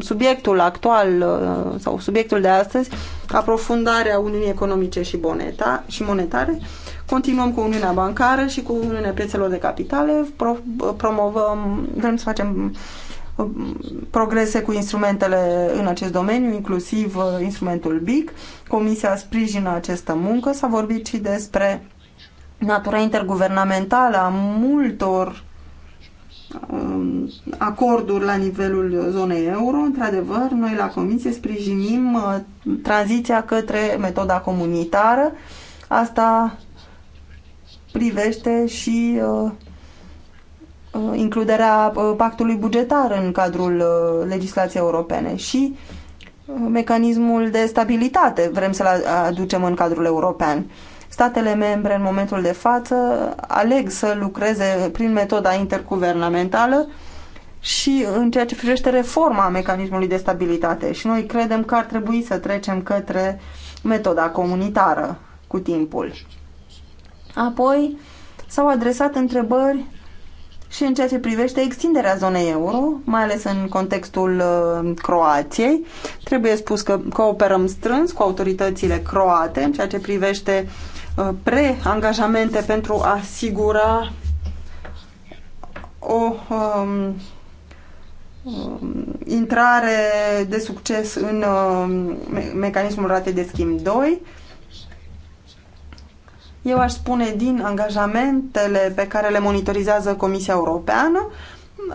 subiectul actual uh, sau subiectul de astăzi, aprofundarea Uniunii Economice și, boneta, și Monetare. Continuăm cu Uniunea Bancară și cu Uniunea Piețelor de Capitale. Pro, promovăm, vrem să facem uh, progrese cu instrumentele în acest domeniu, inclusiv uh, instrumentul BIC. Comisia sprijină această muncă. S-a vorbit și despre natura interguvernamentală a multor Um, acorduri la nivelul zonei euro. Într-adevăr, noi la Comisie sprijinim uh, tranziția către metoda comunitară. Asta privește și uh, uh, includerea pactului bugetar în cadrul legislației europene și mecanismul de stabilitate vrem să-l aducem în cadrul european. Statele membre în momentul de față aleg să lucreze prin metoda interguvernamentală și în ceea ce privește reforma mecanismului de stabilitate și noi credem că ar trebui să trecem către metoda comunitară cu timpul. Apoi s-au adresat întrebări și în ceea ce privește extinderea zonei euro, mai ales în contextul uh, Croației. Trebuie spus că cooperăm strâns cu autoritățile croate în ceea ce privește Uh, pre-angajamente pentru a asigura o um, um intrare de succes în uh, mecanismul rate de schimb 2. Eu aș spune din angajamentele pe care le monitorizează Comisia Europeană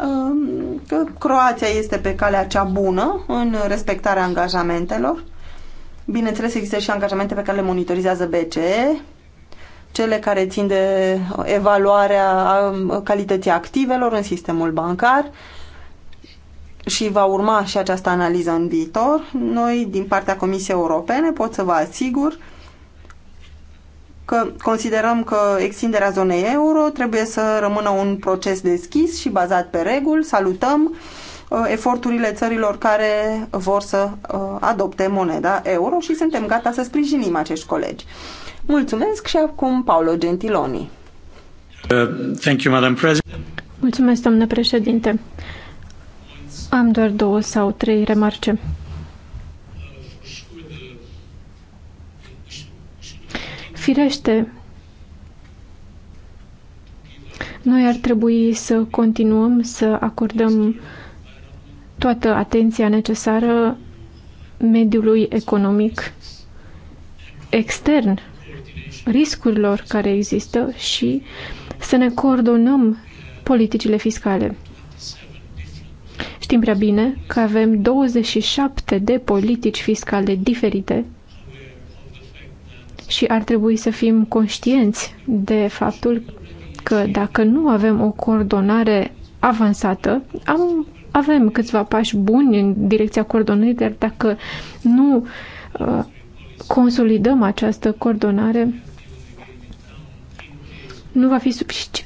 um, că Croația este pe calea cea bună în respectarea angajamentelor. Bineînțeles, există și angajamente pe care le monitorizează BCE, cele care țin de evaluarea um, calității activelor în sistemul bancar și va urma și această analiză în viitor. Noi, din partea Comisiei Europene, pot să vă asigur că considerăm că extinderea zonei euro trebuie să rămână un proces deschis și bazat pe reguli. Salutăm uh, eforturile țărilor care vor să uh, adopte moneda euro și suntem gata să sprijinim acești colegi. Mulțumesc și acum Paolo Gentiloni. Uh, thank you, Madam President. Mulțumesc, domnule președinte. Am doar două sau trei remarce. Firește, noi ar trebui să continuăm să acordăm toată atenția necesară mediului economic extern riscurilor care există și să ne coordonăm politicile fiscale. Știm prea bine că avem 27 de politici fiscale diferite și ar trebui să fim conștienți de faptul că dacă nu avem o coordonare avansată, am, avem câțiva pași buni în direcția coordonării, dar dacă nu uh, consolidăm această coordonare, nu va fi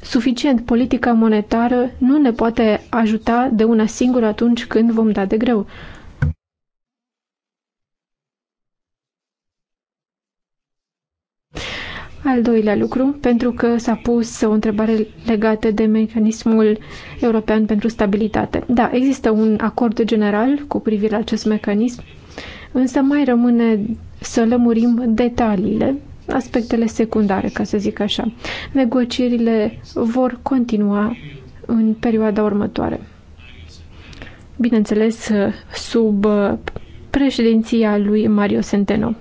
suficient. Politica monetară nu ne poate ajuta de una singură atunci când vom da de greu. Al doilea lucru, pentru că s-a pus o întrebare legată de mecanismul european pentru stabilitate. Da, există un acord general cu privire la acest mecanism, însă mai rămâne să lămurim detaliile aspectele secundare, ca să zic așa. Negocierile vor continua în perioada următoare. Bineînțeles, sub președinția lui Mario Centeno.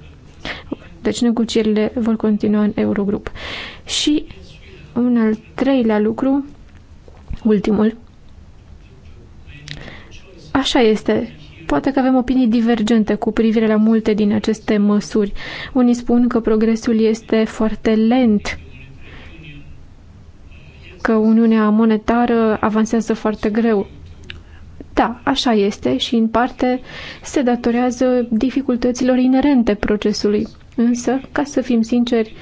Deci negocierile vor continua în Eurogrup. Și un al treilea lucru, ultimul, așa este Poate că avem opinii divergente cu privire la multe din aceste măsuri. Unii spun că progresul este foarte lent, că Uniunea Monetară avansează foarte greu. Da, așa este și în parte se datorează dificultăților inerente procesului. Însă, ca să fim sinceri,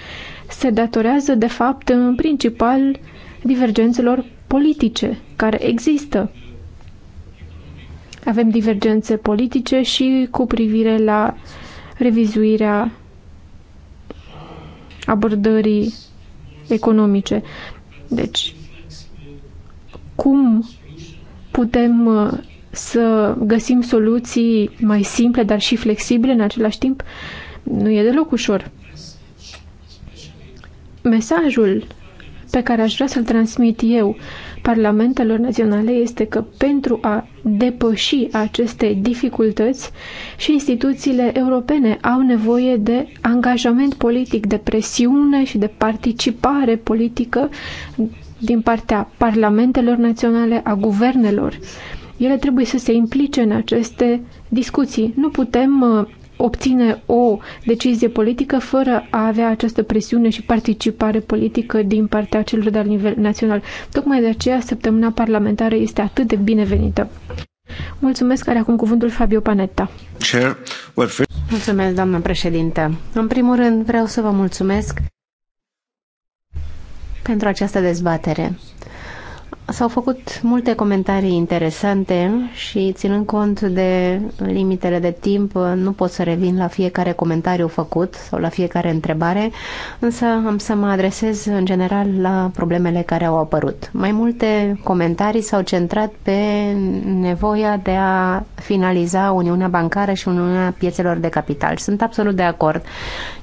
se datorează de fapt în principal divergențelor politice care există avem divergențe politice și cu privire la revizuirea abordării economice. Deci, cum putem uh, să găsim soluții mai simple, dar și flexibile în același timp, nu e deloc ușor. Mesajul pe care aș vrea să-l transmit eu parlamentelor naționale este că pentru a depăși aceste dificultăți și instituțiile europene au nevoie de angajament politic, de presiune și de participare politică din partea parlamentelor naționale, a guvernelor. Ele trebuie să se implice în aceste discuții. Nu putem uh, obține o decizie politică fără a avea această presiune și participare politică din partea celor de la nivel național. Tocmai de aceea, săptămâna parlamentară este atât de binevenită. Mulțumesc, are acum cuvântul Fabio Panetta. Chair, well, first... Mulțumesc, doamnă președinte. În primul rând, vreau să vă mulțumesc pentru această dezbatere. S-au făcut multe comentarii interesante și ținând cont de limitele de timp, nu pot să revin la fiecare comentariu făcut sau la fiecare întrebare, însă am să mă adresez în general la problemele care au apărut. Mai multe comentarii s-au centrat pe nevoia de a finaliza Uniunea Bancară și Uniunea Piețelor de Capital. Sunt absolut de acord.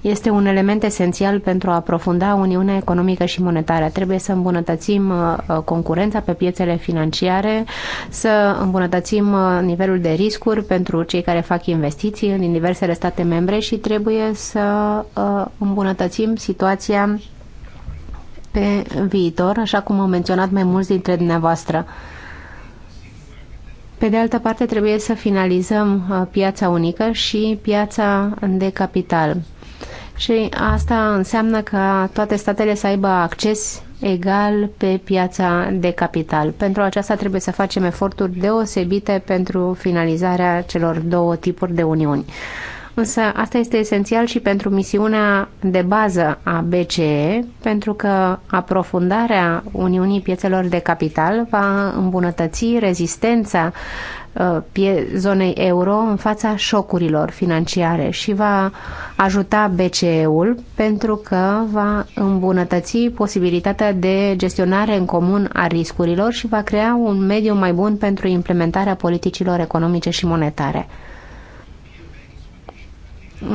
Este un element esențial pentru a aprofunda Uniunea Economică și Monetară. Trebuie să îmbunătățim uh, concurența prezența pe piețele financiare, să îmbunătățim uh, nivelul de riscuri pentru cei care fac investiții din diversele state membre și trebuie să uh, îmbunătățim situația pe viitor, așa cum au menționat mai mulți dintre dumneavoastră. Pe de altă parte, trebuie să finalizăm uh, piața unică și piața de capital. Și asta înseamnă că toate statele să aibă acces egal pe piața de capital. Pentru aceasta trebuie să facem eforturi deosebite pentru finalizarea celor două tipuri de uniuni. Însă asta este esențial și pentru misiunea de bază a BCE, pentru că aprofundarea Uniunii Piețelor de Capital va îmbunătăți rezistența uh, zonei euro în fața șocurilor financiare și va ajuta BCE-ul pentru că va îmbunătăți posibilitatea de gestionare în comun a riscurilor și va crea un mediu mai bun pentru implementarea politicilor economice și monetare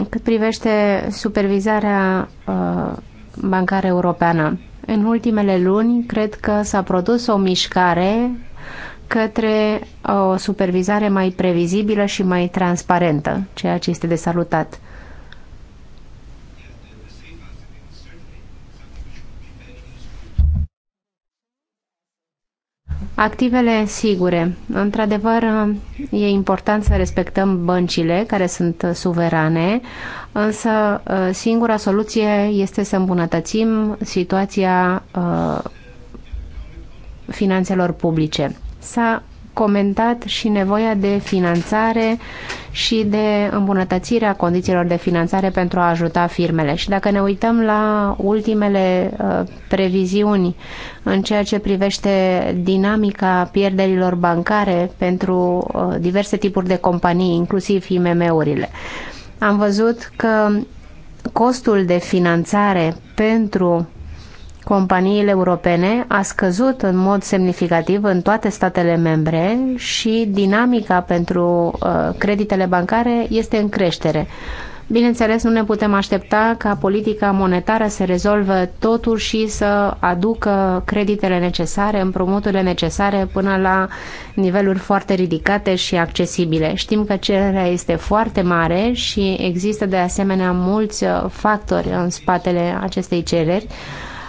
cât privește supervizarea uh, bancară europeană. În ultimele luni, cred că s-a produs o mișcare către uh, o supervizare mai previzibilă și mai transparentă, ceea ce este de salutat. Activele sigure. Într-adevăr, e important să respectăm băncile care sunt suverane, însă uh, singura soluție este să îmbunătățim situația uh, finanțelor publice. S-a comentat și nevoia de finanțare și de îmbunătățirea condițiilor de finanțare pentru a ajuta firmele. Și dacă ne uităm la ultimele uh, previziuni în ceea ce privește dinamica pierderilor bancare pentru uh, diverse tipuri de companii, inclusiv IMM-urile, am văzut că costul de finanțare pentru companiile europene a scăzut în mod semnificativ în toate statele membre și dinamica pentru uh, creditele bancare este în creștere. Bineînțeles, nu ne putem aștepta ca politica monetară să rezolvă totul și să aducă creditele necesare, împrumuturile necesare până la niveluri foarte ridicate și accesibile. Știm că cererea este foarte mare și există de asemenea mulți uh, factori în spatele acestei cereri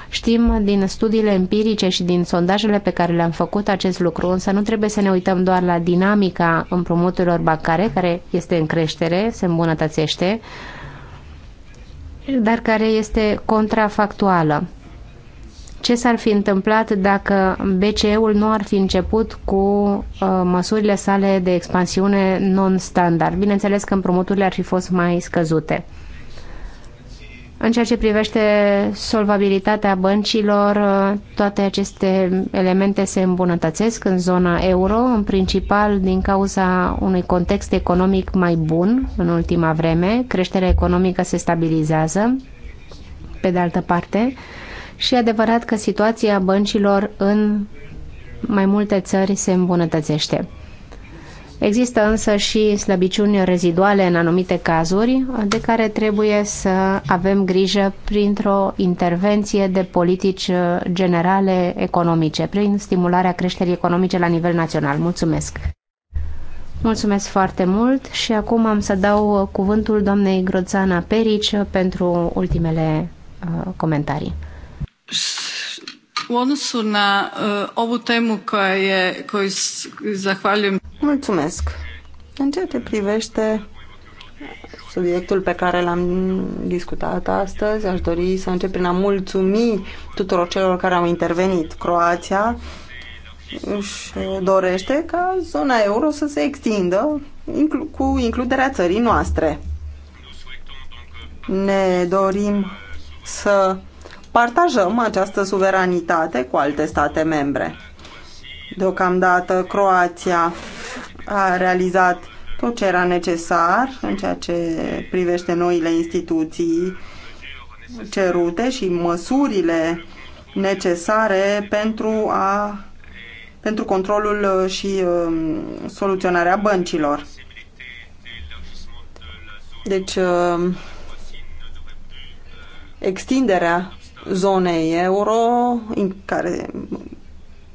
Știm din studiile empirice și din sondajele pe care le-am făcut acest lucru, însă nu trebuie să ne uităm doar la dinamica împrumuturilor bancare, care este în creștere, se îmbunătățește, dar care este contrafactuală. Ce s-ar fi întâmplat dacă BCE-ul nu ar fi început cu uh, măsurile sale de expansiune non-standard? Bineînțeles că împrumuturile ar fi fost mai scăzute. În ceea ce privește solvabilitatea băncilor, toate aceste elemente se îmbunătățesc în zona euro, în principal din cauza unui context economic mai bun în ultima vreme. Creșterea economică se stabilizează, pe de altă parte, și e adevărat că situația băncilor în mai multe țări se îmbunătățește. Există însă și slăbiciuni reziduale în anumite cazuri, de care trebuie să avem grijă printr-o intervenție de politici generale economice, prin stimularea creșterii economice la nivel național. Mulțumesc! Mulțumesc foarte mult și acum am să dau cuvântul doamnei Groțana Perici pentru ultimele uh, comentarii. U odnosu na uh, ovu temu koja je, koju zahvaljujem Mulțumesc. În ceea ce privește subiectul pe care l-am discutat astăzi, aș dori să încep prin a mulțumi tuturor celor care au intervenit. Croația își dorește ca zona euro să se extindă inclu cu includerea țării noastre. Ne dorim să partajăm această suveranitate cu alte state membre. Deocamdată Croația a realizat tot ce era necesar în ceea ce privește noile instituții cerute și măsurile necesare pentru, a, pentru controlul și um, soluționarea băncilor. Deci, um, extinderea zonei euro, în care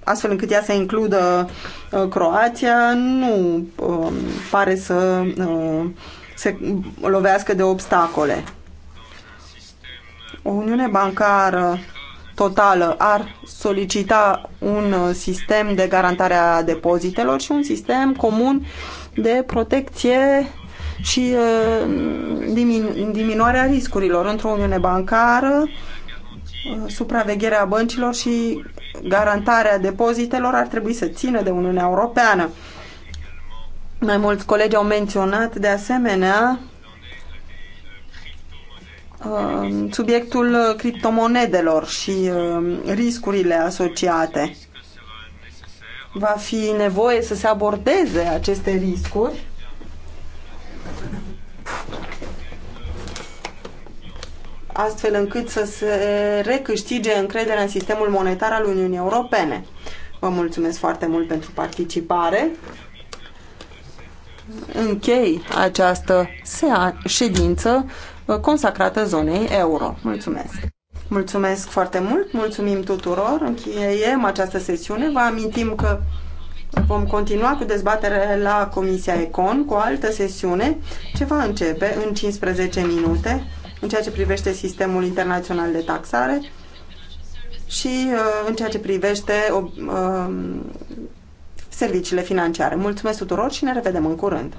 astfel încât ea să includă uh, Croația, nu um, pare să uh, se lovească de obstacole. O uniune bancară totală ar solicita un uh, sistem de garantare a depozitelor și un sistem comun de protecție și diminu diminuarea riscurilor. Într-o uniune bancară Uh, supravegherea băncilor și garantarea depozitelor ar trebui să țină de Uniunea Europeană. Mai mulți colegi au menționat de asemenea uh, subiectul criptomonedelor și uh, riscurile asociate. Va fi nevoie să se abordeze aceste riscuri astfel încât să se recâștige încrederea în sistemul monetar al Uniunii Europene. Vă mulțumesc foarte mult pentru participare. Închei această ședință uh, consacrată zonei euro. Mulțumesc! Mulțumesc foarte mult, mulțumim tuturor, încheiem această sesiune. Vă amintim că vom continua cu dezbatere la Comisia Econ cu o altă sesiune ce va începe în 15 minute în ceea ce privește sistemul internațional de taxare și uh, în ceea ce privește uh, serviciile financiare. Mulțumesc tuturor și ne revedem în curând!